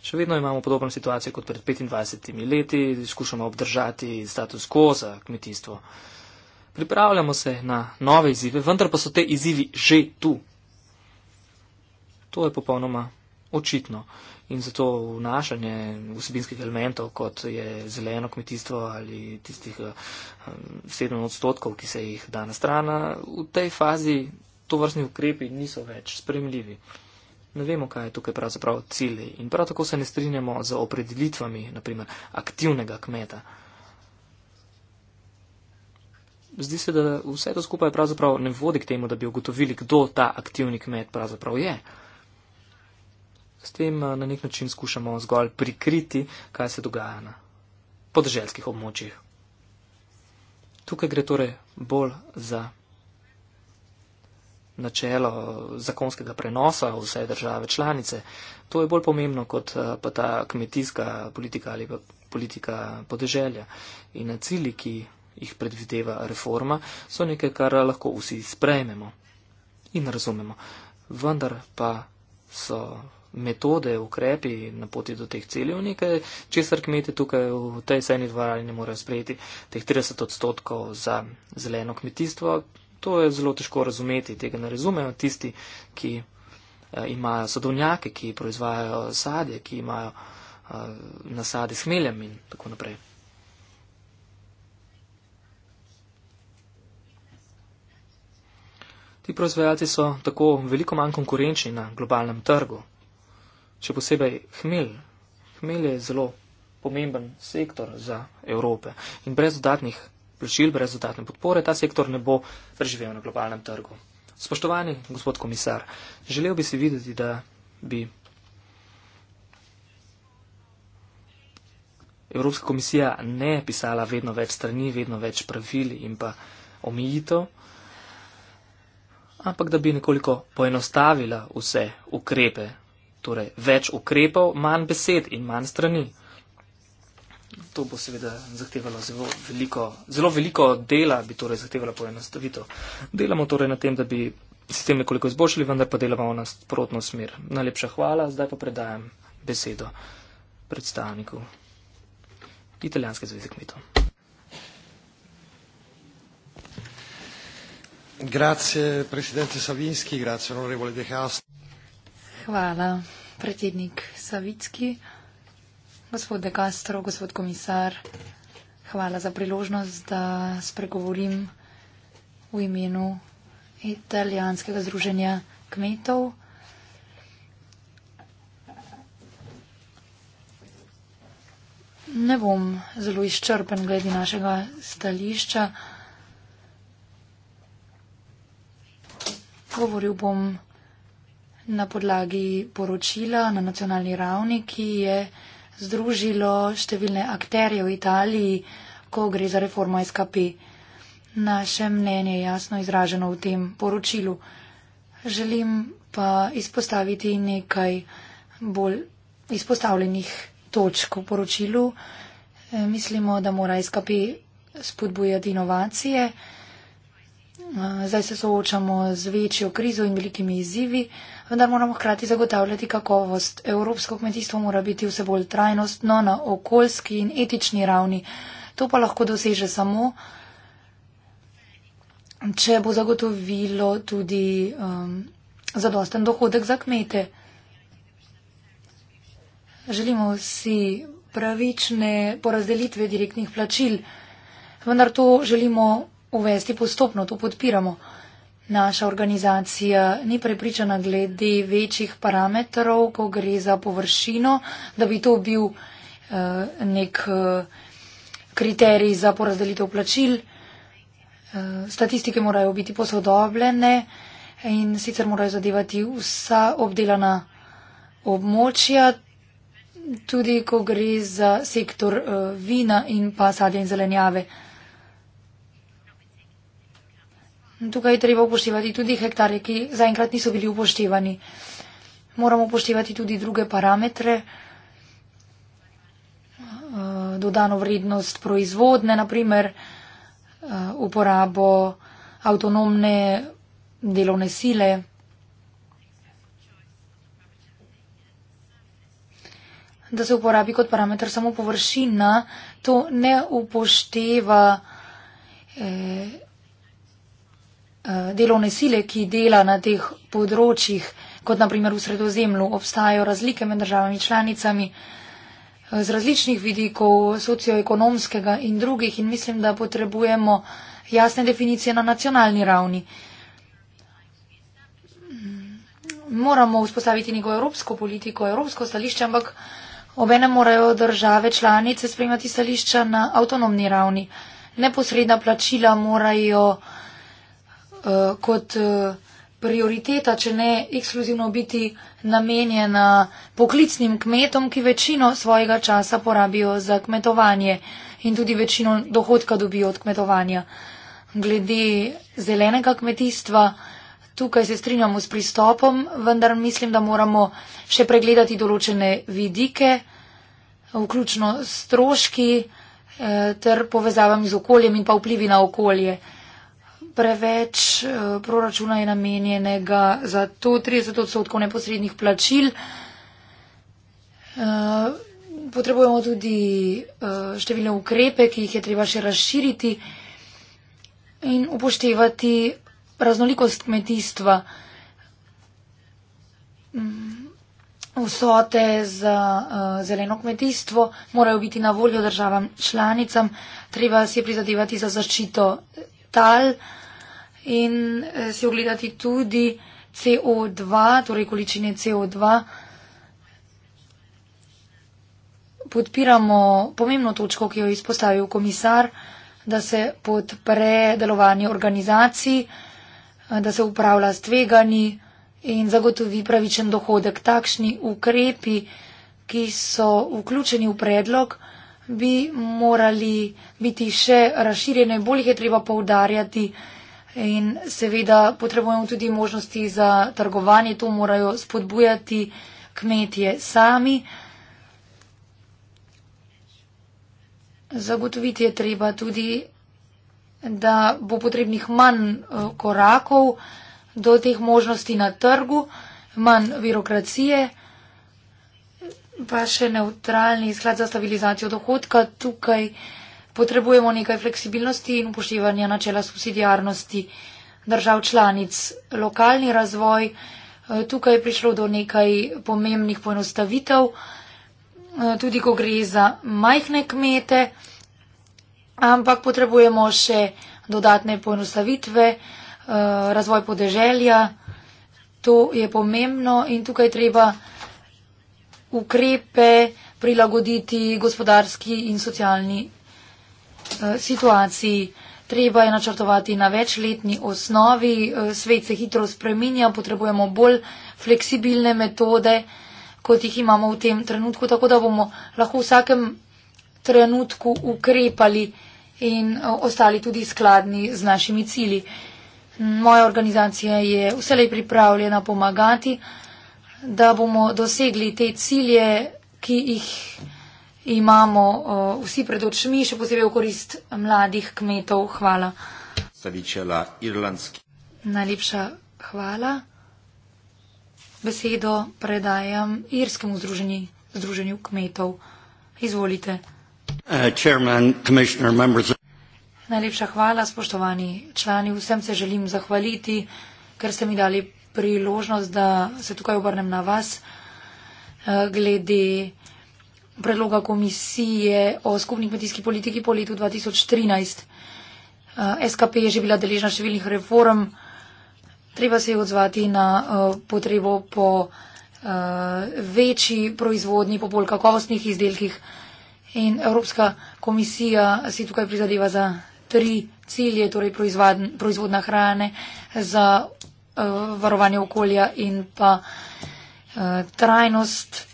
Še vedno imamo podobno situacijo kot pred 25 leti, skušamo obdržati status quo za kmetijstvo. Pripravljamo se na nove izzive, vendar pa so te izzivi že tu. To je popolnoma očitno in zato vnašanje vsebinskih elementov, kot je zeleno kmetijstvo ali tistih 7 eh, odstotkov, ki se jih da na strana, v tej fazi to vrstni ukrepi niso več spremljivi ne vemo, kaj je tukaj pravzaprav cilj in prav tako se ne strinjamo z opredelitvami, naprimer, aktivnega kmeta. Zdi se, da vse to skupaj pravzaprav ne vodi k temu, da bi ugotovili, kdo ta aktivni kmet pravzaprav je. S tem eh, na nek način skušamo zgolj prikriti, kaj se dogaja na podeželskih območjih. Tukaj gre torej bolj za načelo zakonskega prenosa vse države članice. To je bolj pomembno kot eh, pa ta kmetijska politika ali pa politika podeželja. In na cili, ki jih predvideva reforma, so nekaj, kar lahko vsi sprejmemo in razumemo. Vendar pa so metode, ukrepi na poti do teh ciljev nekaj, česar kmete tukaj v tej sejni dvorani ne morejo sprejeti, teh 30 odstotkov za zeleno kmetijstvo, To je zelo težko razumeti, tega ne razumejo tisti, ki eh, imajo sadovnjake, ki proizvajajo sadje, ki imajo eh, nasade s hmeljem in tako naprej. Ti proizvajalci so tako veliko manj konkurenčni na globalnem trgu, še posebej hmelj. Hmelj je zelo pomemben sektor za Evrope in brez dodatnih plačil brez dodatne podpore ta sektor ne bo preživel na globalnem trgu. Spoštovani gospod komisar, želel bi si videti, da bi Evropska komisija ne pisala vedno več strani, vedno več pravil in pa omejitev, ampak da bi nekoliko poenostavila vse ukrepe, torej več ukrepov, manj besed in manj strani to bo seveda zahtevalo zelo veliko, zelo veliko dela, bi torej zahtevalo poenostavitev. Delamo torej na tem, da bi sistem nekoliko izboljšali, vendar pa delamo v nasprotno smer. Najlepša hvala, zdaj pa predajam besedo predstavniku Italijanske zveze kmetov. Grazie, predsednica Savinski, grazie, onorevole De Castro. Hvala, predsednik Savinski. Gospod De Castro, gospod komisar, hvala za priložnost, da spregovorim v imenu italijanskega združenja kmetov. Ne bom zelo izčrpen glede našega stališča. Govoril bom na podlagi poročila na nacionalni ravni, ki je združilo številne akterje v Italiji, ko gre za reformo SKP. Naše mnenje je jasno izraženo v tem poročilu. Želim pa izpostaviti nekaj bolj izpostavljenih točk v poročilu. E, mislimo, da mora SKP spodbujati inovacije. E, zdaj se soočamo z večjo krizo in velikimi izzivi vendar moramo hkrati zagotavljati kakovost. Evropsko kmetijstvo mora biti vse bolj trajnostno na okoljski in etični ravni. To pa lahko doseže samo, če bo zagotovilo tudi um, zadosten dohodek za kmete. Želimo si pravične porazdelitve direktnih plačil, vendar to želimo uvesti postopno, to podpiramo naša organizacija ni prepričana glede večjih parametrov, ko gre za površino, da bi to bil uh, nek uh, kriterij za porazdelitev plačil. Eh, statistike morajo biti posodobljene in sicer morajo zadevati vsa obdelana območja, tudi ko gre za sektor vina in pa sadja in zelenjave. Tukaj je treba upoštevati tudi hektarje, ki zaenkrat niso bili upoštevani. Moramo upoštevati tudi druge parametre, eh, dodano vrednost proizvodne, naprimer eh, uporabo avtonomne delovne sile. Da se uporabi kot parameter samo površina, to ne upošteva. Eh, Eh, delovne sile, ki dela na teh področjih, kot naprimer v sredozemlju, obstajajo razlike med državami članicami eh, z različnih vidikov socioekonomskega in drugih in mislim, da potrebujemo jasne definicije na nacionalni ravni. Moramo vzpostaviti neko evropsko politiko, evropsko stališče, ampak obene morajo države članice sprejemati stališča na avtonomni ravni. Neposredna plačila morajo uh, kot uh, prioriteta, če ne ekskluzivno biti namenjena poklicnim kmetom, ki večino svojega časa porabijo za kmetovanje in tudi večino dohodka dobijo od kmetovanja. Glede zelenega kmetijstva, tukaj se strinjamo s pristopom, vendar mislim, da moramo še pregledati določene vidike, vključno stroški eh, ter povezavami z okoljem in pa vplivi na okolje preveč eh, proračuna je namenjenega za to 30 odstotkov neposrednih plačil. Eh, potrebujemo tudi eh, številne ukrepe, ki jih je treba še razširiti in upoštevati raznolikost kmetijstva, mm, vsote za zeleno kmetijstvo morajo biti na voljo državam članicam, treba si je prizadevati za zaščito tal in eh, si ogledati tudi CO2, torej količine CO2. Podpiramo pomembno točko, ki jo je izpostavil komisar, da se podpre delovanje organizacij, eh, da se upravlja s tvegani in zagotovi pravičen dohodek. Takšni ukrepi, ki so vključeni v predlog, bi morali biti še razširjene. Bolje je treba poudarjati, In seveda potrebujemo tudi možnosti za trgovanje, to morajo spodbujati kmetje sami. Zagotoviti je treba tudi, da bo potrebnih manj eh, korakov do teh možnosti na trgu, manj birokracije, pa še neutralni sklad za stabilizacijo dohodka tukaj. Potrebujemo nekaj fleksibilnosti in upoštevanja načela subsidijarnosti držav članic. Lokalni razvoj, eh, tukaj je prišlo do nekaj pomembnih poenostavitev, eh, tudi ko gre za majhne kmete, ampak potrebujemo še dodatne poenostavitve, eh, razvoj podeželja, to je pomembno in tukaj treba ukrepe prilagoditi gospodarski in socialni. Eh, situaciji. Treba je načrtovati na večletni osnovi, eh, svet se hitro spreminja, potrebujemo bolj fleksibilne metode, kot jih imamo v tem trenutku, tako da bomo lahko v vsakem trenutku ukrepali in eh, ostali tudi skladni z našimi cili. Moja organizacija je vselej pripravljena pomagati, da bomo dosegli te cilje, ki jih imamo uh, vsi pred očmi, še posebej v korist mladih kmetov. Hvala. Sadičela, irlandski. Najlepša hvala. Besedo predajam irskemu združenju, združenju kmetov. Izvolite. Uh, chairman, Najlepša hvala, spoštovani člani. Vsem se želim zahvaliti, ker ste mi dali priložnost, da se tukaj obrnem na vas. Uh, glede predloga komisije o skupni kmetijski politiki po letu 2013. Eh, SKP je že bila deležna številnih reform, treba se je odzvati na eh, potrebo po eh, večji proizvodnji, po bolj kakovostnih izdelkih in Evropska komisija si tukaj prizadeva za tri cilje, torej proizvodna hrane za varovanje okolja in pa trajnost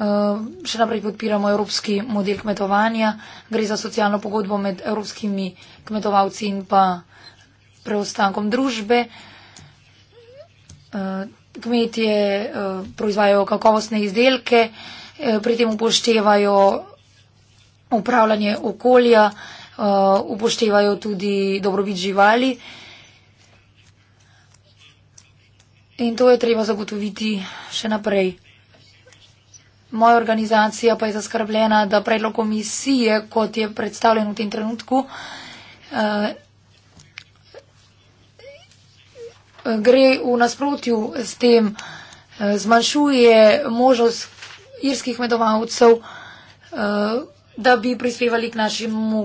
Eh, še naprej podpiramo evropski model kmetovanja. Gre za socialno pogodbo med evropskimi kmetovalci in pa preostankom družbe. Eh, kmetje eh, proizvajajo kakovostne izdelke, pri tem upoštevajo upravljanje okolja, upoštevajo tudi dobrobit živali. In to je treba zagotoviti še naprej. Moja organizacija pa je zaskrbljena, da predlog komisije, kot je predstavljen v tem trenutku, eh, gre v nasprotju s tem, eh, zmanjšuje možnost irskih medovalcev, eh, da bi prispevali k,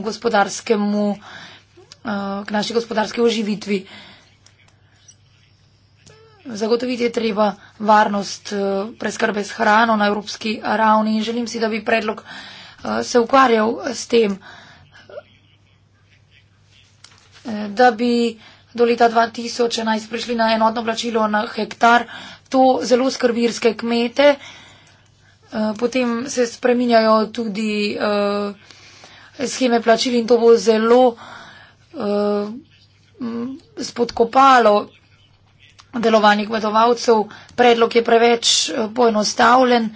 gospodarskemu, k naši gospodarski oživitvi. Zagotoviti je treba varnost eh, preskrbe s hrano na evropski ravni in želim si, da bi predlog eh, se ukvarjal eh, s tem, da bi do leta 2011 prišli na enotno plačilo na hektar. To zelo skrbi irske kmete. Potem se spreminjajo tudi scheme plačil in to bo zelo spodkopalo delovanjih kmetovalcev. Predlog je preveč eh, poenostavljen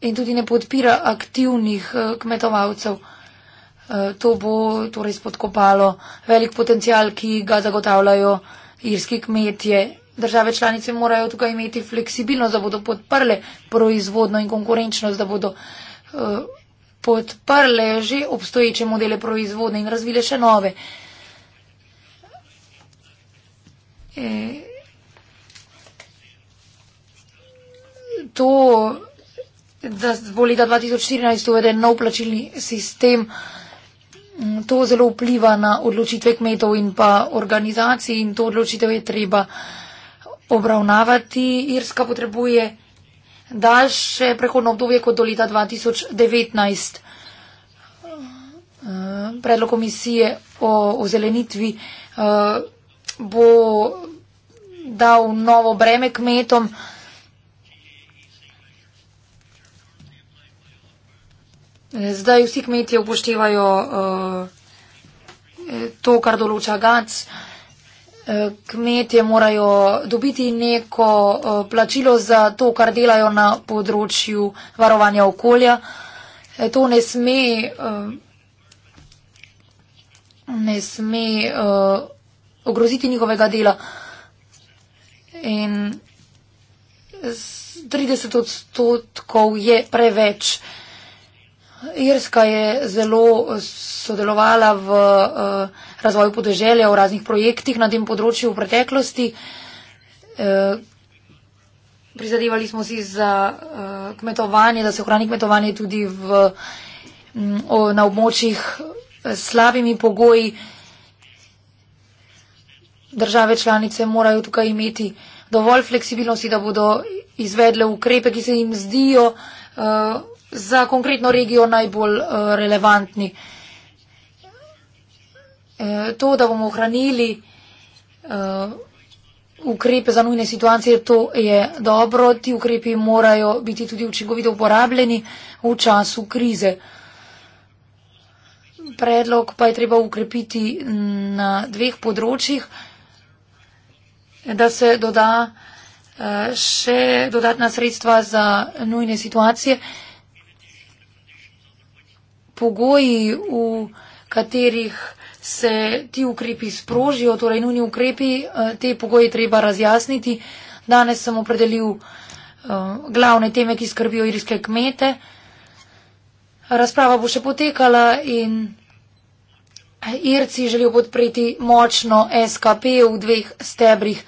in tudi ne podpira aktivnih eh, kmetovalcev. Eh, to bo torej spodkopalo velik potencial, ki ga zagotavljajo irski kmetje. Države članice morajo tukaj imeti fleksibilnost, da bodo podprle proizvodno in konkurenčnost, da bodo podprle že obstoječe modele proizvodne in razvile še nove. Eh, to, da bo leta 2014 uveden nov plačilni sistem, mm, to zelo vpliva na odločitve kmetov in pa organizacij in to odločitev je treba obravnavati. Irska potrebuje daljše prehodno obdobje kot do leta 2019. Eh, predlog komisije o ozelenitvi eh, bo dal novo breme kmetom. Zdaj vsi kmetje upoštevajo uh, to, kar določa GAC. Eh, kmetje morajo dobiti neko uh, plačilo za to, kar delajo na področju varovanja okolja. E, to ne sme, uh, ne sme uh, ogroziti njihovega dela. In 30 odstotkov je preveč. Irska je zelo sodelovala v uh, razvoju podeželja, v raznih projektih na tem področju v preteklosti. Uh, prizadevali smo si za uh, kmetovanje, da se ohrani kmetovanje tudi v, m, mm, o, na območjih s slabimi pogoji. Uh, države članice morajo tukaj imeti dovolj fleksibilnosti, da bodo izvedle ukrepe, ki se jim zdijo uh, za konkretno regijo najbolj uh, relevantni. Eh, to, da bomo ohranili uh, ukrepe za nujne situacije, to je dobro. Ti ukrepi morajo biti tudi učinkovito uporabljeni v času krize. Predlog pa je treba ukrepiti na dveh področjih. Uh, da se doda eh, še dodatna sredstva za nujne situacije. Pogoji, v katerih se ti ukrepi sprožijo, torej nujni ukrepi, eh, te pogoje treba razjasniti. Danes sem opredelil eh, glavne teme, ki skrbijo irske kmete. Razprava bo še potekala in. Irci želijo podpreti močno SKP v dveh stebrih,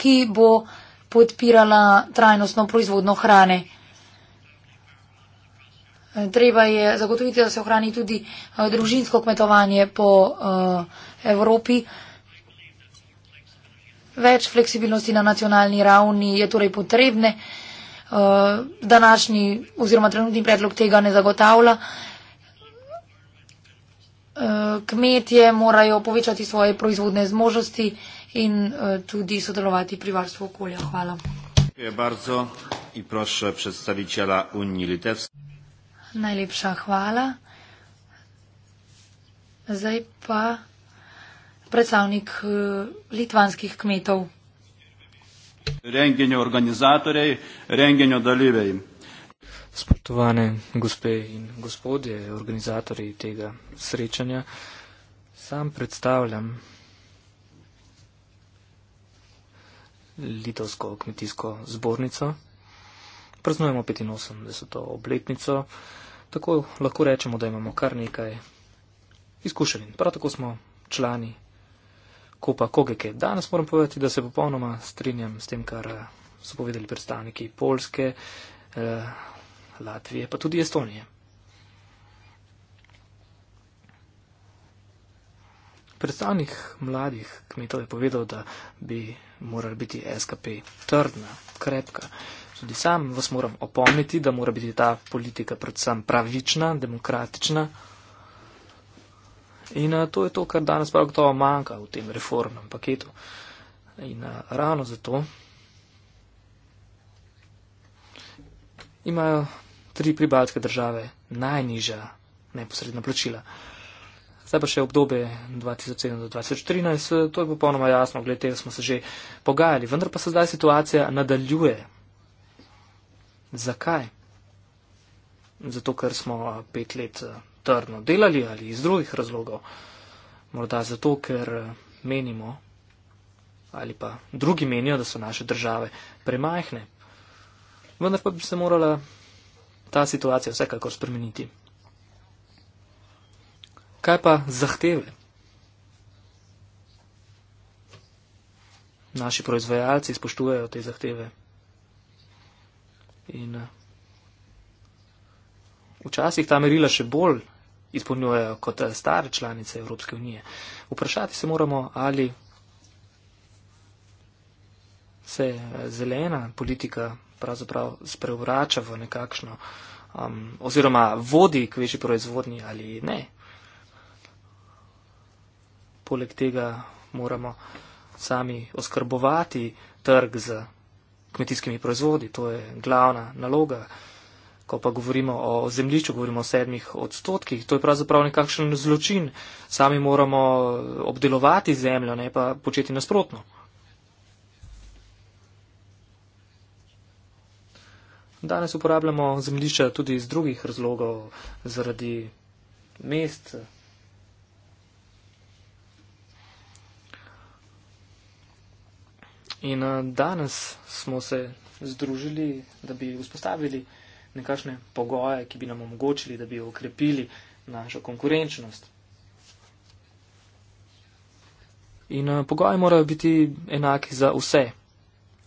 ki bo podpirala trajnostno proizvodno hrane. Treba je zagotoviti, da se ohrani tudi eh, družinsko kmetovanje po uh, Evropi. Več fleksibilnosti na nacionalni ravni je torej potrebne. Uh, današnji oziroma trenutni predlog tega ne zagotavlja. Uh, Eh, kmetje morajo povečati svoje proizvodne zmožnosti in eh, tudi sodelovati pri varstvu okolja. Hvala. Najlepša hvala. Zdaj pa predstavnik eh, litvanskih kmetov. Renginio organizatorjej, renginio dalyvejim. Spoštovane gospe in gospodje, organizatorji tega srečanja, sam predstavljam Litovsko kmetijsko zbornico. Praznujemo 85. obletnico, tako lahko rečemo, da imamo kar nekaj izkušenj. Prav tako smo člani Kopa Kogeke. Danes moram povedati, da se popolnoma strinjam s tem, kar so povedali predstavniki Polske, eh, Latvije, pa tudi Estonije. Predstavnik mladih kmetov je povedal, da bi morali biti SKP trdna, krepka. Tudi sam vas moram opomniti, da mora biti ta politika predvsem pravična, demokratična. In a, eh, to je to, kar danes prav gotovo manjka v tem reformnem paketu. In a, eh, ravno zato imajo tri pribaltske države najnižja neposredna plačila. Zdaj pa še obdobje 2007 do 2013, to je popolnoma jasno, glede tega smo se že pogajali, vendar pa se zdaj situacija nadaljuje. Zakaj? Zato, ker smo pet let eh, trdno delali ali iz drugih razlogov. Morda zato, ker eh, menimo ali pa drugi menijo, da so naše države premajhne. Vendar pa bi se morala ta situacija vsekakor spremeniti. Kaj pa zahteve? Naši proizvajalci spoštujejo te zahteve. In eh, včasih ta merila še bolj izpolnjujejo kot eh, stare članice Evropske unije. Vprašati se moramo, ali se eh, zelena politika pravzaprav spreobrača v nekakšno, um, oziroma vodi k večji proizvodnji ali ne. Poleg tega moramo sami oskrbovati trg z kmetijskimi proizvodi, to je glavna naloga. Ko pa govorimo o zemljišču, govorimo o sedmih odstotkih, to je pravzaprav nekakšen zločin. Sami moramo obdelovati zemljo, ne pa početi nasprotno. Danes uporabljamo zemljišča tudi iz drugih razlogov, zaradi mest. In eh, danes smo se združili, da bi vzpostavili nekakšne pogoje, ki bi nam omogočili, da bi okrepili našo konkurenčnost. In eh, pogoji morajo biti enaki za vse.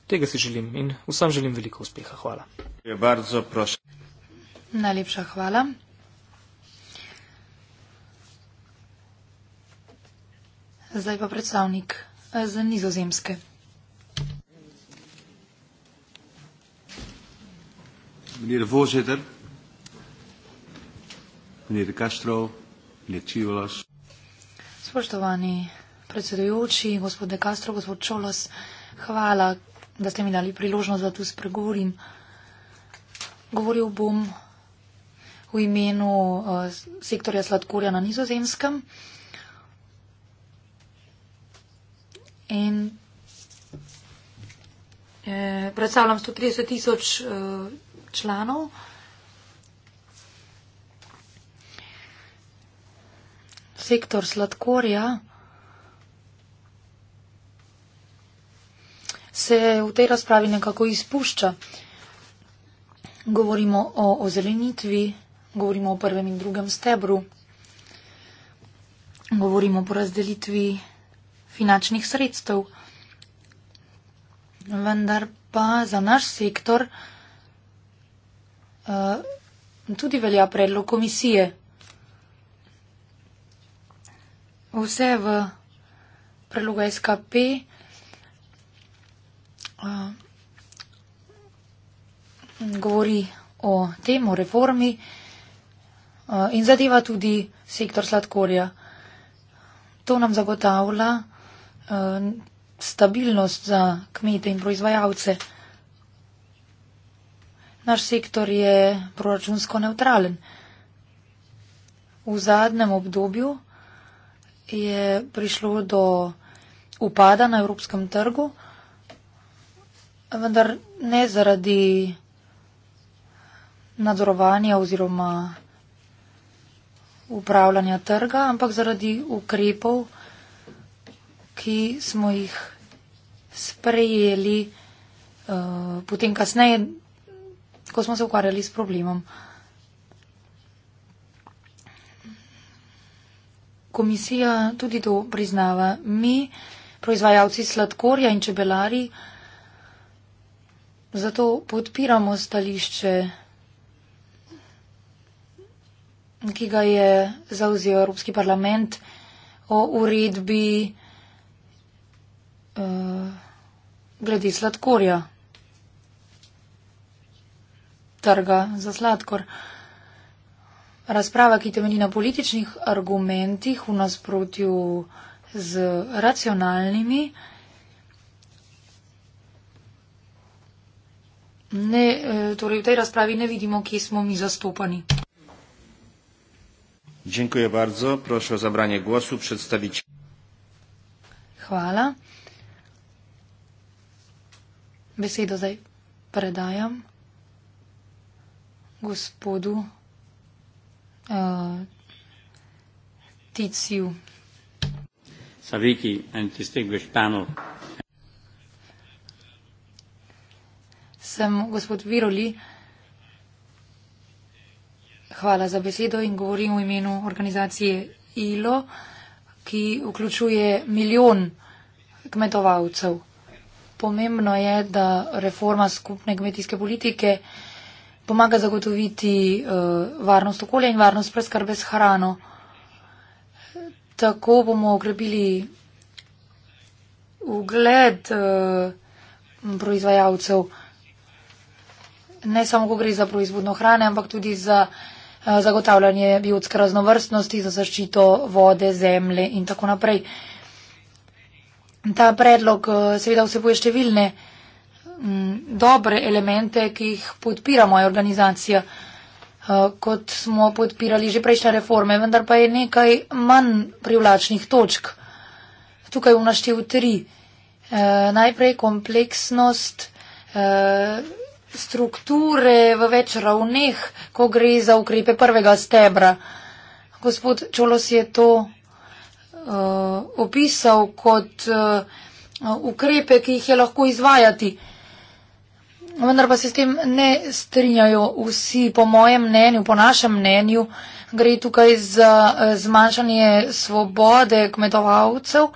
Tega si želim in vsem želim veliko uspeha. Hvala. Dziękuję bardzo. Proszę. Najlepsza chwala. Zdaj pa predstavnik e, z nizozemske. Meneer de voorzitter, meneer de Castro, meneer Tjolas. Spoštovani predsedujoči, gospod de Castro, gospod Čolas, hvala, da ste mi dali priložnost, da tu spregovorim. Govoril bom v imenu uh, sektorja sladkorja na nizozemskem. In eh, predstavljam 130 tisoč eh, članov. Sektor sladkorja se v tej razpravi nekako izpušča. Eh, Govorimo o ozelenitvi, govorimo o prvem in drugem stebru, govorimo o porazdelitvi finančnih sredstev. Vendar pa za naš sektor uh, tudi velja predlog komisije. Vse v predlogu SKP uh, eh, govori o tem, o reformi eh, in zadeva tudi sektor sladkorja. To nam zagotavlja eh, stabilnost za kmete in proizvajalce. Naš sektor je proračunsko neutralen. V zadnjem obdobju je prišlo do upada na evropskem trgu, vendar ne zaradi nadzorovanja oziroma upravljanja trga, ampak zaradi ukrepov, ki smo jih sprejeli uh, potem kasneje, ko smo se ukvarjali s problemom. Komisija tudi to priznava. Mi, proizvajalci sladkorja in čebelari, zato podpiramo stališče ki ga je zauzel Evropski parlament o uredbi uh, glede sladkorja, trga za sladkor. Razprava, ki temelji na političnih argumentih v nasprotju z racionalnimi, ne, eh, torej v tej razpravi ne vidimo, kje smo mi zastopani. Dziękuję bardzo. Proszę o zabranie głosu przedstawiciel. Hvala. Besedo zdaj predajam gospodu uh, Ticiju. Saviki and distinguished panel. Sem gospod Viroli. Uh, Hvala za besedo in govorim v imenu organizacije ILO, ki vključuje milijon kmetovalcev. Pomembno je, da reforma skupne kmetijske politike pomaga zagotoviti uh, varnost okolja in varnost preskrbe s hrano. Tako bomo okrepili ugled uh, proizvajalcev, ne samo, ko gre za proizvodno hrane, ampak tudi za Eh, zagotavljanje biotske raznovrstnosti, za zaščito vode, zemlje in tako naprej. Ta predlog eh, seveda vsebuje številne mm, dobre elemente, ki jih podpira moja organizacija, eh, kot smo podpirali že prejšnje reforme, vendar pa je nekaj manj privlačnih točk. Tukaj vnaštev tri. Najprej kompleksnost strukture v več ravneh, ko gre za ukrepe prvega stebra. Gospod Čolos je to uh, opisal kot uh, ukrepe, ki jih je lahko izvajati. Vendar pa se s tem ne strinjajo vsi, po mojem mnenju, po našem mnenju, gre tukaj za eh, zmanjšanje svobode kmetovalcev,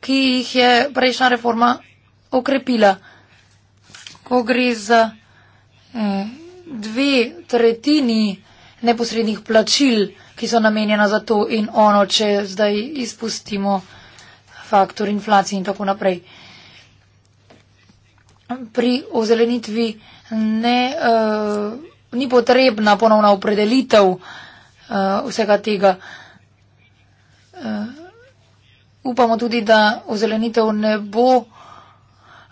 ki jih je prejšnja reforma okrepila ko gre za eh, dve tretjini neposrednih plačil, ki so namenjena za to in ono, če zdaj izpustimo faktor inflacije in tako naprej. Pri ozelenitvi ne, eh, ni potrebna ponovna opredelitev eh, vsega tega. Uh, upamo tudi, da ozelenitev ne bo uh,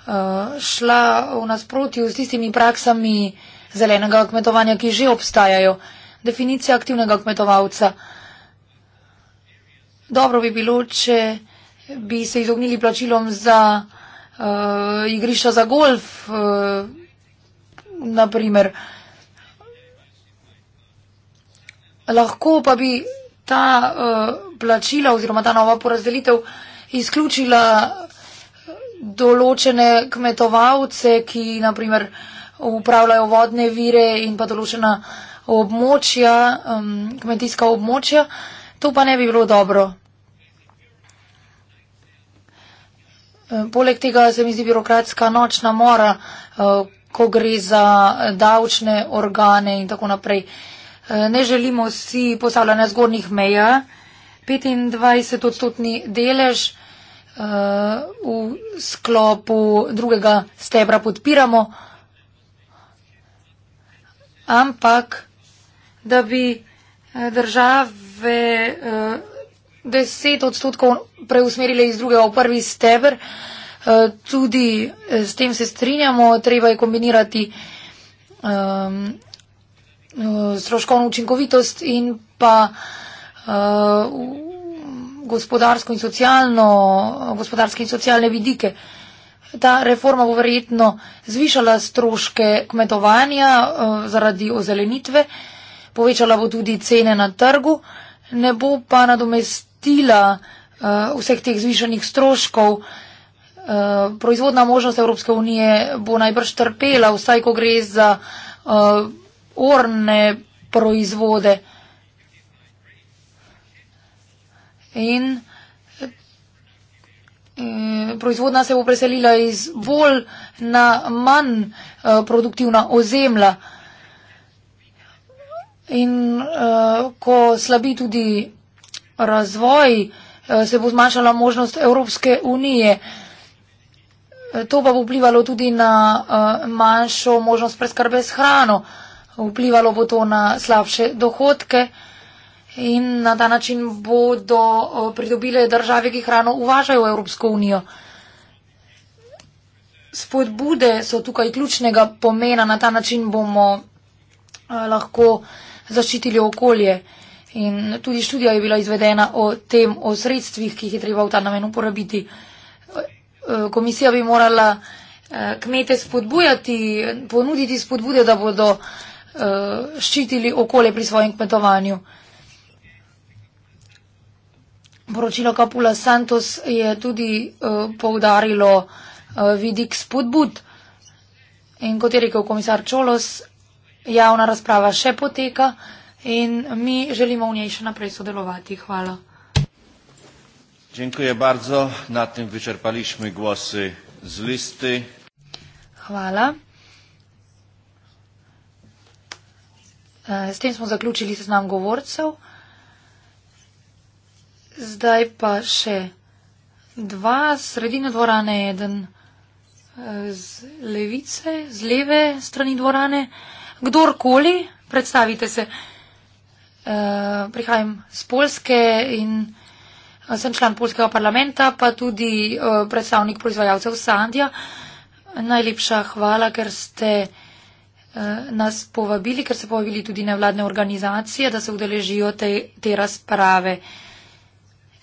uh, šla v nasprotju s tistimi praksami zelenega kmetovanja, ki že obstajajo. Definicija aktivnega kmetovalca. Dobro bi bilo, če bi se izognili plačilom za uh, igrišča za golf, uh, eh, naprimer. Lahko pa bi ta uh, plačila oziroma ta nova porazdelitev izključila določene kmetovalce, ki naprimer upravljajo vodne vire in pa določena območja, um, kmetijska območja, to pa ne bi bilo dobro. Uh, poleg tega se mi zdi birokratska nočna mora, uh, ko gre za davčne organe in tako naprej. Uh, ne želimo si postavljanja zgornjih meja. 25 odstotni delež Eh, v sklopu drugega stebra podpiramo, ampak da bi eh, države eh, deset odstotkov preusmerile iz drugega v prvi stebr, tudi s tem se strinjamo, treba je kombinirati ehm, stroškovno učinkovitost in pa gospodarsko in socialno, gospodarske in socialne vidike. Ta reforma bo verjetno zvišala stroške kmetovanja eh, zaradi ozelenitve, povečala bo tudi cene na trgu, ne bo pa nadomestila eh, vseh teh zvišenih stroškov. Eh, proizvodna možnost Evropske unije bo najbrž trpela, vsaj ko gre za orne proizvode. in eh, proizvodna se bo preselila iz bolj na manj eh, produktivna ozemlja. In eh, ko slabi tudi razvoj, se bo zmanjšala možnost Evropske unije. To pa bo vplivalo tudi na manjšo možnost preskrbe s hrano. Vplivalo bo to na slabše dohodke in na ta način bodo pridobile države, ki hrano uvažajo v Evropsko unijo. Spodbude so tukaj ključnega pomena, na ta način bomo lahko zaščitili okolje. In tudi študija je bila izvedena o tem, o sredstvih, ki jih je treba v ta namen uporabiti. Komisija bi morala e, kmete spodbujati, ponuditi spodbude, da bodo e, ščitili okolje pri svojem kmetovanju. Poročilo Kapula Santos je tudi uh, eh, povdarilo uh, eh, vidik spodbud in kot je rekel komisar Čolos, javna razprava še poteka in mi želimo v njej še naprej sodelovati. Hvala. Hvala. E, s tem smo zaključili seznam govorcev. Zdaj pa še dva, sredina dvorane, eden eh, z levice, z leve strani dvorane. Kdorkoli, predstavite se, uh, prihajam z Polske in eh, sem član Polskega parlamenta, pa tudi uh, predstavnik proizvajalcev Sandja. Najlepša hvala, ker ste nas povabili, ker so povabili tudi nevladne organizacije, da se udeležijo te, te razprave. Uh,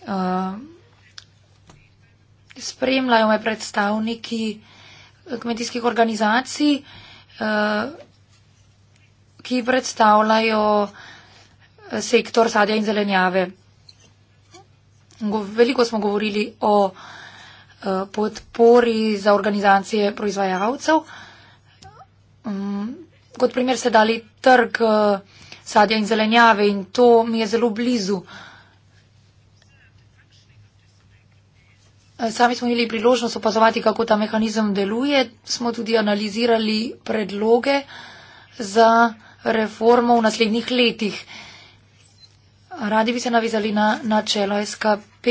Uh, spremljajo me predstavniki eh, kmetijskih organizacij, uh, ki predstavljajo eh, sektor sadja in zelenjave. Veliko smo govorili o podpori za organizacije proizvajalcev. Mm, kot primer ste dali trg sadja in zelenjave in to mi je zelo blizu. Sami smo imeli priložnost opazovati, kako ta mehanizem deluje. Smo tudi analizirali predloge za reformo v naslednjih letih. Radi bi se navizali na načelo SKP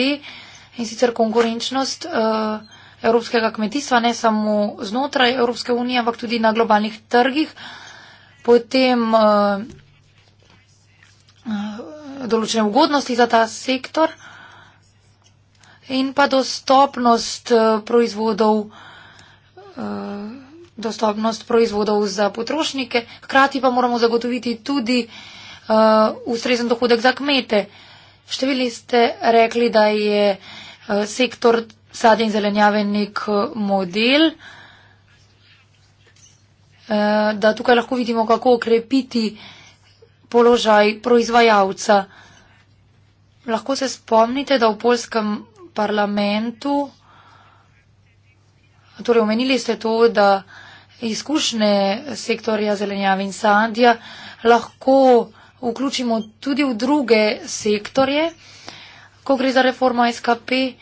in sicer konkurenčnost eh, evropskega kmetijstva, ne samo znotraj Evropske unije, ampak tudi na globalnih trgih. Potem eh, eh, določene ugodnosti za ta sektor in pa dostopnost eh, proizvodov, eh, dostopnost proizvodov za potrošnike. Hkrati pa moramo zagotoviti tudi eh, ustrezen dohodek za kmete. Številni ste rekli, da je sektor sad in zelenjave nek model, da tukaj lahko vidimo, kako okrepiti položaj proizvajalca. Lahko se spomnite, da v polskem parlamentu. Torej, omenili ste to, da izkušnje sektorja zelenjave in sadja lahko vključimo tudi v druge sektorje. Ko gre za reformo SKP, eh,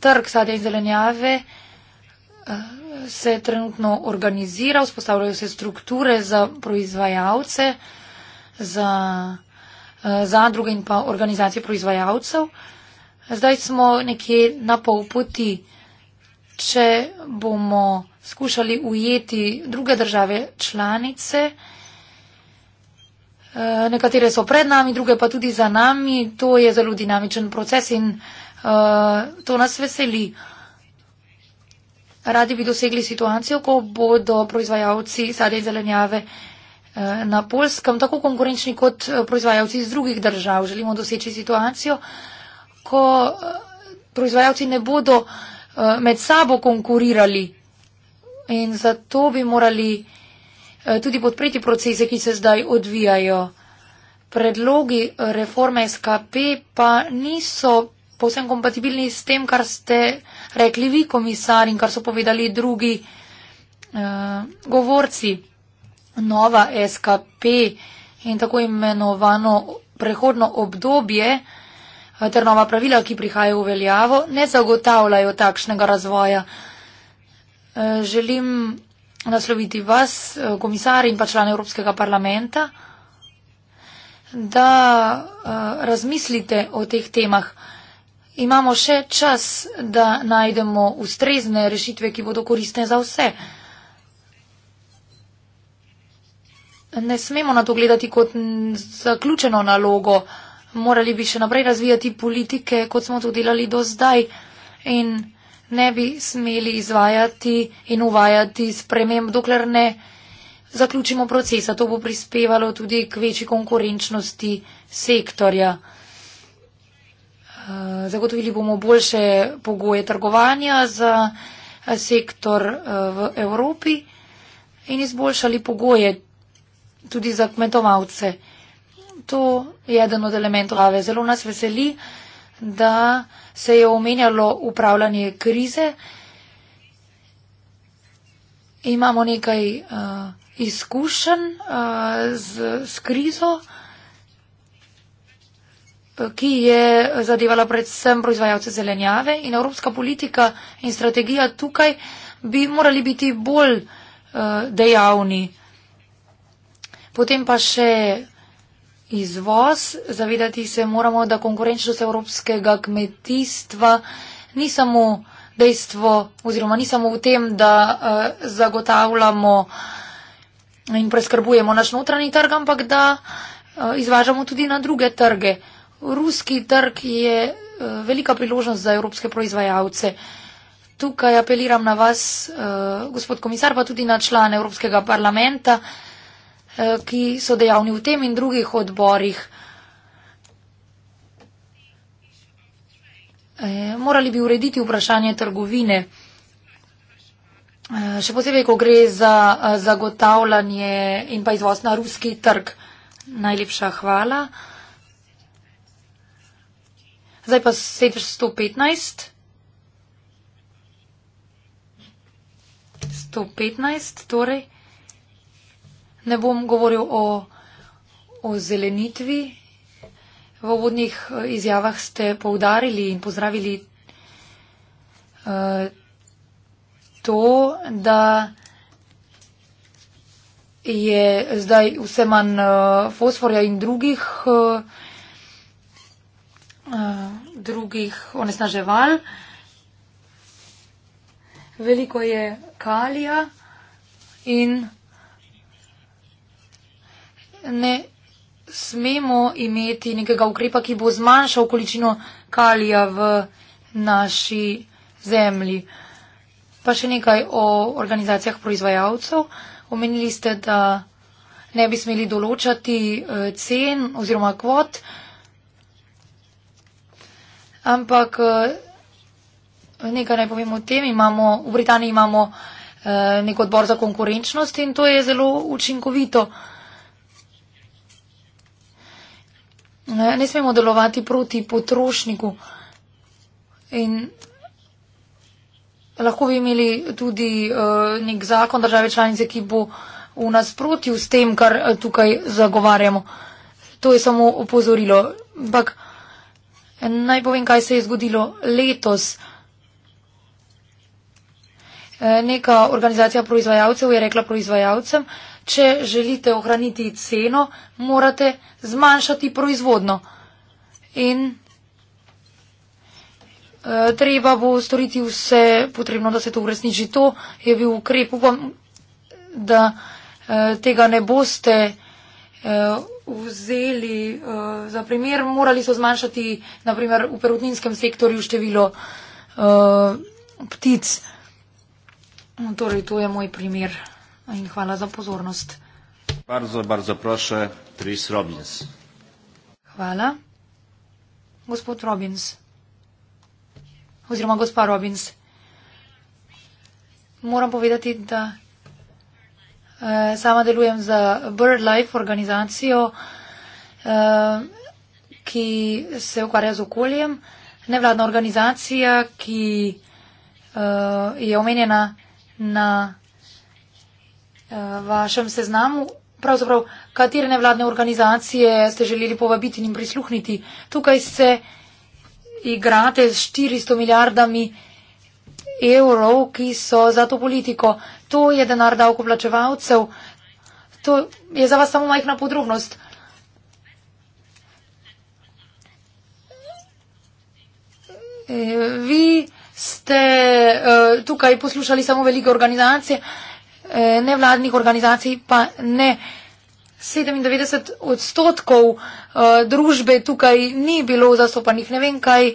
trg sadja in zelenjave eh, se trenutno organizira, vzpostavljajo se strukture za proizvajalce, za eh, zadruge in pa organizacije proizvajalcev. Zdaj smo nekje na pol poti. Če bomo skušali ujeti druge države članice, eh, nekatere so pred nami, druge pa tudi za nami, to je zelo dinamičen proces in uh, to nas veseli. Radi bi dosegli situacijo, ko bodo proizvajalci sadja in zelenjave eh, na polskem tako konkurenčni kot proizvajalci iz drugih držav. Želimo doseči situacijo, uh, ko eh, proizvajalci ne bodo eh, med sabo konkurirali. In zato bi morali eh, tudi podpreti procese, ki se zdaj odvijajo. Predlogi reforme SKP pa niso povsem kompatibilni s tem, kar ste rekli vi, komisar, in kar so povedali drugi eh, govorci. Nova SKP in tako imenovano prehodno obdobje eh, ter nova pravila, ki prihajajo v veljavo, ne zagotavljajo takšnega razvoja. Eh, želim nasloviti vas, eh, komisar in pa član Evropskega parlamenta, da eh, razmislite o teh temah. Imamo še čas, da najdemo ustrezne rešitve, ki bodo koristne za vse. Ne smemo na to gledati kot zaključeno nalogo morali bi še naprej razvijati politike, kot smo to delali do zdaj in ne bi smeli izvajati in uvajati sprememb, dokler ne zaključimo procesa. To bo prispevalo tudi k večji konkurenčnosti sektorja. Eh, zagotovili bomo boljše pogoje trgovanja za eh, sektor eh, v Evropi in izboljšali pogoje tudi za kmetovalce to je eden od elementov glave. Zelo nas veseli, da se je omenjalo upravljanje krize. Imamo nekaj uh, izkušenj uh, z, z krizo, ki je zadevala predvsem proizvajalce zelenjave in evropska politika in strategija tukaj bi morali biti bolj uh, dejavni. Potem pa še izvoz. Zavedati se moramo, da konkurenčnost evropskega kmetijstva ni samo dejstvo oziroma ni samo v tem, da uh, zagotavljamo in preskrbujemo naš notranji trg, ampak da uh, izvažamo tudi na druge trge. Ruski trg je uh, velika priložnost za evropske proizvajalce. Tukaj apeliram na vas, uh, gospod komisar, pa tudi na člane Evropskega parlamenta, uh, Eh, ki so dejavni v tem in drugih odborih. Eh, morali bi urediti vprašanje trgovine, eh, še posebej, ko gre za zagotavljanje in pa izvoz na ruski trg. Najlepša hvala. Zdaj pa 715. 115, torej. Ne bom govoril o, o zelenitvi. V uvodnih eh, izjavah ste poudarili in pozdravili uh, to, da je zdaj vse manj uh, fosforja in drugih, uh, uh, drugih onesnaževal. Veliko je kalija in ne smemo imeti nekega ukrepa, ki bo zmanjšal količino kalija v naši zemlji. Pa še nekaj o organizacijah proizvajalcev. Omenili ste, da ne bi smeli določati eh, cen oziroma kvot, ampak eh, nekaj naj povem o tem. Imamo, v Britaniji imamo eh, nek odbor za konkurenčnost in to je zelo učinkovito. Ne smemo delovati proti potrošniku. In lahko bi imeli tudi uh, nek zakon države članice, ki bo v nasprotju s tem, kar eh, tukaj zagovarjamo. To je samo opozorilo. Ampak naj povem, kaj se je zgodilo letos. Eh, neka organizacija proizvajalcev je rekla proizvajalcem, uh, Če želite ohraniti ceno, morate zmanjšati proizvodno. In e, Treba bo storiti vse potrebno, da se to uresniči. To je bil ukrep, upam, da e, tega ne boste e, vzeli za primer. Morali so zmanjšati, naprimer, v perutninskem sektorju število ptic. Torej, to je moj primer in hvala za pozornost. Bardzo, bardzo proszę, Tris Robbins. Hvala. Gospod Robbins. Oziroma gospa Robbins. Moram povedati, da eh, sama delujem za BirdLife organizacijo, eh, ki se ukvarja z okoljem. Nevladna organizacija, ki eh, je omenjena na. Eh, vašem seznamu. Pravzaprav, katere nevladne organizacije ste želeli povabiti in prisluhniti? Tukaj se igrate s 400 milijardami evrov, ki so za to politiko. To je denar davkoplačevalcev. To je za vas samo majhna podrobnost. Eh, vi ste uh, tukaj poslušali samo velike organizacije. Uh, Eh, nevladnih organizacij pa ne. 97 odstotkov eh, družbe tukaj ni bilo zastopanih. Ne vem, kaj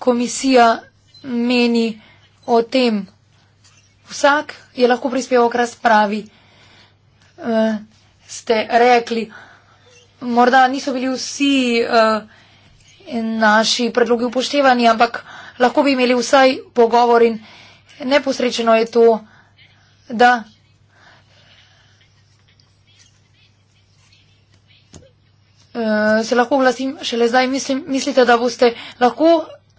komisija meni o tem. Vsak je lahko prispeval k razpravi. Eh, ste rekli, morda niso bili vsi naši predlogi upoštevani, ampak lahko bi imeli vsaj pogovor in neposrečeno je to. Da. Eh, se lahko vlasim, šele zdaj mislim, mislite, da boste lahko,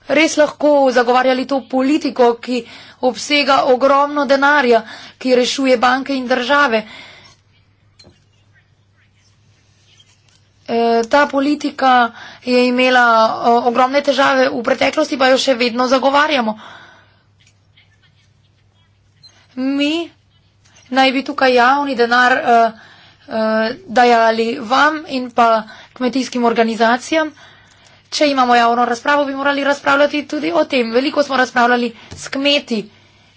res lahko zagovarjali to politiko, ki obsega ogromno denarja, ki rešuje banke in države. Eh, ta politika je imela eh, ogromne težave v preteklosti, pa jo še vedno zagovarjamo. Mi naj bi tukaj javni denar uh, uh, dajali vam in pa kmetijskim organizacijam. Če imamo javno razpravo, bi morali razpravljati tudi o tem. Veliko smo razpravljali s kmeti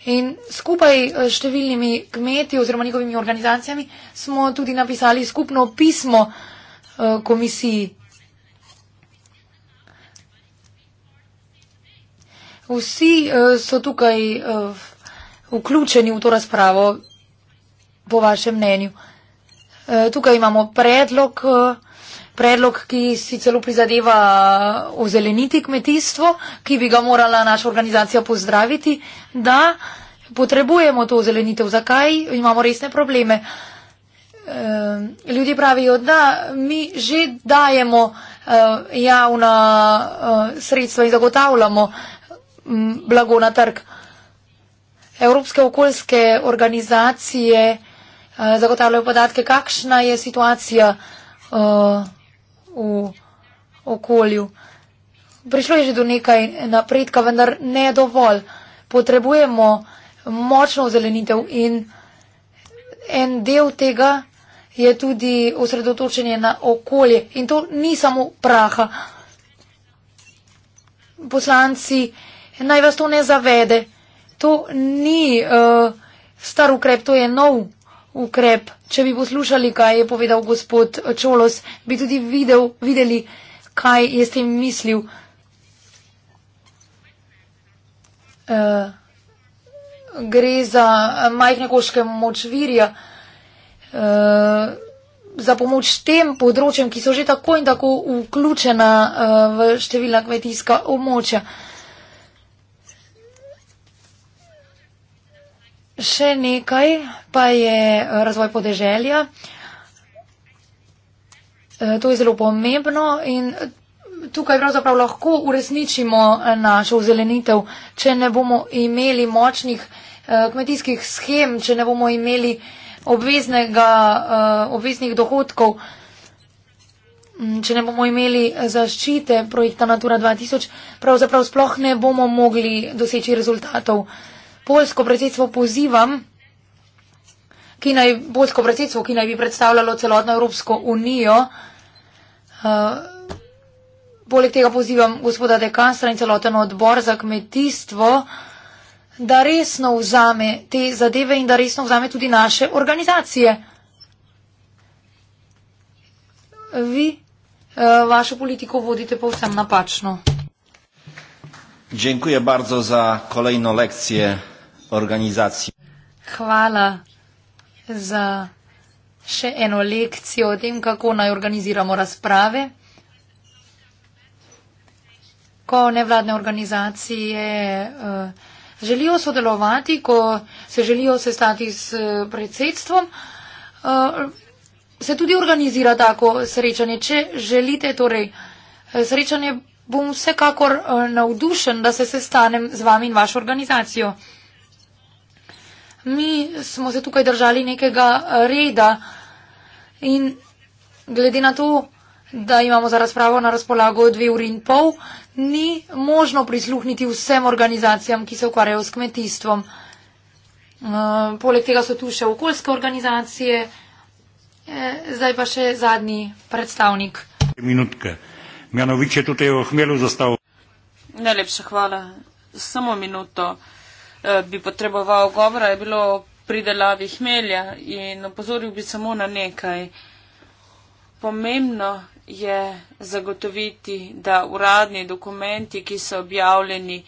in skupaj eh, s številnimi kmeti oziroma njihovimi organizacijami smo tudi napisali skupno pismo uh, komisiji. Vsi uh, so tukaj uh, vključeni v to razpravo po vašem mnenju. E, tukaj imamo predlog, e, predlog, ki si celo prizadeva ozeleniti kmetijstvo, ki bi ga morala naša organizacija pozdraviti, da potrebujemo to ozelenitev. Zakaj? Imamo resne probleme. E, ljudje pravijo, da mi že dajemo javna sredstva in zagotavljamo blago na trg. Evropske okoljske organizacije. Eh, zagotavljajo podatke, kakšna je situacija eh, v okolju. Prišlo je že do nekaj napredka, vendar ne dovolj. Potrebujemo močno ozelenitev in en del tega je tudi osredotočenje na okolje. In to ni samo praha. Poslanci, naj vas to ne zavede. To ni uh, star ukrep, to je nov ukrep. Če bi poslušali, kaj je povedal gospod Čolos, bi tudi videl, videli, kaj je s tem mislil. Uh, gre za majhne koške moč virja, uh, za pomoč tem področjem, ki so že tako in tako vključena uh, v številna kmetijska območja. Uh, Še nekaj pa je eh, razvoj podeželja. Eh, to je zelo pomembno in eh, tukaj pravzaprav lahko uresničimo našo zelenitev, če ne bomo imeli močnih kmetijskih schem, če ne bomo imeli obveznih dohodkov, mm, če ne bomo imeli zaščite projekta Natura 2000, pravzaprav sploh ne bomo mogli doseči rezultatov polsko predsedstvo pozivam, ki naj, polsko predsedstvo, ki naj bi predstavljalo celotno Evropsko unijo, uh, poleg tega pozivam gospoda dekanstra in celoten odbor za kmetijstvo, da resno vzame te zadeve in da resno vzame tudi naše organizacije. Vi uh, vašo politiko vodite povsem napačno. Dziękuję bardzo za kolejną lekcję. Dziękuję organizacij. Hvala za še eno lekcijo o tem, kako naj organiziramo razprave. Ko nevladne organizacije eh, želijo sodelovati, ko se želijo sestati s eh, predsedstvom, eh, se tudi organizira tako srečanje. Če želite, torej srečanje, bom vsekakor navdušen, da se sestanem z vami in vašo organizacijo mi smo se tukaj držali nekega eh, reda in glede na to, da imamo za razpravo na razpolago dve uri in pol, ni možno prisluhniti vsem organizacijam, ki se ukvarjajo s kmetijstvom. Eh, poleg tega so tu še okoljske organizacije, eh, zdaj pa še zadnji predstavnik. Minutke. Mjanovič je tukaj v Hmelu zastavil. Najlepša hvala. Samo minuto. Eh, bi potreboval govora, je bilo pridelavi hmelja in opozoril bi samo na nekaj. Pomembno je zagotoviti, da uradni dokumenti, ki so objavljeni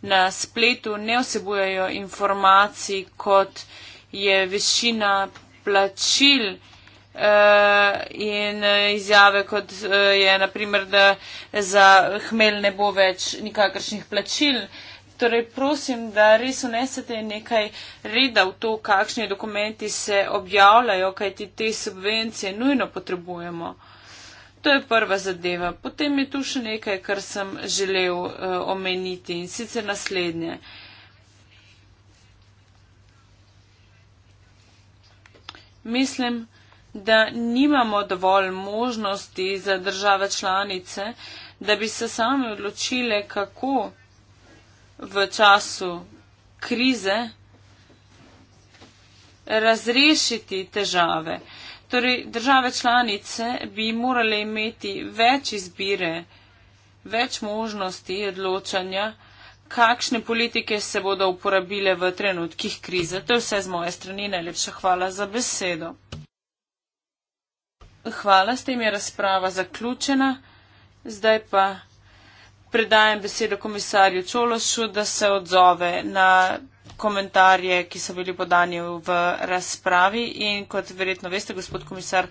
na spletu, ne vsebujejo informacij, kot je višina plačil eh, in izjave, kot eh, je naprimer, da za hmel ne bo več nikakršnih plačil. Eh, Torej, prosim, da res unesete nekaj reda v to, kakšni dokumenti se objavljajo, kajti te subvencije nujno potrebujemo. To je prva zadeva. Potem je tu še nekaj, kar sem želel uh, omeniti in sicer naslednje. Mislim, da nimamo dovolj možnosti za države članice, da bi se same odločile, kako v času krize razrešiti težave. Torej, države članice bi morale imeti več izbire, več možnosti odločanja, kakšne politike se bodo uporabile v trenutkih krize. To je vse z moje strani. Najlepša hvala za besedo. Hvala, s tem je razprava zaključena. Zdaj pa predajam besedo komisarju Čološu, da se odzove na komentarje, ki so bili podani v razpravi in kot verjetno veste, gospod komisar,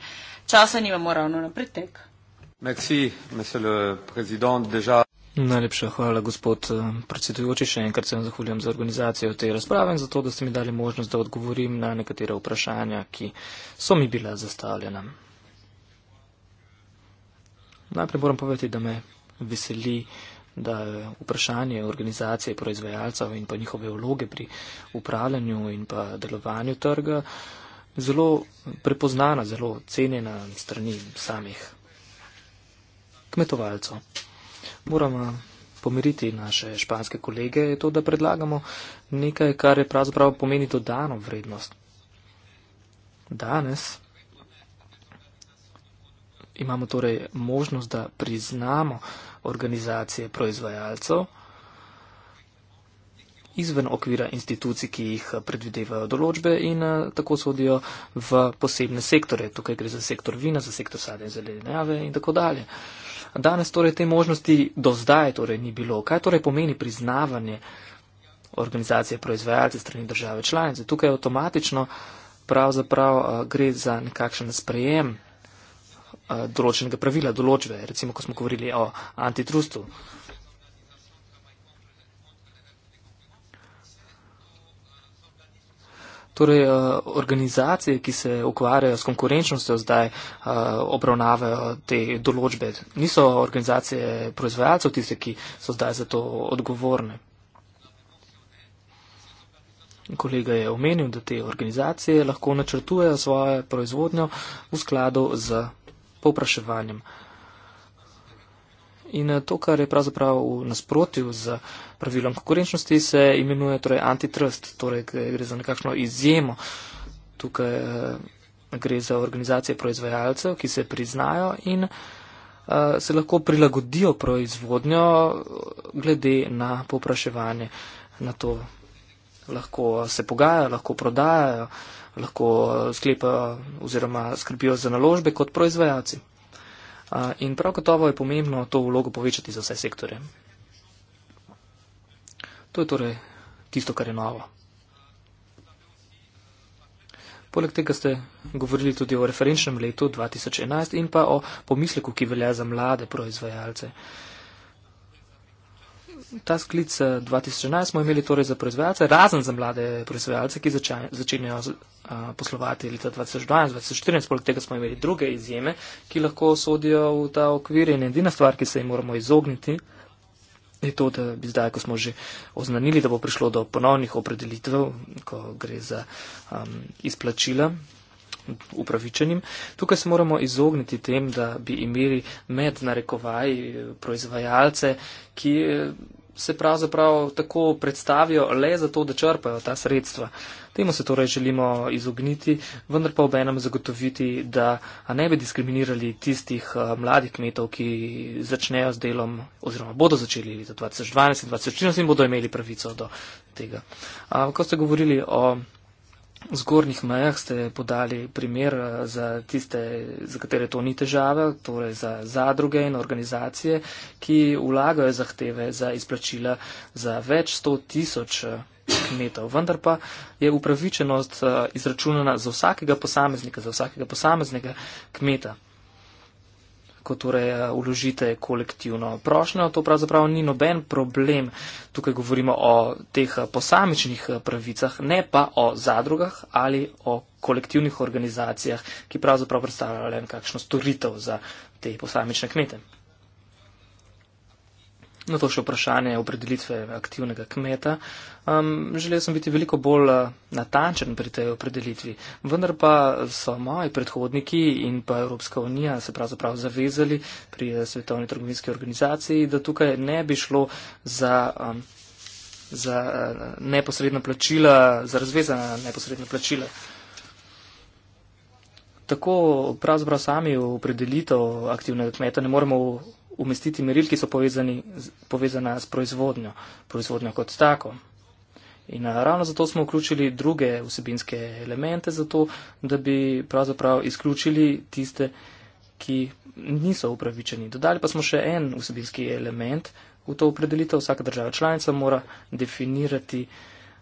časa nimamo ravno na pretek. Merci, monsieur le président, déjà. Najlepša hvala, gospod eh, predsedujoči. Še enkrat se vam zahvaljujem za organizacijo te razprave in za to, da ste mi dali možnost, da odgovorim na nekatere vprašanja, ki so mi bila zastavljena. Najprej moram povedati, da me veseli da vprašanje organizacije proizvajalcev in pa njihove vloge pri upravljanju in pa delovanju trga zelo prepoznana, zelo cenjena strani samih kmetovalcev. Moramo pomiriti naše španske kolege je to, da predlagamo nekaj, kar je pravzaprav pomeni dodano vrednost. Danes imamo torej možnost, da priznamo, organizacije proizvajalcev izven okvira institucij, ki jih eh, predvidevajo določbe in eh, tako sodijo v posebne sektore. Tukaj gre za sektor vina, za sektor sadja in zelenjave in tako dalje. Danes torej te možnosti do zdaj torej ni bilo. Kaj torej pomeni priznavanje organizacije proizvajalce strani države članice? Tukaj avtomatično pravzaprav eh, gre za nekakšen sprejem Eh, določenega pravila, določbe, recimo, ko smo govorili o antitrustu. Torej, eh, organizacije, ki se ukvarjajo s konkurenčnostjo, zdaj eh, obravnavajo te določbe. Niso organizacije proizvajalcev tiste, ki so zdaj za to odgovorne. Kolega je omenil, da te organizacije lahko načrtujejo svojo proizvodnjo v skladu z povpraševanjem. In eh, to, kar je pravzaprav v nasprotju z pravilom konkurenčnosti, se imenuje torej antitrust, torej gre za nekakšno izjemo. Tukaj eh, gre za organizacije proizvajalcev, ki se priznajo in eh, se lahko prilagodijo proizvodnjo glede na popraševanje na to. Lahko se pogajajo, lahko prodajajo lahko eh, sklepajo oziroma skrbijo za naložbe kot proizvajalci. In prav gotovo je pomembno to vlogo povečati za vse sektore. To je torej tisto, kar je novo. Poleg tega ste govorili tudi o referenčnem letu 2011 in pa o pomisleku, ki velja za mlade proizvajalce. Uh, ta sklic 2013 eh, smo imeli torej za proizvajalce, razen za mlade proizvajalce, ki začenjajo eh, poslovati leta 2012-2014, poleg tega smo imeli druge izjeme, ki lahko sodijo v ta okvir in edina stvar, ki se jim moramo izogniti, je to, da bi zdaj, ko smo že oznanili, da bo prišlo do ponovnih opredelitev, ko gre za um, izplačila upravičenim. Tukaj se moramo izogniti tem, da bi imeli med narekovaj proizvajalce, ki se pravzaprav tako predstavijo le zato, da črpajo ta sredstva. Temu se torej želimo izogniti, vendar pa obenem zagotoviti, da ne bi diskriminirali tistih mladih kmetov, ki začnejo z delom oziroma bodo začeli leta 2012 in 2014 in bodo imeli pravico do tega. A, ko ste govorili o zgornjih mejah ste podali primer eh, za tiste, za katere to ni težava, torej za zadruge in organizacije, ki vlagajo zahteve za izplačila za več sto tisoč eh, kmetov. Vendar pa je upravičenost eh, izračunana za vsakega posameznika, za vsakega posameznega kmeta ko torej eh, uložite kolektivno prošnjo, to pravzaprav ni noben problem. Tukaj govorimo o teh eh, posamičnih eh, pravicah, ne pa o zadrugah ali o kolektivnih organizacijah, ki pravzaprav predstavljajo le nekakšno storitev za te posamične kmete na to še vprašanje opredelitve aktivnega kmeta. Um, želel sem biti veliko bolj eh, natančen pri tej opredelitvi, vendar pa so moji predhodniki in pa Evropska unija se pravzaprav zavezali pri eh, Svetovni trgovinski organizaciji, da tukaj ne bi šlo za. Um, za eh, neposredna plačila, za razvezana neposredna plačila. Tako pravzaprav sami opredelitev aktivnega kmeta ne moremo umestiti meril, ki so povezani, povezana s proizvodnjo, proizvodnjo kot tako. In ravno zato smo vključili druge vsebinske elemente, zato da bi pravzaprav izključili tiste, ki niso upravičeni. Dodali pa smo še en vsebinski element v to opredelitev. Vsaka država članica mora definirati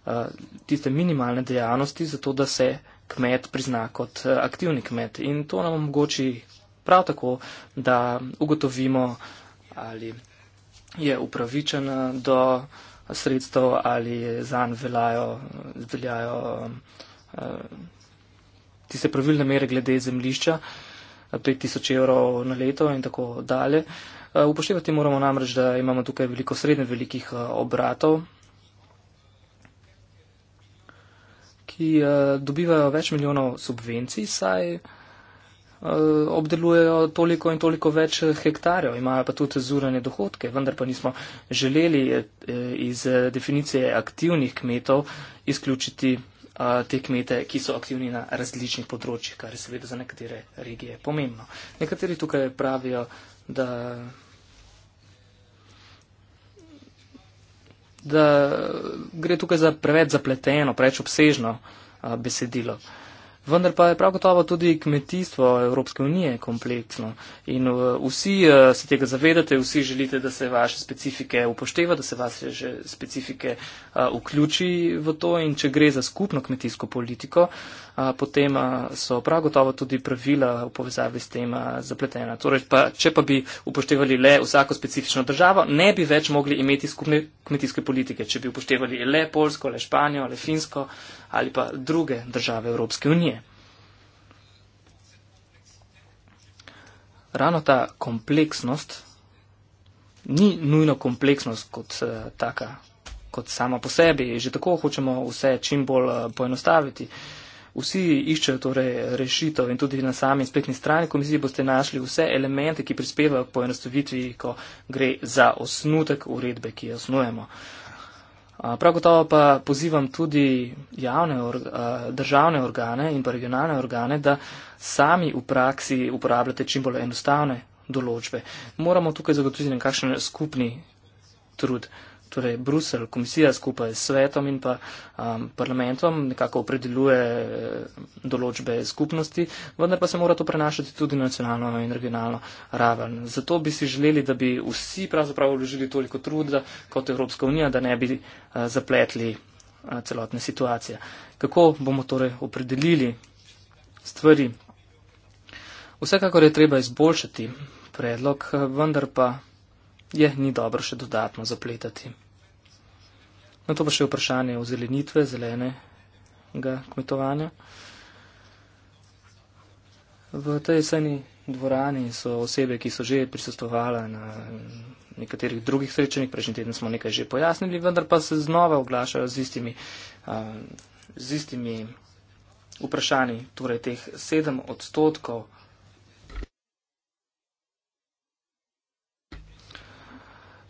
uh, tiste minimalne dejavnosti, zato da se kmet prizna kot aktivni kmet. In to nam omogoči prav tako, da ugotovimo, ali je upravičena eh, do sredstev ali zanj veljajo, veljajo uh, tiste pravilne mere glede zemlišča, 5000 eh, evrov na leto in tako dalje. Uh, upoštevati moramo namreč, da imamo tukaj veliko srednje velikih uh, obratov, ki uh, dobivajo več milijonov subvencij, saj uh, Eh, obdelujejo toliko in toliko več hektarjev, imajo pa tudi zurane dohodke, vendar pa nismo želeli eh, iz definicije aktivnih kmetov izključiti eh, te kmete, ki so aktivni na različnih področjih, kar je seveda za nekatere regije pomembno. Nekateri tukaj pravijo, da, da gre tukaj za preveč zapleteno, preveč obsežno besedilo. Vendar pa je prav gotovo tudi kmetijstvo Evropske unije kompleksno. In uh, vsi uh, se tega zavedate, vsi želite, da se vaše specifike upošteva, da se vaše specifike uh, vključi v to. In če gre za skupno kmetijsko politiko, potem so prav gotovo tudi pravila v povezavi s tem zapletena. Torej, pa, če pa bi upoštevali le vsako specifično državo, ne bi več mogli imeti skupne kmetijske politike. Če bi upoštevali le Polsko, le Španijo, le Finsko, ali pa druge države Evropske unije. Ravno ta kompleksnost ni nujno kompleksnost kot eh, taka, kot sama po sebi. Že tako hočemo vse čim bolj eh, poenostaviti. Vsi iščejo torej rešitev in tudi na sami spletni strani komisije boste našli vse elemente, ki prispevajo k poenostavitvi, ko gre za osnutek uredbe, ki jo osnujemo. Uh, Prav gotovo pa pozivam tudi javne, državne organe in pa regionalne organe, da sami v praksi uporabljate čim bolj enostavne določbe. Moramo tukaj zagotoviti nekakšen skupni trud torej Brusel, komisija skupaj s svetom in pa um, parlamentom nekako opredeljuje eh, določbe skupnosti, vendar pa se mora to prenašati tudi na nacionalno in regionalno raven. Zato bi si želeli, da bi vsi pravzaprav vložili toliko truda kot Evropska unija, da ne bi uh, zapletli uh, celotne situacije. Kako bomo torej opredelili stvari? Vsekakor je treba izboljšati predlog, vendar pa je ni dobro še dodatno zapletati. Na to pa še vprašanje o zelenitve, zelenega kmetovanja. V tej sceni dvorani so osebe, ki so že prisustovala na nekaterih drugih srečanjih, prejšnji teden smo nekaj že pojasnili, vendar pa se znova oglašajo z istimi, z istimi vprašanji. Torej, teh sedem odstotkov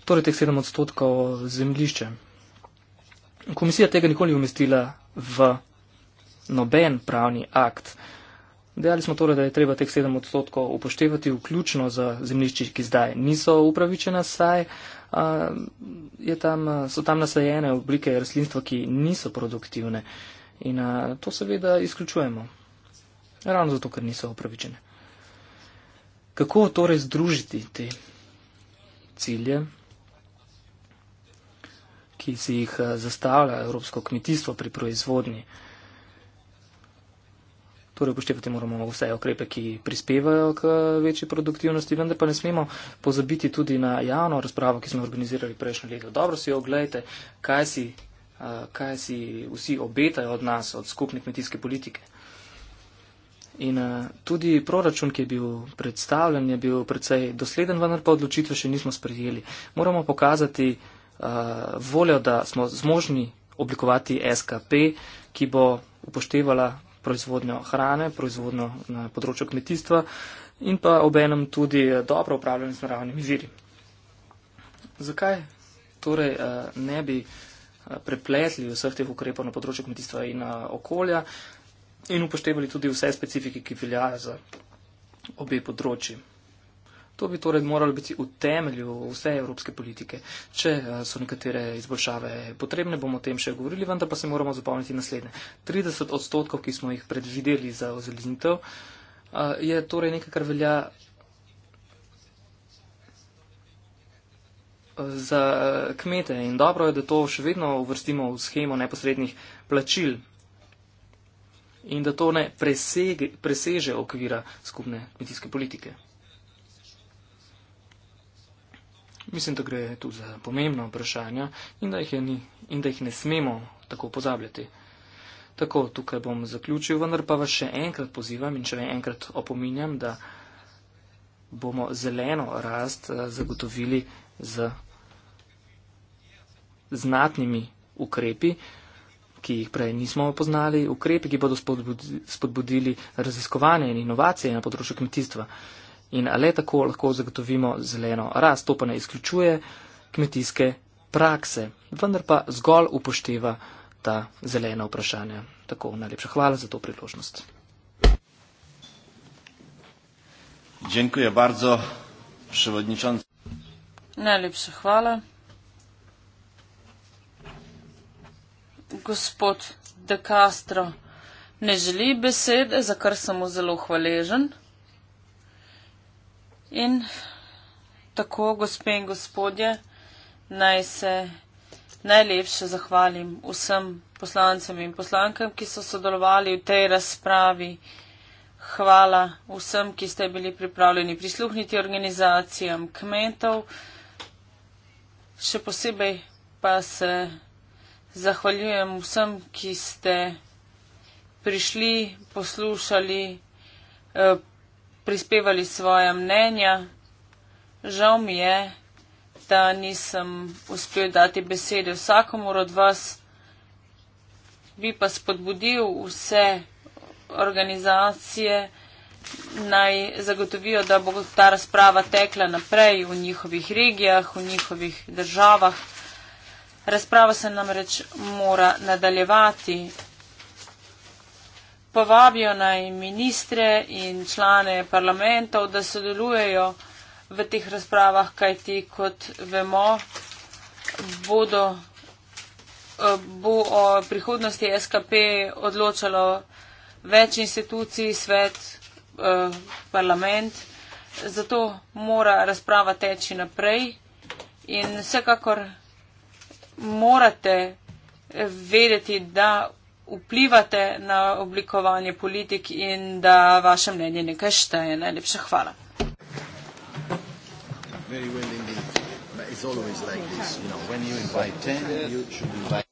torej teh 7 odstotkov zemljišče. Komisija tega nikoli ni umestila v noben pravni akt. Dejali smo torej, da je treba teh 7 odstotkov upoštevati vključno za zemljišči, ki zdaj niso upravičena, saj uh, tam, so tam nasajene oblike rastlinstva, ki niso produktivne. In uh, to seveda izključujemo. Ravno zato, ker niso upravičene. Kako torej združiti te cilje? ki si jih eh, zastavlja evropsko kmetijstvo pri proizvodnji. Torej, upoštevati moramo vse okrepe, ki prispevajo k eh, večji produktivnosti, vendar pa ne smemo pozabiti tudi na javno razpravo, ki smo organizirali prejšnje leto. Dobro si ogledajte, kaj, eh, kaj si vsi obetajo od nas, od skupne kmetijske politike. In tudi proračun, ki je bil predstavljen, je bil precej dosleden, vendar pa odločitve še nismo sprejeli. Moramo pokazati, Eh, voljo, da smo zmožni oblikovati SKP, ki bo upoštevala proizvodnjo hrane, proizvodnjo na področju kmetijstva in pa obenem tudi eh, dobro upravljanje z naravnimi viri. Zakaj torej eh, ne bi prepletli vseh teh ukrepov na področju kmetijstva in okolja in upoštevali tudi vse specifike, ki veljajo za obe področji? To bi torej moralo biti v temelju vse evropske politike. Če eh, so nekatere izboljšave potrebne, bomo o tem še govorili, vendar pa se moramo zapomniti naslednje. 30 odstotkov, ki smo jih predvideli za ozelenitev, eh, je torej nekaj, kar velja eh, za kmete in dobro je, da to še vedno uvrstimo v schemo neposrednih plačil in da to ne presege, preseže okvira skupne kmetijske politike. Mislim, da gre tu za pomembna vprašanja in da jih, ni, in da jih ne smemo tako pozabljati. Tako, tukaj bom zaključil, vendar pa vas še enkrat pozivam in še enkrat opominjam, da bomo zeleno rast eh, zagotovili z znatnimi ukrepi, ki jih prej nismo poznali, ukrepi, ki bodo spodbudili raziskovanje in inovacije na področju kmetijstva in ali tako lahko zagotovimo zeleno rast. To pa ne izključuje kmetijske prakse, vendar pa zgolj upošteva ta zelena vprašanja. Tako najlepša hvala za to priložnost. Najlepša hvala. Gospod De Castro ne želi besede, za kar sem mu zelo hvaležen. In tako, gospe in gospodje, naj se najlepše zahvalim vsem poslancem in poslankam, ki so sodelovali v tej razpravi. Hvala vsem, ki ste bili pripravljeni prisluhniti organizacijam kmetov. Še posebej pa se zahvaljujem vsem, ki ste prišli, poslušali. Eh, prispevali svoje mnenja. Žal mi je, da nisem uspel dati besede vsakomur od vas. Bi pa spodbudil vse organizacije naj zagotovijo, da bo ta razprava tekla naprej v njihovih regijah, v njihovih državah. Razprava se namreč mora nadaljevati povabijo naj ministre in člane parlamentov, da sodelujejo v teh razpravah, kajti kot vemo, bodo, eh, bo o prihodnosti SKP odločalo več institucij, svet, eh, parlament. Zato mora razprava teči naprej in vsekakor morate vedeti, da vplivate na oblikovanje politik in da vaše mnenje nekaj šteje. Najlepša hvala. Very well indeed. But it's always like this. You know, when you invite 10, you should invite.